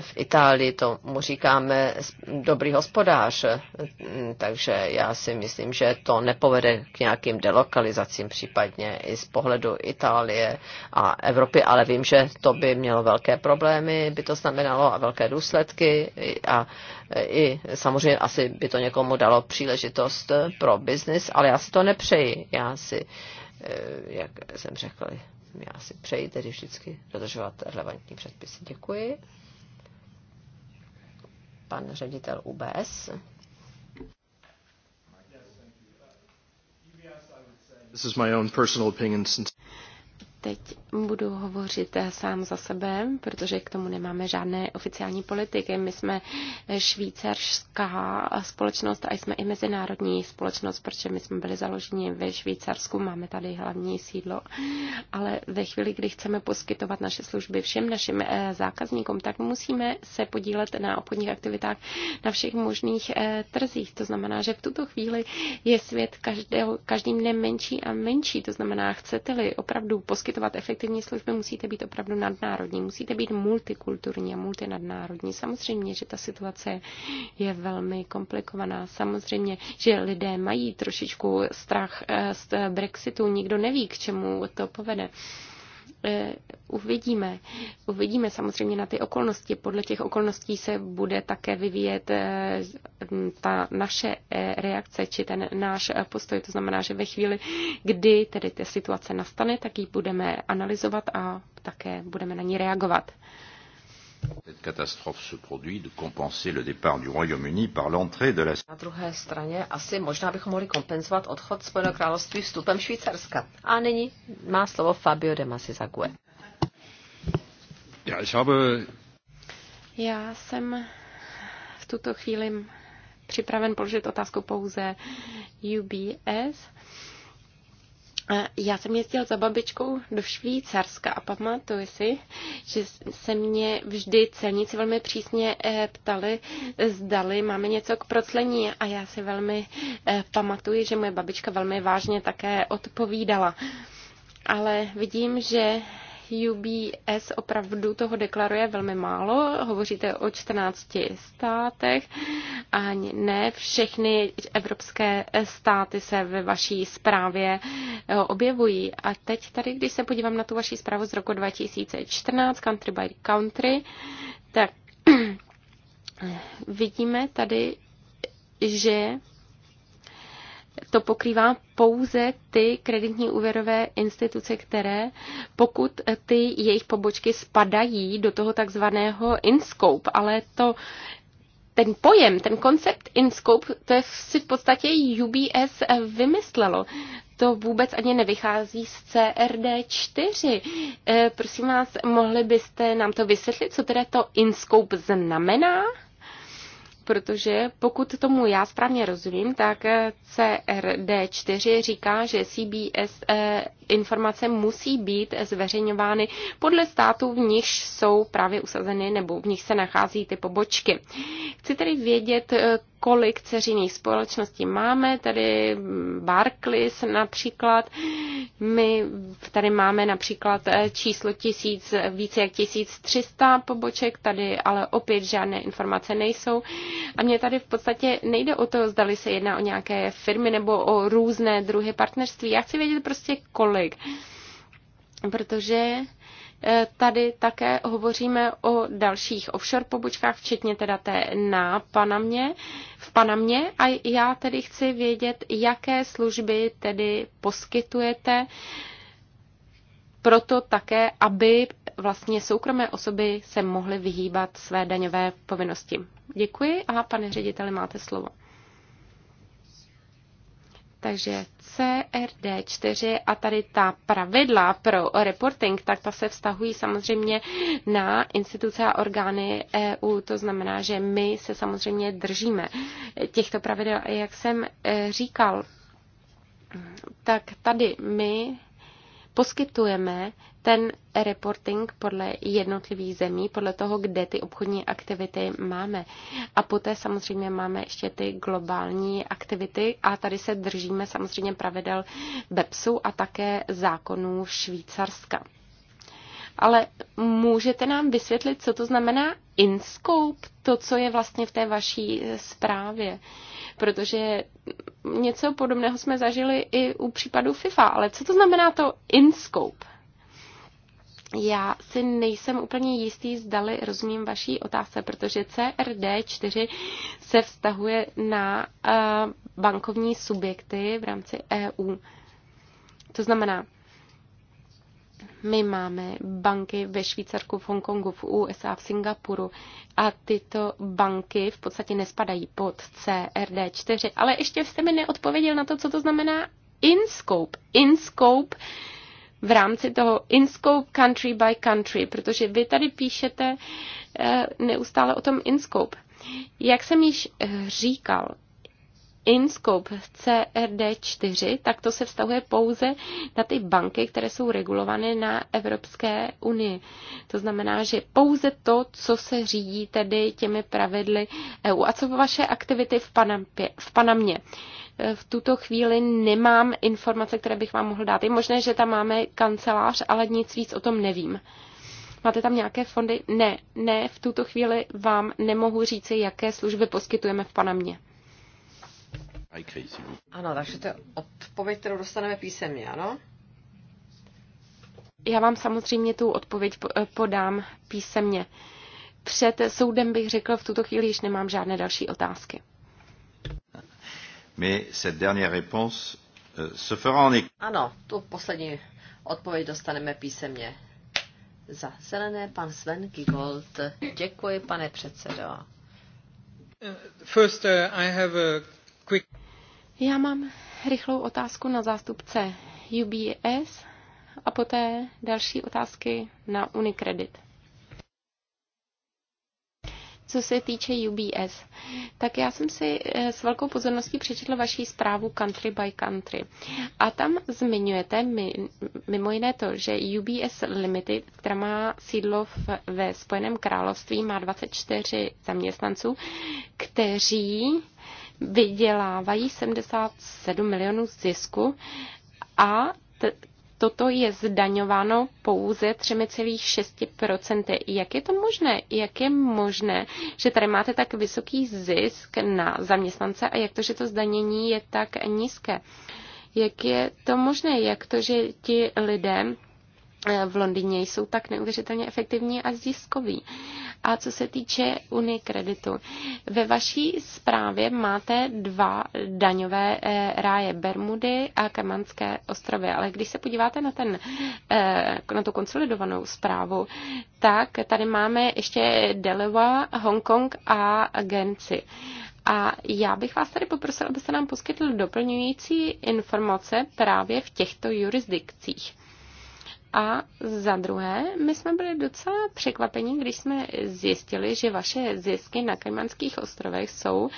v Itálii tomu říkáme dobrý hospodář, takže já si myslím, že to nepovede k nějakým delokalizacím případně i z pohledu Itálie a Evropy, ale vím, že to by mělo velké problémy, by to znamenalo a velké důsledky a i samozřejmě asi by to někomu dalo příležitost pro biznis, ale já si to nepřeji. Já si, eh, jak jsem řekl, já si přeji tedy vždycky dodržovat relevantní předpisy. Děkuji. Pan ředitel UBS. This is my own personal opinion since... Teď budu hovořit eh, sám za sebe, protože k tomu nemáme žádné oficiální politiky. My jsme švýcarská společnost a jsme i mezinárodní společnost, protože my jsme byli založeni ve Švýcarsku, máme tady hlavní sídlo. Ale ve chvíli, kdy chceme poskytovat naše služby všem našim eh, zákazníkům, tak musíme se podílet na obchodních aktivitách na všech možných eh, trzích. To znamená, že v tuto chvíli je svět každý, každým dnem menší a menší. To znamená, chcete-li opravdu poskytovat poskytovat efektivní služby, musíte být opravdu nadnárodní, musíte být multikulturní a multinadnárodní. Samozřejmě, že ta situace je velmi komplikovaná. Samozřejmě, že lidé mají trošičku strach eh, z Brexitu, nikdo neví, k čemu to povede. Eh, uvidíme. Uvidíme samozřejmě na ty okolnosti. Podle těch okolností se bude také vyvíjet eh, ta naše eh, reakce či ten náš postoj. To znamená, že ve chvíli, kdy tedy ta situace nastane, tak ji budeme analyzovat a také budeme na ní reagovat. Na druhé straně asi možná bychom mohli kompenzovat odchod Spojeného království vstupem Švýcarska. A nyní má slovo Fabio de Masizague. Já, habe... Já jsem v tuto chvíli připraven položit otázku pouze UBS. Já jsem jezdil za babičkou do Švýcarska a pamatuju si, že se mě vždy celníci velmi přísně eh, ptali, zdali máme něco k proclení a já si velmi eh, pamatuju, že moje babička velmi vážně také odpovídala. Ale vidím, že UBS opravdu toho deklaruje velmi málo. Hovoříte o 14 státech a ne všechny evropské státy se ve vaší zprávě eh, objevují. A teď tady, když se podívám na tu vaši zprávu z roku 2014, country by country, tak vidíme tady, že to pokrývá pouze ty kreditní úvěrové instituce, které, pokud ty jejich pobočky spadají do toho takzvaného inscope, ale to ten pojem, ten koncept InScope, to je si v podstatě UBS vymyslelo. To vůbec ani nevychází z CRD4. E, eh, prosím vás, mohli byste nám to vysvětlit, co teda to InScope znamená? protože pokud tomu já správně rozumím, tak CRD4 říká, že CBS eh, informace musí být zveřejňovány podle států, v nichž jsou právě usazeny nebo v nich se nachází ty pobočky. Chci tedy vědět, eh, kolik ceřiných společností máme, tady Barclays například. My tady máme například eh, číslo tisíc, více jak 1300 poboček, tady ale opět žádné informace nejsou. A mě tady v podstatě nejde o to, zdali se jedná o nějaké firmy nebo o různé druhy partnerství. Já chci vědět prostě kolik. Protože E, tady také hovoříme o dalších offshore pobočkách, včetně teda té na Panamě, v Panamě. A já tedy chci vědět, jaké služby tedy poskytujete proto také, aby vlastně soukromé osoby se mohly vyhýbat své daňové povinnosti. Děkuji a pane řediteli, máte slovo. Takže CRD4 a tady ta pravidla pro reporting, tak ta se vztahují samozřejmě na instituce a orgány EU. To znamená, že my se samozřejmě držíme těchto pravidel. A jak jsem eh, říkal, tak tady my poskytujeme ten reporting podle jednotlivých zemí, podle toho, kde ty obchodní aktivity máme. A poté samozřejmě máme ještě ty globální aktivity a tady se držíme samozřejmě pravidel BEPSu a také zákonů Švýcarska. Ale můžete nám vysvětlit, co to znamená InScope, to, co je vlastně v té vaší eh, zprávě. Protože něco podobného jsme zažili i u případu FIFA, ale co to znamená to InScope? Já si nejsem úplně jistý, zdali rozumím vaší otázce, protože CRD4 se vztahuje na eh, bankovní subjekty v rámci EU. To znamená, my máme banky ve Švýcarsku, v Hongkongu, v USA, v Singapuru a tyto banky v podstatě nespadají pod CRD4, ale ještě jste mi neodpověděl na to, co to znamená InScope. InScope v rámci toho InScope country by country, protože vy tady píšete eh, neustále o tom InScope. Jak jsem již eh, říkal, InScope CRD4, tak to se vztahuje pouze na ty banky, které jsou regulované na Evropské unii. To znamená, že pouze to, co se řídí tedy těmi pravidly EU. A co vaše aktivity v, Panampě, v Panamě? v tuto chvíli nemám informace, které bych vám mohl dát. Je možné, že tam máme kancelář, ale nic víc o tom nevím. Máte tam nějaké fondy? Ne, ne, v tuto chvíli vám nemohu říci, jaké služby poskytujeme v Panamě. Ano, takže to je odpověď, kterou dostaneme písemně, ano? Já vám samozřejmě tu odpověď eh, podám písemně. Před soudem bych řekl, v tuto chvíli již nemám žádné další otázky. Euh, ano, tu poslední odpověď dostaneme písemně. Za zelené pan Sven Gigold. Děkuji, pane předsedo. Uh, first, uh, I have a já mám rychlou otázku na zástupce UBS a poté další otázky na Unicredit. Co se týče UBS, tak já jsem si eh, s velkou pozorností přečetla vaší zprávu Country by Country. A tam zmiňujete mimo jiné to, že UBS Limited, která má sídlo v, ve Spojeném království, má 24 zaměstnanců, kteří vydělávají 77 milionů zisku a toto je zdaňováno pouze 3,6%. Jak je to možné? Jak je možné, že tady máte tak vysoký zisk na zaměstnance a jak to, že to zdanění je tak nízké? Jak je to možné? Jak to, že ti lidé Eh, v Londýně jsou tak neuvěřitelně efektivní a ziskoví. A co se týče Unikreditu, ve vaší zprávě máte dva daňové eh, ráje, Bermudy a Kamanské ostrovy, ale když se podíváte na, ten, eh, na tu konsolidovanou zprávu, tak tady máme ještě Delaware, Hongkong a Genci. A já bych vás tady poprosil, abyste nám poskytl doplňující informace právě v těchto jurisdikcích. A za druhé, my jsme byli docela překvapeni, když jsme zjistili, že vaše zisky na Kajmanských ostrovech jsou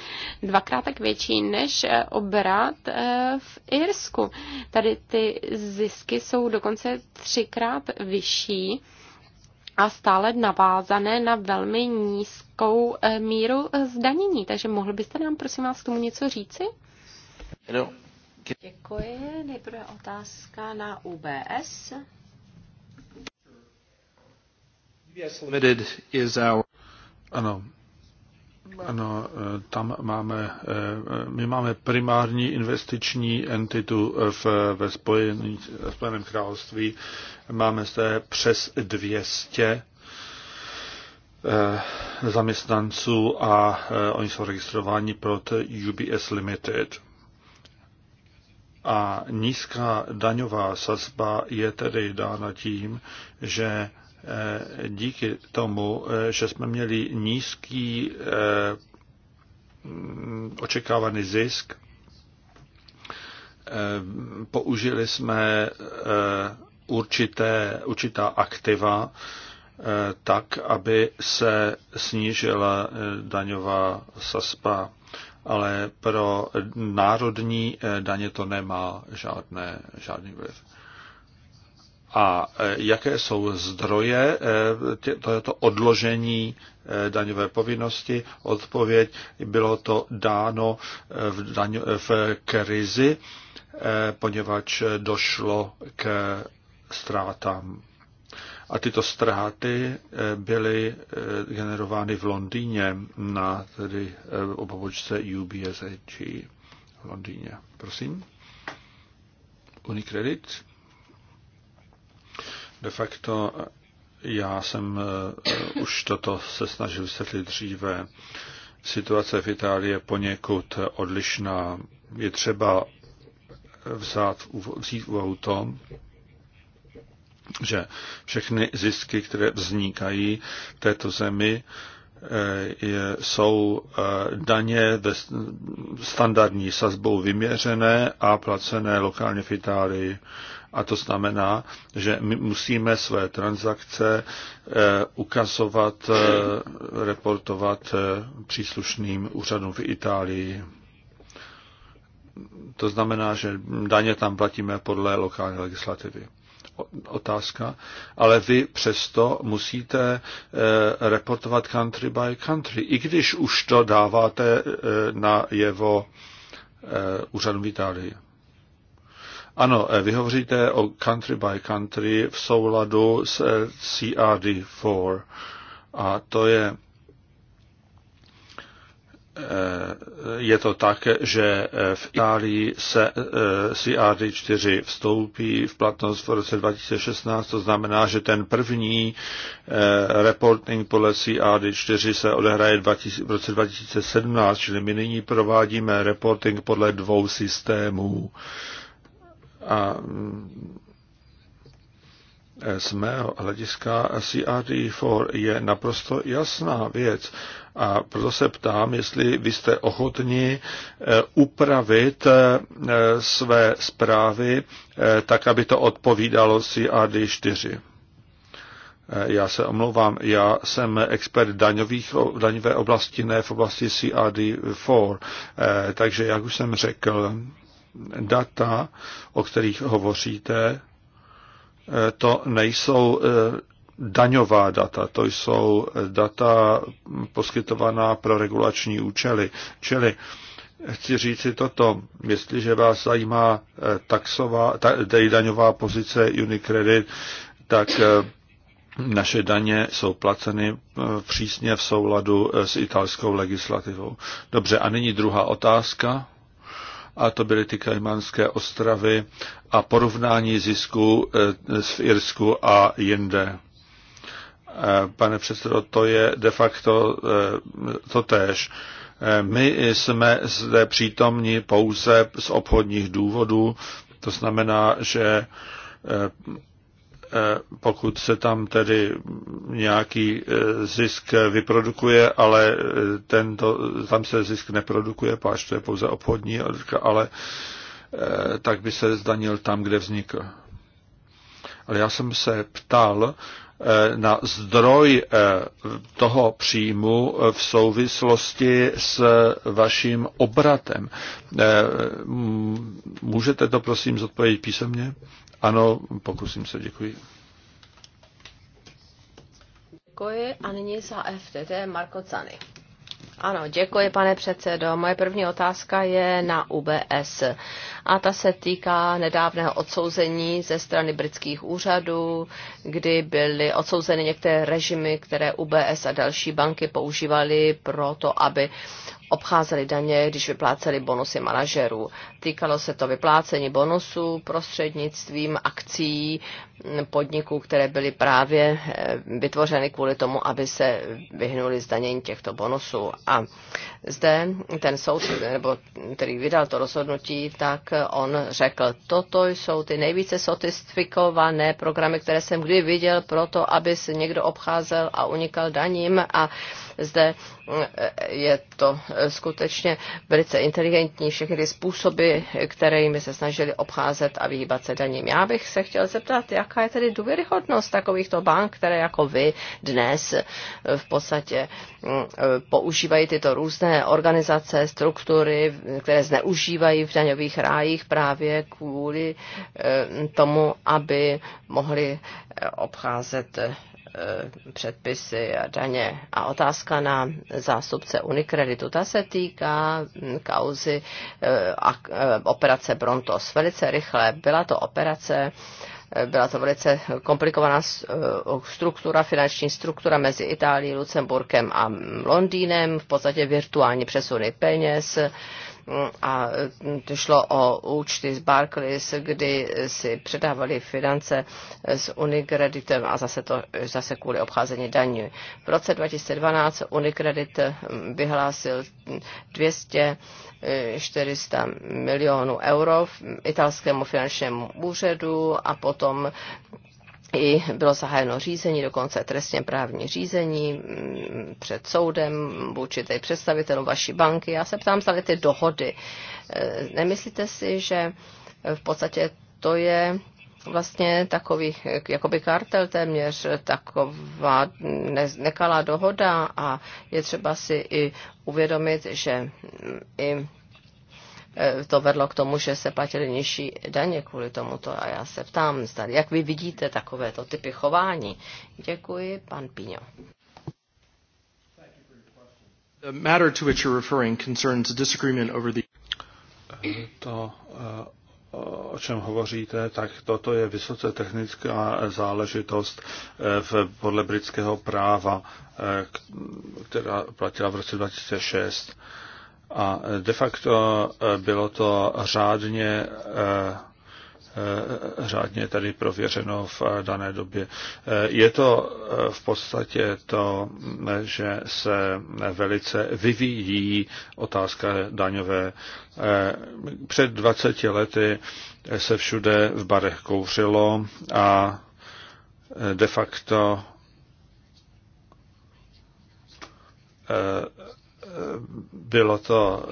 dvakrát tak větší než eh, obrat eh, v Irsku. Tady ty zisky jsou dokonce třikrát vyšší a stále navázané na velmi nízkou eh, míru zdanění. Takže mohl byste nám, prosím vás, k tomu něco říci? Hello. Děkuji. Nejprve otázka na UBS. Ano, ano, eh, tam máme, eh, my máme primární investiční entitu v, ve, Spojení, v Spojeném království. Máme zde přes 200 eh, zaměstnanců a oni jsou registrováni pro UBS Limited. A nízká daňová sazba je tedy dána tím, že Eh, díky tomu, eh, že jsme měli nízký eh, očekávaný zisk, použili jsme určité, určitá aktiva tak, aby se snížila daňová sazba, ale pro národní daně to nemá žádné, žádný vliv a e, jaké jsou zdroje e, tohoto odložení e, daňové povinnosti. Odpověď bylo to dáno v, daň, v krizi, poněvadž došlo k ztrátám. A tyto ztráty byly generovány v Londýně na tedy obobočce UBSG v Londýně. Prosím. Unicredit. De facto já jsem eh, už toto se snažil vysvětlit dříve. Situace v Itálii je poněkud odlišná. Je třeba vzát, vzít úvahu to, že všechny zisky, které vznikají v této zemi, eh, jsou eh, daně ve standardní sazbou vyměřené a placené lokálně v Itálii. A to znamená, že my musíme své transakce eh, ukazovat, eh, reportovat eh, příslušným úřadům v Itálii. To znamená, že daně tam platíme podle lokální legislativy otázka, ale vy přesto musíte reportovat country by country, i když už to dáváte na jeho úřadu v Itálii. Ano, eh, vy hovoříte o country by country v souladu s eh, CRD4 a to je eh, je to tak, že v Itálii se CRD 4 vstoupí v platnost v roce 2016, to znamená, že ten první reporting podle CRD 4 se odehraje v roce 2017, čili my nyní provádíme reporting podle dvou systémů. A mm, z mého hlediska CRD4 je naprosto jasná věc. A proto se ptám, jestli vy jste ochotni e, upravit e, své zprávy e, tak, aby to odpovídalo CRD4. Já se omlouvám, já jsem expert daňových, daňové oblasti, ne v oblasti CRD4. Takže, jak už jsem řekl, data, o kterých hovoříte, eh, to nejsou eh, daňová data, to jsou eh, data poskytovaná pro regulační účely. Čili chci říci toto, jestliže vás zajímá taxová, ta, daňová pozice Unicredit, tak naše daně jsou placeny přísně v souladu s italskou legislativou. Dobře, a nyní druhá otázka a to byly ty Kajmanské ostravy a porovnání zisku v eh, Irsku a jinde. Eh, pane předsedo, to je de facto eh, to též. My jsme zde přítomni pouze z obchodních důvodů, to znamená, že Eh, pokud se tam tedy nějaký eh, zisk vyprodukuje, ale eh, tento, tam se zisk neprodukuje, páč to je pouze obchodní, ale tak by se zdanil tam, kde vznikl. Ale já jsem se ptal na zdroj toho příjmu v souvislosti s vaším obratem. Můžete to prosím zodpovědět písemně? Ano, pokusím se, děkuji. Děkuji a nyní za FTT Marko Cany. Ano, děkuji, pane předsedo. Moje první otázka je na UBS a ta se týká nedávného odsouzení ze strany britských úřadů, kdy byly odsouzeny některé režimy, které UBS a další banky používaly pro to, aby obcházeli daně, když vypláceli bonusy manažerů. Týkalo se to vyplácení bonusů prostřednictvím akcí podniků, které byly právě eh, vytvořeny kvůli tomu, aby se vyhnuli zdanění těchto bonusů. A zde ten soud, nebo který vydal to rozhodnutí, tak on řekl, toto jsou ty nejvíce sotistifikované programy, které jsem kdy viděl proto, aby se někdo obcházel a unikal daním a zde eh, je to eh, skutečně velice inteligentní všechny ty způsoby, které jimi se snažili obcházet a vyhýbat se daním. Já bych se chtěl zeptat, jaká je tedy důvěryhodnost takovýchto bank, které jako vy dnes eh, v podstatě mm, používají tyto různé organizace, struktury, které zneužívají v daňových rájích právě kvůli tomu, aby mohli obcházet Eh, předpisy a daně. A otázka na zástupce Unikreditu, ta se týká mm, kauzy eh, a eh, operace Brontos. Velice rychle byla to operace, byla to velice komplikovaná struktura, finanční struktura mezi Itálií, Lucemburkem a Londýnem, v podstatě virtuální přesuny peněz, a e, šlo o účty z Barclays, kdy si předávali finance e, s Unicreditem a zase, to, zase kvůli obcházení daní. V roce 2012 Unicredit vyhlásil 200 400 e, milionů euro italskému finančnímu úřadu a potom i bylo zahájeno řízení, dokonce trestně právní řízení mm, před soudem vůči tady představitelům vaší banky. Já se ptám, zda ty dohody. Eh, nemyslíte si, že v podstatě to je vlastně takový eh, jakoby kartel téměř, taková ne, nekalá dohoda a je třeba si i uvědomit, že mm, i Eh, to vedlo k tomu, že se platily nižší daně kvůli tomuto. A já se ptám, jak vy vidíte takovéto typy chování? Děkuji, pan Píňo. To, eh, eh, o čem hovoříte, tak toto je vysoce technická záležitost v, podle britského práva, která platila v roce 2006 a de facto eh, bylo to řádně eh, eh, řádně tady prověřeno v dané době. Je to v podstatě to, mm, že se velice vyvíjí otázka daňové. Před 20 lety se všude v barech kouřilo a de facto bylo to,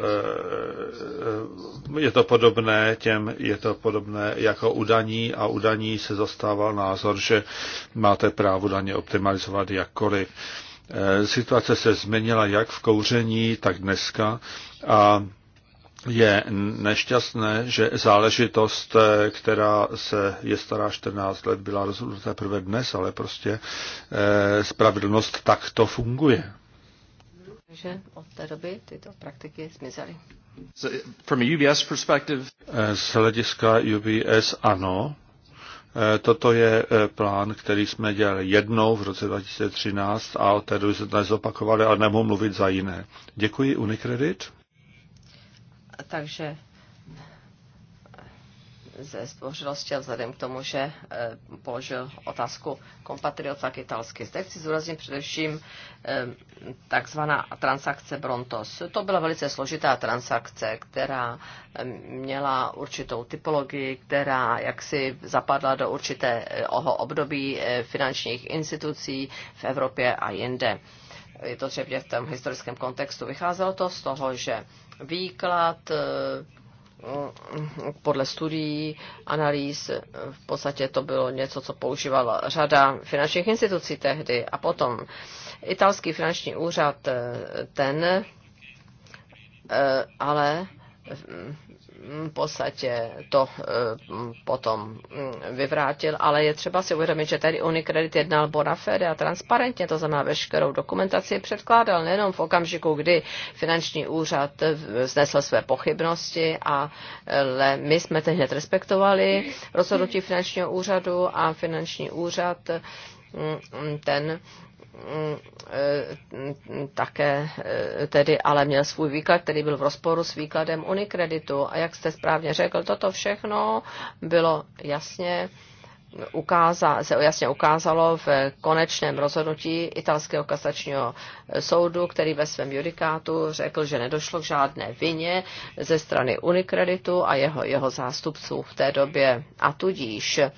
eh, je to podobné těm, je to podobné jako udaní a udaní se zastával názor, že máte právo daně optimalizovat jakkoliv. Eh, situace se změnila jak v kouření, tak dneska a je nešťastné, že záležitost, eh, která se je stará 14 let, byla rozhodnuta prvé dnes, ale prostě spravedlnost takto funguje. Takže od té doby tyto praktiky zmizely. From a UBS perspective... Eh, z hlediska UBS ano. Eh, toto je eh, plán, který jsme dělali jednou v roce 2013 a od té doby se to nezopakovali, ale nemohu mluvit za jiné. Děkuji Unicredit. Takže ze zdvořilosti a vzhledem k tomu, že eh, položil otázku kompatriota k italsky. Zde chci zúraznit především eh, takzvaná transakce Brontos. To byla velice složitá transakce, která eh, měla určitou typologii, která jaksi zapadla do určitého období finančních institucí v Evropě a jinde je to třeba v tom historickém kontextu. Vycházelo to z toho, že výklad podle studií, analýz, v podstatě to bylo něco, co používala řada finančních institucí tehdy. A potom italský finanční úřad, ten eh, ale v podstatě to eh, potom hm, vyvrátil, ale je třeba si uvědomit, že tady Unicredit jednal bonafede a transparentně, to znamená veškerou dokumentaci předkládal nejenom v okamžiku, kdy finanční úřad znesl své pochybnosti, ale my jsme teď hned respektovali rozhodnutí finančního úřadu a finanční úřad hm, ten Mm, eh, také eh, tedy ale měl svůj výklad, který byl v rozporu s výkladem Unikreditu. A jak jste správně řekl, toto všechno bylo jasně ukáza, se jasně ukázalo v konečném rozhodnutí italského kasačního soudu, který ve svém judikátu řekl, že nedošlo k žádné vině ze strany Unikreditu a jeho, jeho zástupců v té době. A tudíž eh,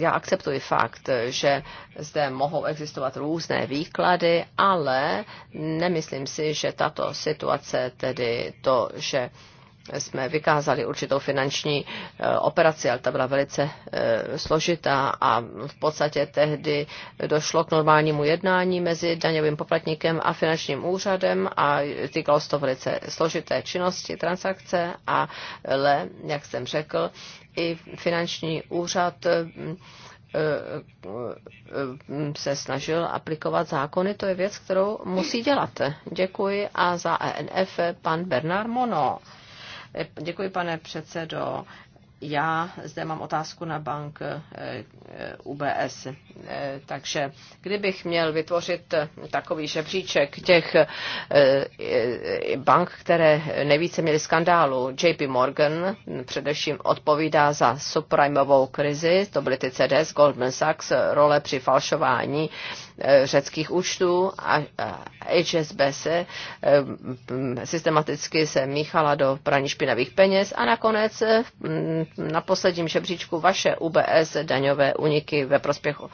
já akceptuji fakt, že zde mohou existovat různé výklady, ale nemyslím si, že tato situace, tedy to, že jsme vykázali určitou finanční eh, operaci, ale ta byla velice eh, složitá a v podstatě tehdy došlo k normálnímu jednání mezi daňovým poplatníkem a finančním úřadem a týkalo se to velice složité činnosti, transakce, ale, jak jsem řekl, i finanční úřad eh, se snažil aplikovat zákony, to je věc, kterou musí dělat. Děkuji a za ENF pan Bernard Mono. Děkuji, pane předsedo. Já zde mám otázku na bank eh, eh, UBS. Eh, takže kdybych měl vytvořit takový žebříček těch bank, které nejvíce měly skandálu, JP Morgan především odpovídá za subprimeovou krizi, to byly ty CDS, Goldman Sachs, role při falšování Eh, řeckých účtů a HSBC eh, systematicky se míchala do praní špinavých peněz a nakonec eh, na posledním žebříčku vaše UBS daňové uniky ve prospěchu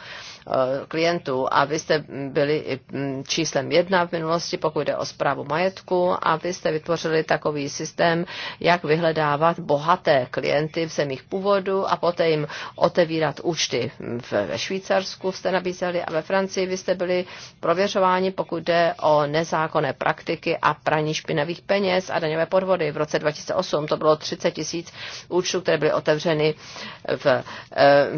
Eh, klientů. A vy jste byli mm, číslem jedna v minulosti, pokud jde o zprávu majetku, a vy jste vytvořili takový systém, jak vyhledávat bohaté klienty v zemích původu a poté jim otevírat účty. Ve Švýcarsku jste nabízeli a ve Francii vy jste byli prověřováni, pokud jde o nezákonné praktiky a praní špinavých peněz a daňové podvody. V roce 2008 to bylo 30 tisíc účtů, které byly otevřeny v, eh,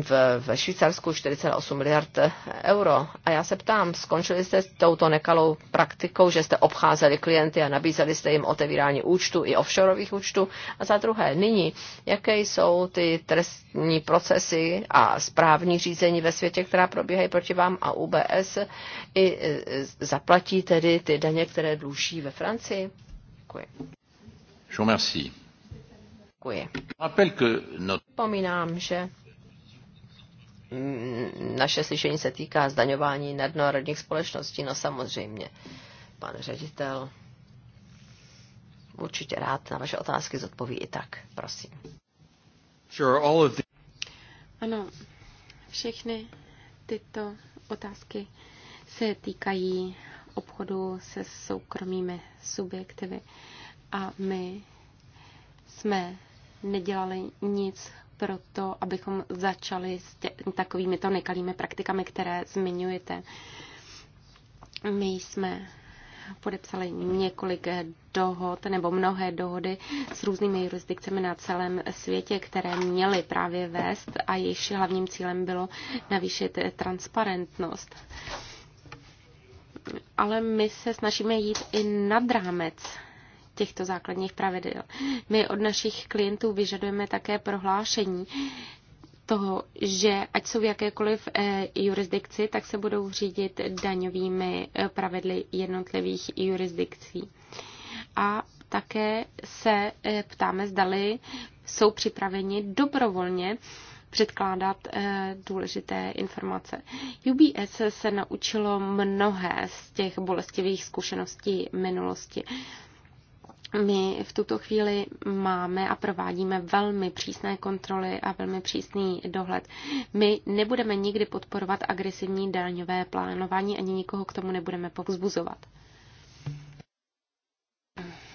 v, v Švýcarsku 4,8 miliard euro. A já se ptám, skončili jste s touto nekalou praktikou, že jste obcházeli klienty a nabízeli jste jim otevírání účtu i offshoreových účtů? A za druhé, nyní, jaké jsou ty trestní procesy a správní řízení ve světě, která probíhají proti vám a UBS, i e, zaplatí tedy ty daně, které dluží ve Francii? Děkuji. Je vous remercie. Děkuji. Připomínám, že Mm, naše slyšení se týká zdaňování nadnárodních společností, no samozřejmě. Pan ředitel určitě rád na vaše otázky zodpoví i tak, prosím. Sure, all of the... Ano, všechny tyto otázky se týkají obchodu se soukromými subjektivy a my jsme nedělali nic pro to, abychom začali s tě, takovými to nekalými praktikami, které zmiňujete. My jsme podepsali několik dohod nebo mnohé dohody s různými jurisdikcemi na celém světě, které měly právě vést a jejich hlavním cílem bylo navýšit transparentnost. Ale my se snažíme jít i nad rámec těchto základních pravidel. My od našich klientů vyžadujeme také prohlášení, toho, že ať jsou v jakékoliv eh, jurisdikci, tak se budou řídit daňovými eh, pravidly jednotlivých jurisdikcí. A také se eh, ptáme, zdali jsou připraveni dobrovolně předkládat důležité informace. UBS se naučilo mnohé z těch bolestivých zkušeností minulosti my v tuto chvíli máme a provádíme velmi přísné kontroly a velmi přísný dohled. My nebudeme nikdy podporovat agresivní daňové plánování ani nikoho k tomu nebudeme povzbuzovat.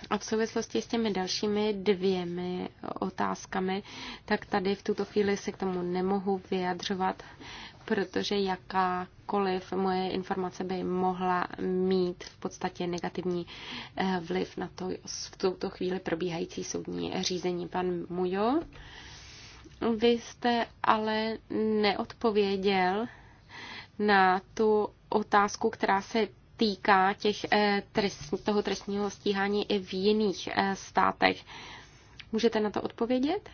A v souvislosti s těmi dalšími dvěmi otázkami, tak tady v tuto chvíli se k tomu nemohu vyjadřovat, protože jakákoliv moje informace by mohla mít v podstatě negativní eh, vliv na to v tuto chvíli probíhající soudní řízení. Pan Mujo, vy jste ale neodpověděl na tu otázku, která se týká těch, eh, toho trestního stíhání i v jiných eh, státech. Můžete na to odpovědět?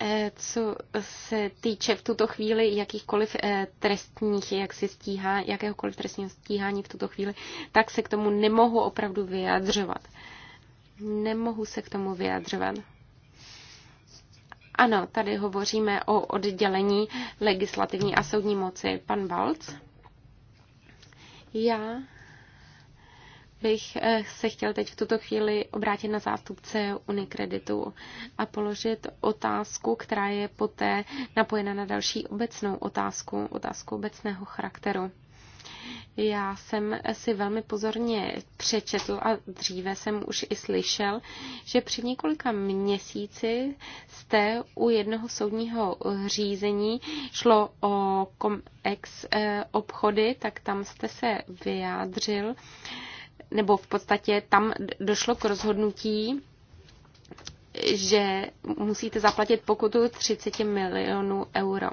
Eh, co se týče v tuto chvíli jakýchkoliv eh, trestních, jak se stíhá, jakéhokoliv trestního stíhání v tuto chvíli, tak se k tomu nemohu opravdu vyjadřovat. Nemohu se k tomu vyjadřovat. Ano, tady hovoříme o oddělení legislativní a soudní moci. Pan Balc? Já bych eh, se chtěl teď v tuto chvíli obrátit na zástupce Unikreditu a položit otázku, která je poté napojena na další obecnou otázku, otázku obecného charakteru. Já jsem si velmi pozorně přečetl a dříve jsem už i slyšel, že před několika měsíci jste u jednoho soudního řízení šlo o komex eh, obchody, tak tam jste se vyjádřil nebo v podstatě tam došlo k rozhodnutí, že musíte zaplatit pokutu 30 milionů euro.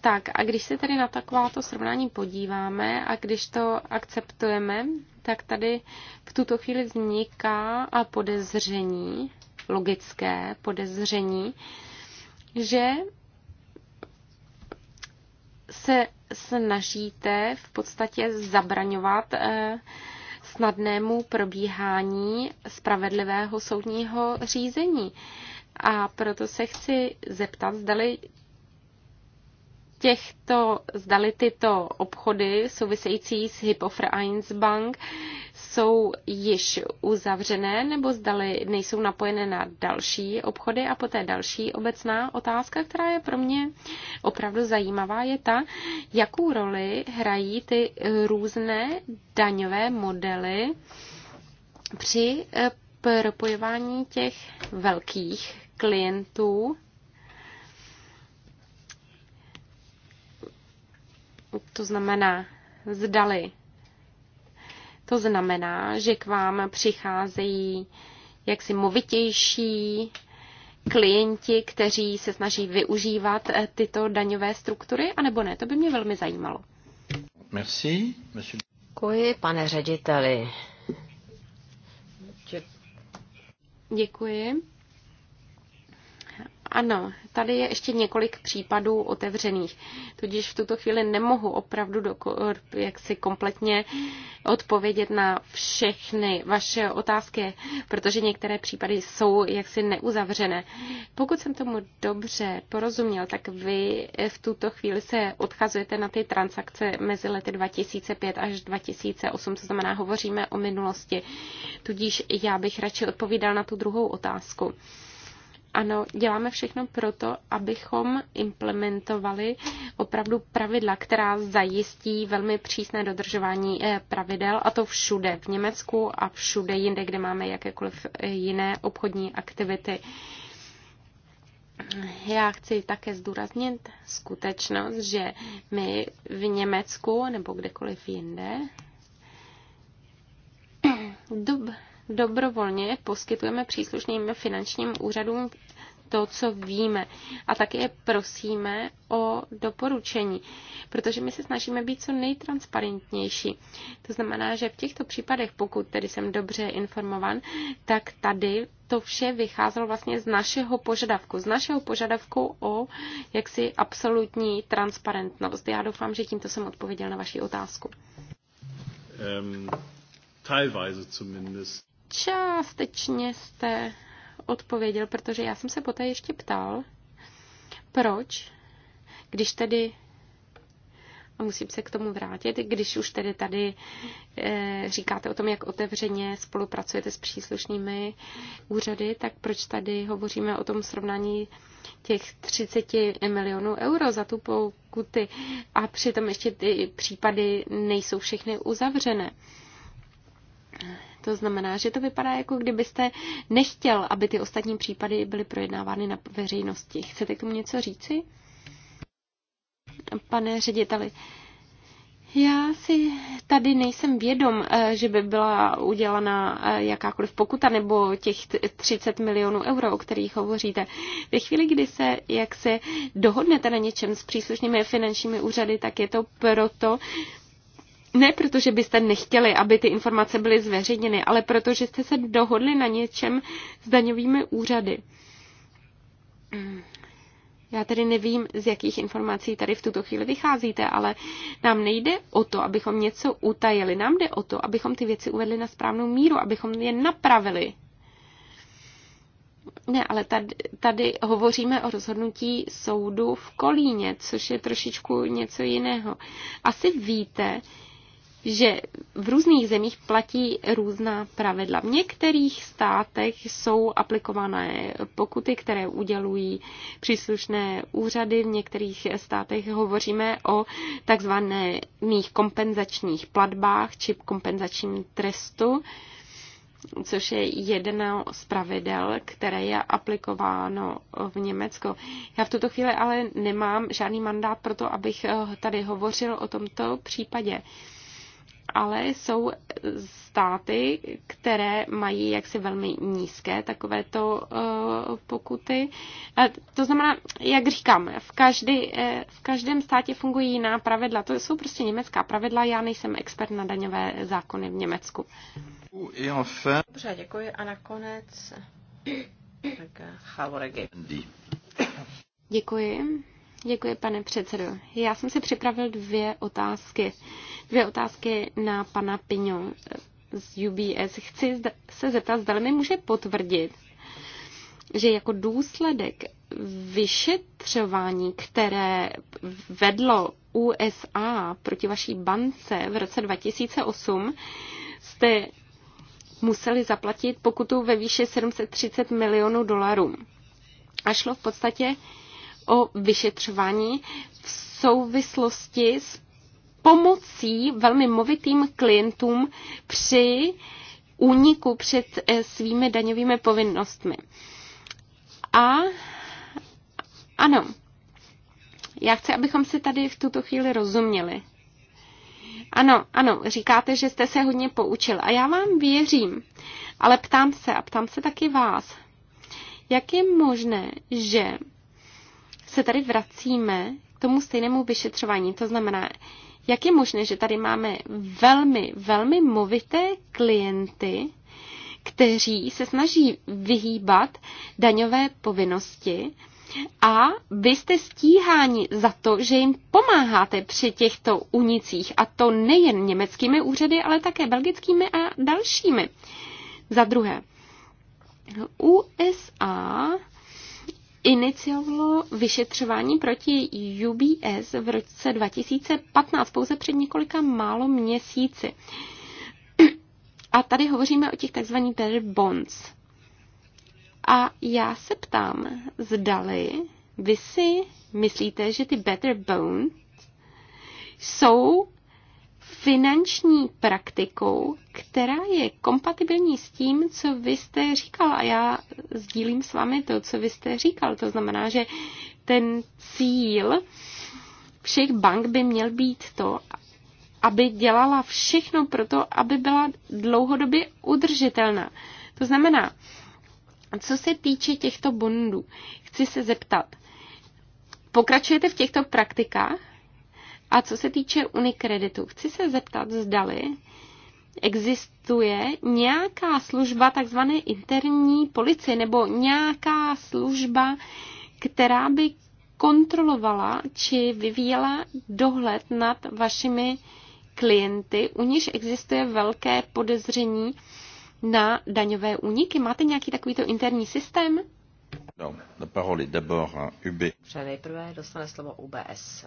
Tak a když se tedy na takováto srovnání podíváme a když to akceptujeme, tak tady v tuto chvíli vzniká a podezření, logické podezření, že se snažíte v podstatě zabraňovat eh, snadnému probíhání spravedlivého soudního řízení. A proto se chci zeptat, zdali těchto, zdali tyto obchody související s Bank jsou již uzavřené nebo zdali nejsou napojené na další obchody. A poté další obecná otázka, která je pro mě opravdu zajímavá, je ta, jakou roli hrají ty různé daňové modely při propojování těch velkých klientů To znamená, zdali. To znamená, že k vám přicházejí jaksi movitější klienti, kteří se snaží využívat eh, tyto daňové struktury, anebo ne? To by mě velmi zajímalo. Merci, monsieur. Děkuji, pane řediteli. Děkuji. Ano, tady je ještě několik případů otevřených, tudíž v tuto chvíli nemohu opravdu do, jak si kompletně odpovědět na všechny vaše otázky, protože některé případy jsou jaksi neuzavřené. Pokud jsem tomu dobře porozuměl, tak vy v tuto chvíli se odchazujete na ty transakce mezi lety 2005 až 2008, to znamená, hovoříme o minulosti. Tudíž já bych radši odpovídal na tu druhou otázku. Ano, děláme všechno proto, abychom implementovali opravdu pravidla, která zajistí velmi přísné dodržování eh, pravidel, a to všude, v Německu a všude jinde, kde máme jakékoliv eh, jiné obchodní aktivity. Já chci také zdůraznit skutečnost, že my v Německu nebo kdekoliv jinde dub dobrovolně poskytujeme příslušným finančním úřadům to, co víme. A také prosíme o doporučení, protože my se snažíme být co nejtransparentnější. To znamená, že v těchto případech, pokud tedy jsem dobře informovan, tak tady to vše vycházelo vlastně z našeho požadavku, z našeho požadavku o jaksi absolutní transparentnost. Já doufám, že tímto jsem odpověděl na vaši otázku. Um, teilweise zumindest částečně jste odpověděl, protože já jsem se poté ještě ptal, proč, když tedy, a musím se k tomu vrátit, když už tedy tady e, říkáte o tom, jak otevřeně spolupracujete s příslušnými úřady, tak proč tady hovoříme o tom srovnání těch 30 milionů euro za tu pokuty a přitom ještě ty případy nejsou všechny uzavřené. To znamená, že to vypadá, jako kdybyste nechtěl, aby ty ostatní případy byly projednávány na veřejnosti. Chcete k tomu něco říci? Pane řediteli, já si tady nejsem vědom, eh, že by byla udělána eh, jakákoliv pokuta nebo těch 30 milionů euro, o kterých hovoříte. Ve chvíli, kdy se, jak se dohodnete na něčem s příslušnými finančními úřady, tak je to proto, ne protože byste nechtěli, aby ty informace byly zveřejněny, ale protože jste se dohodli na něčem s daňovými úřady. Já tedy nevím, z jakých informací tady v tuto chvíli vycházíte, ale nám nejde o to, abychom něco utajili. Nám jde o to, abychom ty věci uvedli na správnou míru, abychom je napravili. Ne, ale tady, tady hovoříme o rozhodnutí soudu v Kolíně, což je trošičku něco jiného. Asi víte, že v různých zemích platí různá pravidla. V některých státech jsou aplikované pokuty, které udělují příslušné úřady. V některých státech hovoříme o takzvaných kompenzačních platbách či kompenzačním trestu což je jedno z pravidel, které je aplikováno v Německu. Já v tuto chvíli ale nemám žádný mandát pro to, abych eh, tady hovořil o tomto případě ale jsou státy, které mají jaksi velmi nízké takovéto eh, pokuty. To znamená, jak říkám, v, každý, eh, v každém státě fungují jiná pravidla. To jsou prostě německá pravidla, já nejsem expert na daňové zákony v Německu. Dobře, děkuji. A nakonec... Děkuji. Děkuji, pane předsedo. Já jsem si připravil dvě otázky. Dvě otázky na pana Piňo z UBS. Chci se zeptat, zda mi může potvrdit, že jako důsledek vyšetřování, které vedlo USA proti vaší bance v roce 2008, jste museli zaplatit pokutu ve výši 730 milionů dolarů. A šlo v podstatě o vyšetřování v souvislosti s pomocí velmi movitým klientům při úniku před eh, svými daňovými povinnostmi. A ano, já chci, abychom si tady v tuto chvíli rozuměli. Ano, ano, říkáte, že jste se hodně poučil a já vám věřím, ale ptám se a ptám se taky vás. Jak je možné, že se tady vracíme k tomu stejnému vyšetřování. To znamená, jak je možné, že tady máme velmi, velmi movité klienty, kteří se snaží vyhýbat daňové povinnosti a vy jste stíháni za to, že jim pomáháte při těchto unicích a to nejen německými úřady, ale také belgickými a dalšími. Za druhé, USA iniciovalo vyšetřování proti UBS v roce 2015, pouze před několika málo měsíci. A tady hovoříme o těch tzv. better bonds. A já se ptám, zdali vy si myslíte, že ty better bonds jsou finanční praktikou, která je kompatibilní s tím, co vy jste říkal. A já sdílím s vámi to, co vy jste říkal. To znamená, že ten cíl všech bank by měl být to, aby dělala všechno pro to, aby byla dlouhodobě udržitelná. To znamená, co se týče těchto bondů, chci se zeptat, pokračujete v těchto praktikách? A co se týče Unikreditu, chci se zeptat, zdali existuje nějaká služba takzvané interní policie nebo nějaká služba, která by kontrolovala či vyvíjela dohled nad vašimi klienty, u níž existuje velké podezření na daňové úniky. Máte nějaký takovýto interní systém? No, la parole est d'abord à UB. Nejprve dostane slovo UBS.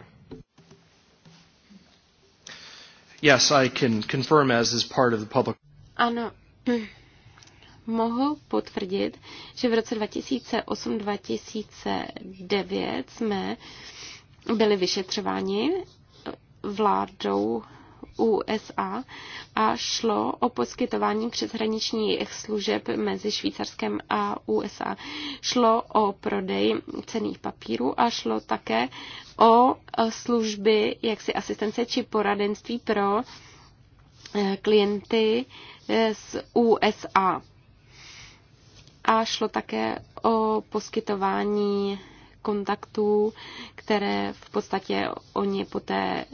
Yes, I can confirm as is part of the public. Ano, mohu potvrdit, že v roce 2008-2009 jsme byli vyšetřováni vládou USA a šlo o poskytování přeshraničních služeb mezi Švýcarskem a USA. Šlo o prodej cených papírů a šlo také o služby jaksi asistence či poradenství pro eh, klienty eh, z USA. A šlo také o poskytování kontaktů, které v podstatě oni poté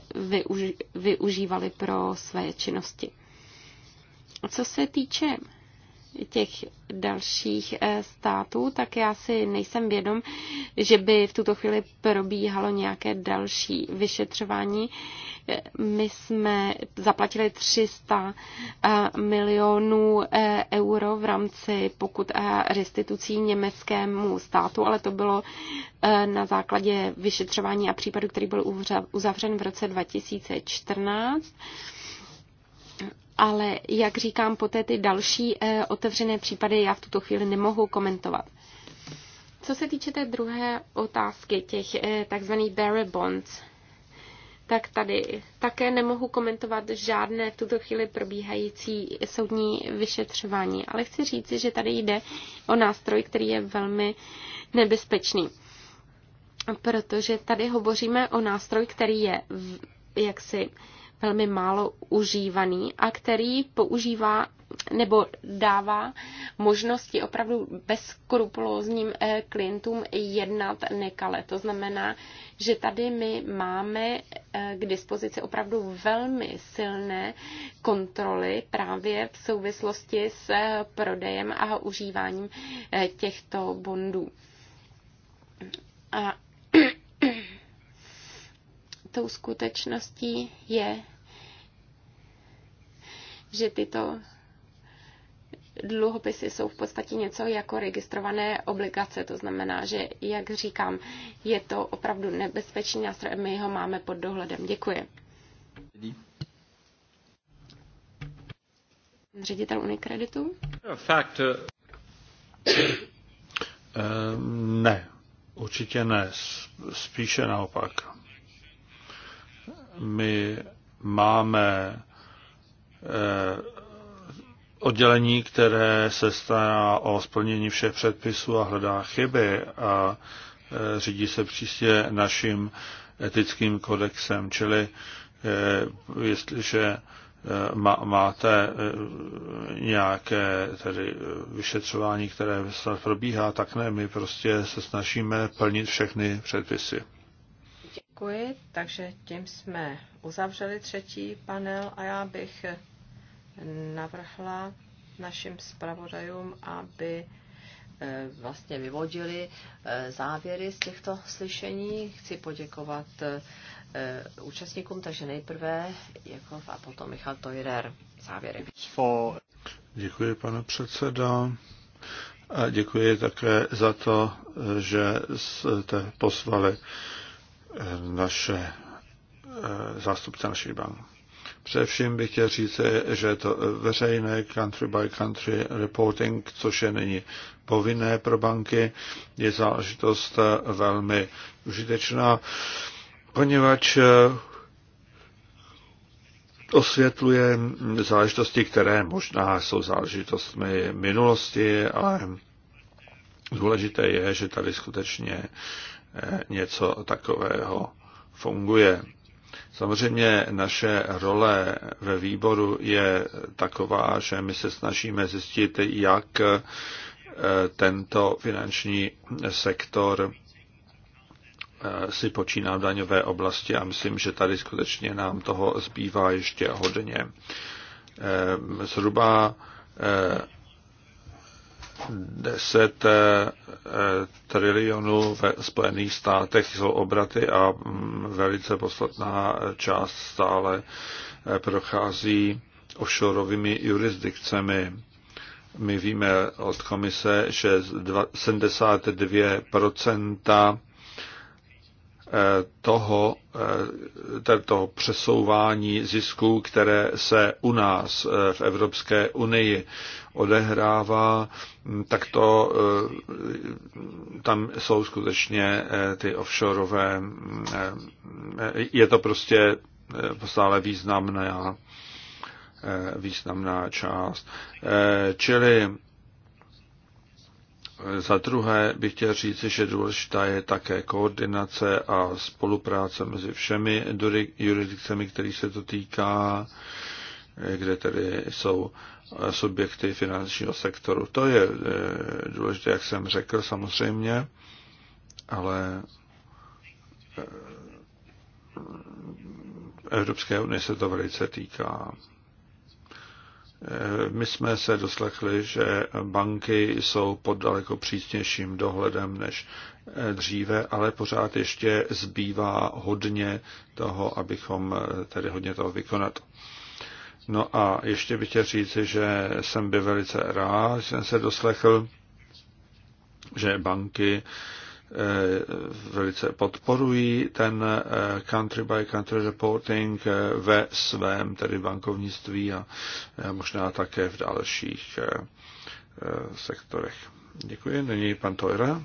využívali pro své činnosti. Co se týče těch dalších eh, států, tak já si nejsem vědom, že by v tuto chvíli probíhalo nějaké další vyšetřování. Eh, my jsme zaplatili 300 eh, milionů euro v rámci pokud a restitucí německému státu, ale to bylo na základě vyšetřování a případu, který byl uzavřen v roce 2014 ale jak říkám, poté ty další eh, otevřené případy já v tuto chvíli nemohu komentovat. Co se týče té druhé otázky, těch eh, takzvaných bearer bonds, tak tady také nemohu komentovat žádné v tuto chvíli probíhající soudní vyšetřování, ale chci říci, že tady jde o nástroj, který je velmi nebezpečný. Protože tady hovoříme o nástroj, který je jaksi velmi málo užívaný a který používá nebo dává možnosti opravdu bezkrupulózním eh, klientům jednat nekale. To znamená, že tady my máme eh, k dispozici opravdu velmi silné kontroly právě v souvislosti s eh, prodejem a užíváním těchto bondů. A tou skutečností je, že tyto dluhopisy jsou v podstatě něco jako registrované obligace. To znamená, že, jak říkám, je to opravdu nebezpečný nástroj. My ho máme pod dohledem. Děkuji. Ředitel Unikreditu? No, fakt. Eh, ehm, ne, určitě ne. Spíše naopak. My máme Eh, oddělení, které se stará o splnění všech předpisů a hledá chyby a eh, řídí se přísně naším etickým kodexem, čili eh, jestliže máte nějaké tedy vyšetřování, které probíhá, tak ne, my prostě se snažíme plnit všechny předpisy. Děkuji, takže tím jsme uzavřeli třetí panel a já bych navrhla našim zpravodajům, aby eh, vlastně vyvodili eh, závěry z těchto slyšení. Chci poděkovat eh, účastníkům, takže nejprve Jakov a potom Michal Tojrer. Závěry. Děkuji, pane předseda. A děkuji také za to, že jste poslali naše zástupce našich banků. Především bych chtěl říct, že je to veřejné country by country reporting, což je není povinné pro banky, je záležitost velmi užitečná, poněvadž osvětluje záležitosti, které možná jsou záležitostmi minulosti, ale důležité je, že tady skutečně něco takového funguje. Samozřejmě naše role ve výboru je taková, že my se snažíme zjistit, jak eh, tento finanční sektor eh, si počíná v daňové oblasti a myslím, že tady skutečně nám toho zbývá ještě hodně. Eh, zhruba 10 eh, trilionů ve Spojených státech jsou obraty a mm, velice podstatná část stále eh, prochází offshoreovými jurisdikcemi. My víme od komise, že 72 toho, eh, toho přesouvání zisků, které se u nás eh, v Evropské unii odehrává, mm, tak to eh, tam jsou skutečně ty offshoreové, mm, je to prostě stále významná, významná část. Čili za druhé bych chtěl říct, že důležitá je také koordinace a spolupráce mezi všemi jurisdikcemi, kterých se to týká, kde tedy jsou subjekty finančního sektoru. To je eh, důležité, jak jsem řekl, samozřejmě, ale eh, Evropské unie se to velice týká. Eh, my jsme se doslechli, že banky jsou pod daleko přísnějším dohledem než eh, dříve, ale pořád ještě zbývá hodně toho, abychom eh, tedy hodně toho vykonat. No a ještě bych chtěl říct, že jsem byl velice rád, že jsem se doslechl, že banky velice podporují ten eh, country by country reporting eh, ve svém tedy bankovnictví a eh, možná také v dalších sektorech. Děkuji. Nyní pan Tojra.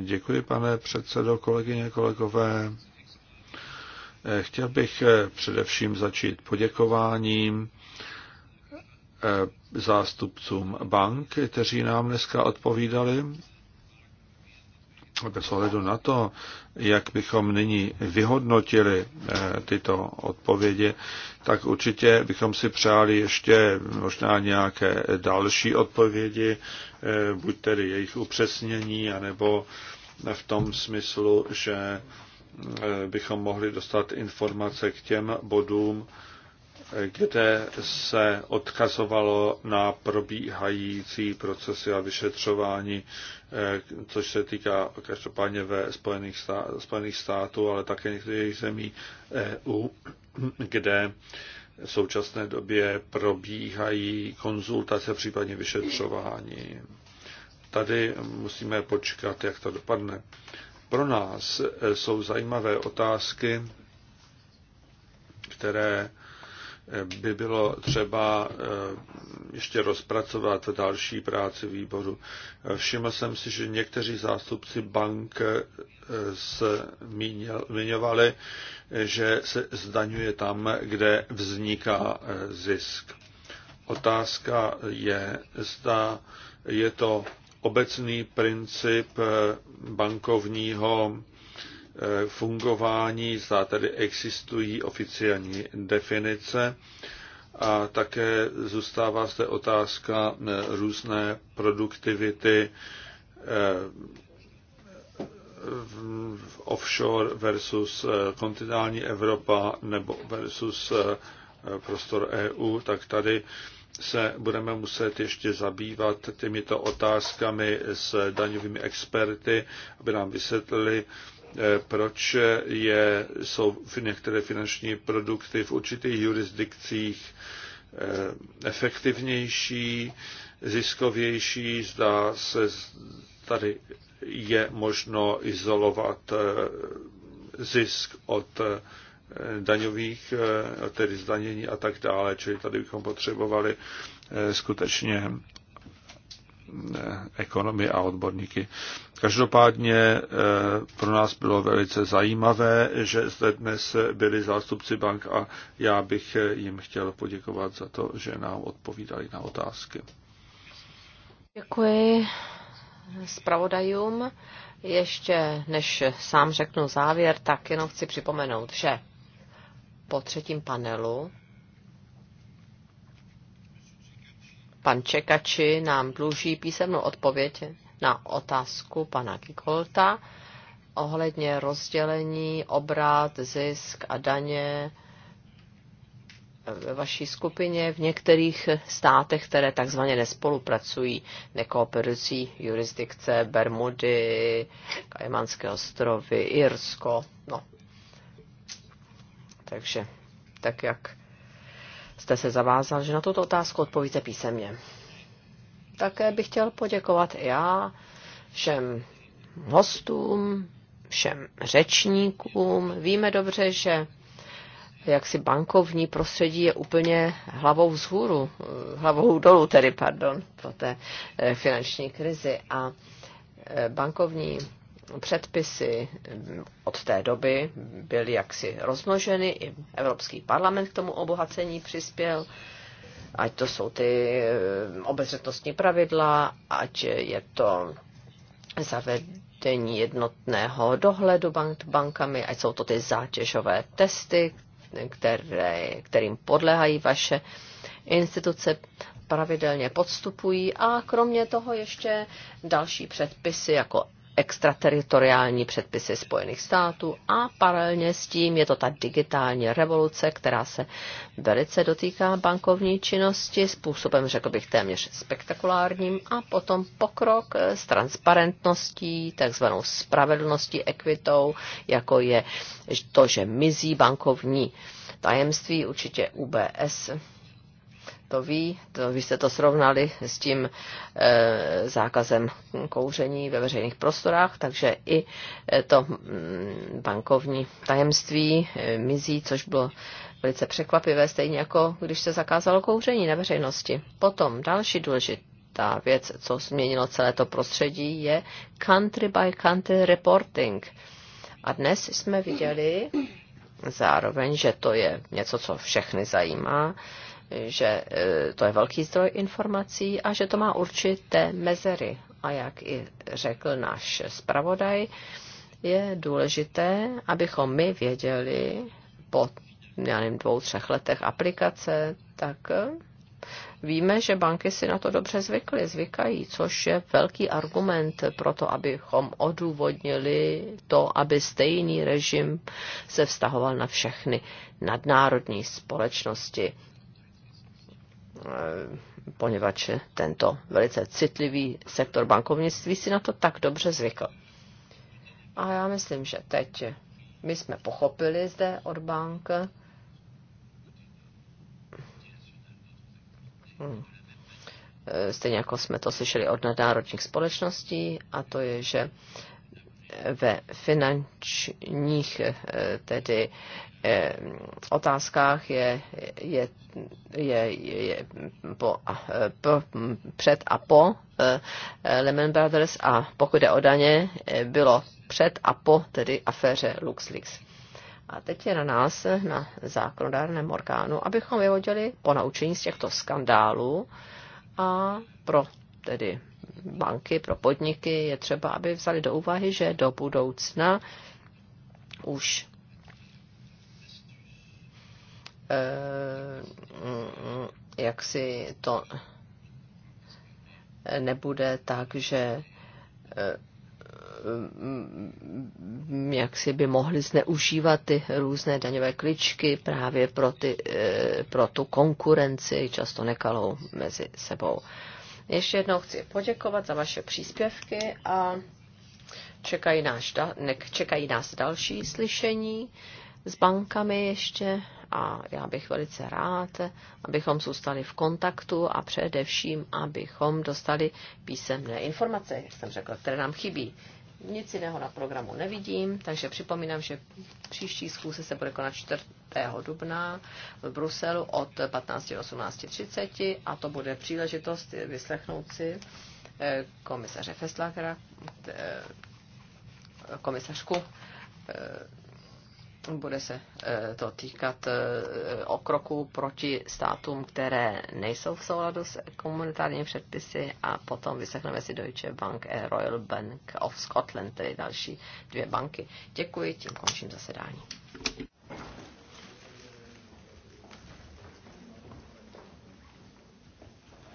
Děkuji, pane předsedo, kolegyně, kolegové. Chtěl bych především začít poděkováním zástupcům bank, kteří nám dneska odpovídali bez ohledu na to, jak bychom nyní vyhodnotili eh, tyto odpovědi, tak určitě bychom si přáli ještě možná nějaké další odpovědi, eh, buď tedy jejich upřesnění, anebo v tom smyslu, že eh, bychom mohli dostat informace k těm bodům, kde se odkazovalo na probíhající procesy a vyšetřování, eh, což se týká každopádně ve Spojených, stá- Spojených států, ale také některých zemí EU, kde v současné době probíhají konzultace, případně vyšetřování. Tady musíme počkat, jak to dopadne. Pro nás jsou zajímavé otázky, které by bylo třeba eh, ještě rozpracovat další práci výboru. Všiml jsem si, že někteří zástupci bank eh, zmiňovali, že se zdaňuje tam, kde vzniká eh, zisk. Otázka je, zda je to obecný princip bankovního Eh, fungování, zda tedy existují oficiální definice a také zůstává zde otázka eh, různé produktivity eh, offshore versus kontinentální Evropa nebo versus prostor EU, tak tady se budeme muset ještě zabývat těmito otázkami s daňovými experty, aby nám vysvětlili, Eh, proč je, jsou některé finanční produkty v určitých jurisdikcích eh, efektivnější, ziskovější, zdá se tady je možno izolovat eh, zisk od daňových, tedy zdanění a tak dále, čili tady bychom potřebovali skutečně ekonomy a odborníky. Každopádně eh, pro nás bylo velice zajímavé, že zde dnes byli zástupci bank a já bych eh, jim chtěl poděkovat za to, že nám odpovídali na otázky. Děkuji zpravodajům. Ještě než sám řeknu závěr, tak jenom chci připomenout, že po třetím panelu pan Čekači nám dluží písemnou odpověď na otázku pana Kikolta ohledně rozdělení, obrat, zisk a daně ve vaší skupině v některých státech, které takzvaně nespolupracují, nekooperující jurisdikce, Bermudy, Kajmanské ostrovy, Irsko. No. Takže tak jak jste se zavázal, že na tuto otázku odpovíte písemně. Také bych chtěl poděkovat i já všem hostům, všem řečníkům. Víme dobře, že jaksi bankovní prostředí je úplně hlavou vzhůru, hlavou dolů tedy, pardon, po té eh, finanční krizi. A eh, bankovní předpisy od té doby byly jaksi rozmnoženy, i Evropský parlament k tomu obohacení přispěl, ať to jsou ty eh, obezřetnostní pravidla, ať je to zavedení jednotného dohledu bank, bankami, ať jsou to ty zátěžové testy, které, kterým podléhají vaše instituce pravidelně podstupují a kromě toho ještě další předpisy jako extrateritoriální předpisy Spojených států a paralelně s tím je to ta digitální revoluce, která se velice dotýká bankovní činnosti způsobem, řekl bych, téměř spektakulárním a potom pokrok s transparentností, takzvanou spravedlností, ekvitou, jako je to, že mizí bankovní tajemství, určitě UBS to ví, to, vy jste to srovnali s tím e, zákazem kouření ve veřejných prostorách, takže i eh, to mm, bankovní tajemství eh, mizí, což bylo velice překvapivé, stejně jako když se zakázalo kouření na veřejnosti. Potom další důležitá věc, co změnilo celé to prostředí, je country by country reporting. A dnes jsme viděli zároveň, že to je něco, co všechny zajímá, že e, to je velký zdroj informací a že to má určité mezery. A jak i řekl náš zpravodaj, je důležité, abychom my věděli po já nevím, dvou, třech letech aplikace, tak e, Víme, že banky si na to dobře zvykly, zvykají, což je velký argument pro to, abychom odůvodnili to, aby stejný režim se vztahoval na všechny nadnárodní společnosti. Eh, poněvadž tento velice citlivý sektor bankovnictví si na to tak dobře zvykl. A já myslím, že teď my jsme pochopili zde od bank, hm, eh, stejně jako jsme to slyšeli od nadnárodních společností, a to je, že ve finančních eh, tedy eh, otázkách je, je, je, je po, po, před a po eh, Lehman Brothers a pokud je o daně, bylo před a po tedy aféře LuxLeaks. A teď je na nás, na zákonodárném orgánu, abychom vyvodili ponaučení z těchto skandálů a pro tedy banky, pro podniky je třeba, aby vzali do úvahy, že do budoucna už eh, jak si to nebude tak, že eh, jak si by mohli zneužívat ty různé daňové kličky právě pro, ty, eh, pro tu konkurenci, často nekalou mezi sebou. Ještě jednou chci poděkovat za vaše příspěvky a čekají nás, čekají nás další slyšení s bankami ještě a já bych velice rád, abychom zůstali v kontaktu a především, abychom dostali písemné informace, jak jsem řekla, které nám chybí. Nic jiného na programu nevidím, takže připomínám, že příští schůze se bude konat 4. dubna v Bruselu od 15 do 18.30 a to bude příležitost vyslechnout si eh, komisaře Festlakera, eh, komisařku eh, bude se eh, to týkat eh, okroku proti státům, které nejsou v souladu s komunitárními předpisy a potom vyslechneme si Deutsche Bank a eh, Royal Bank of Scotland, tedy další dvě banky. Děkuji, tím končím zasedání.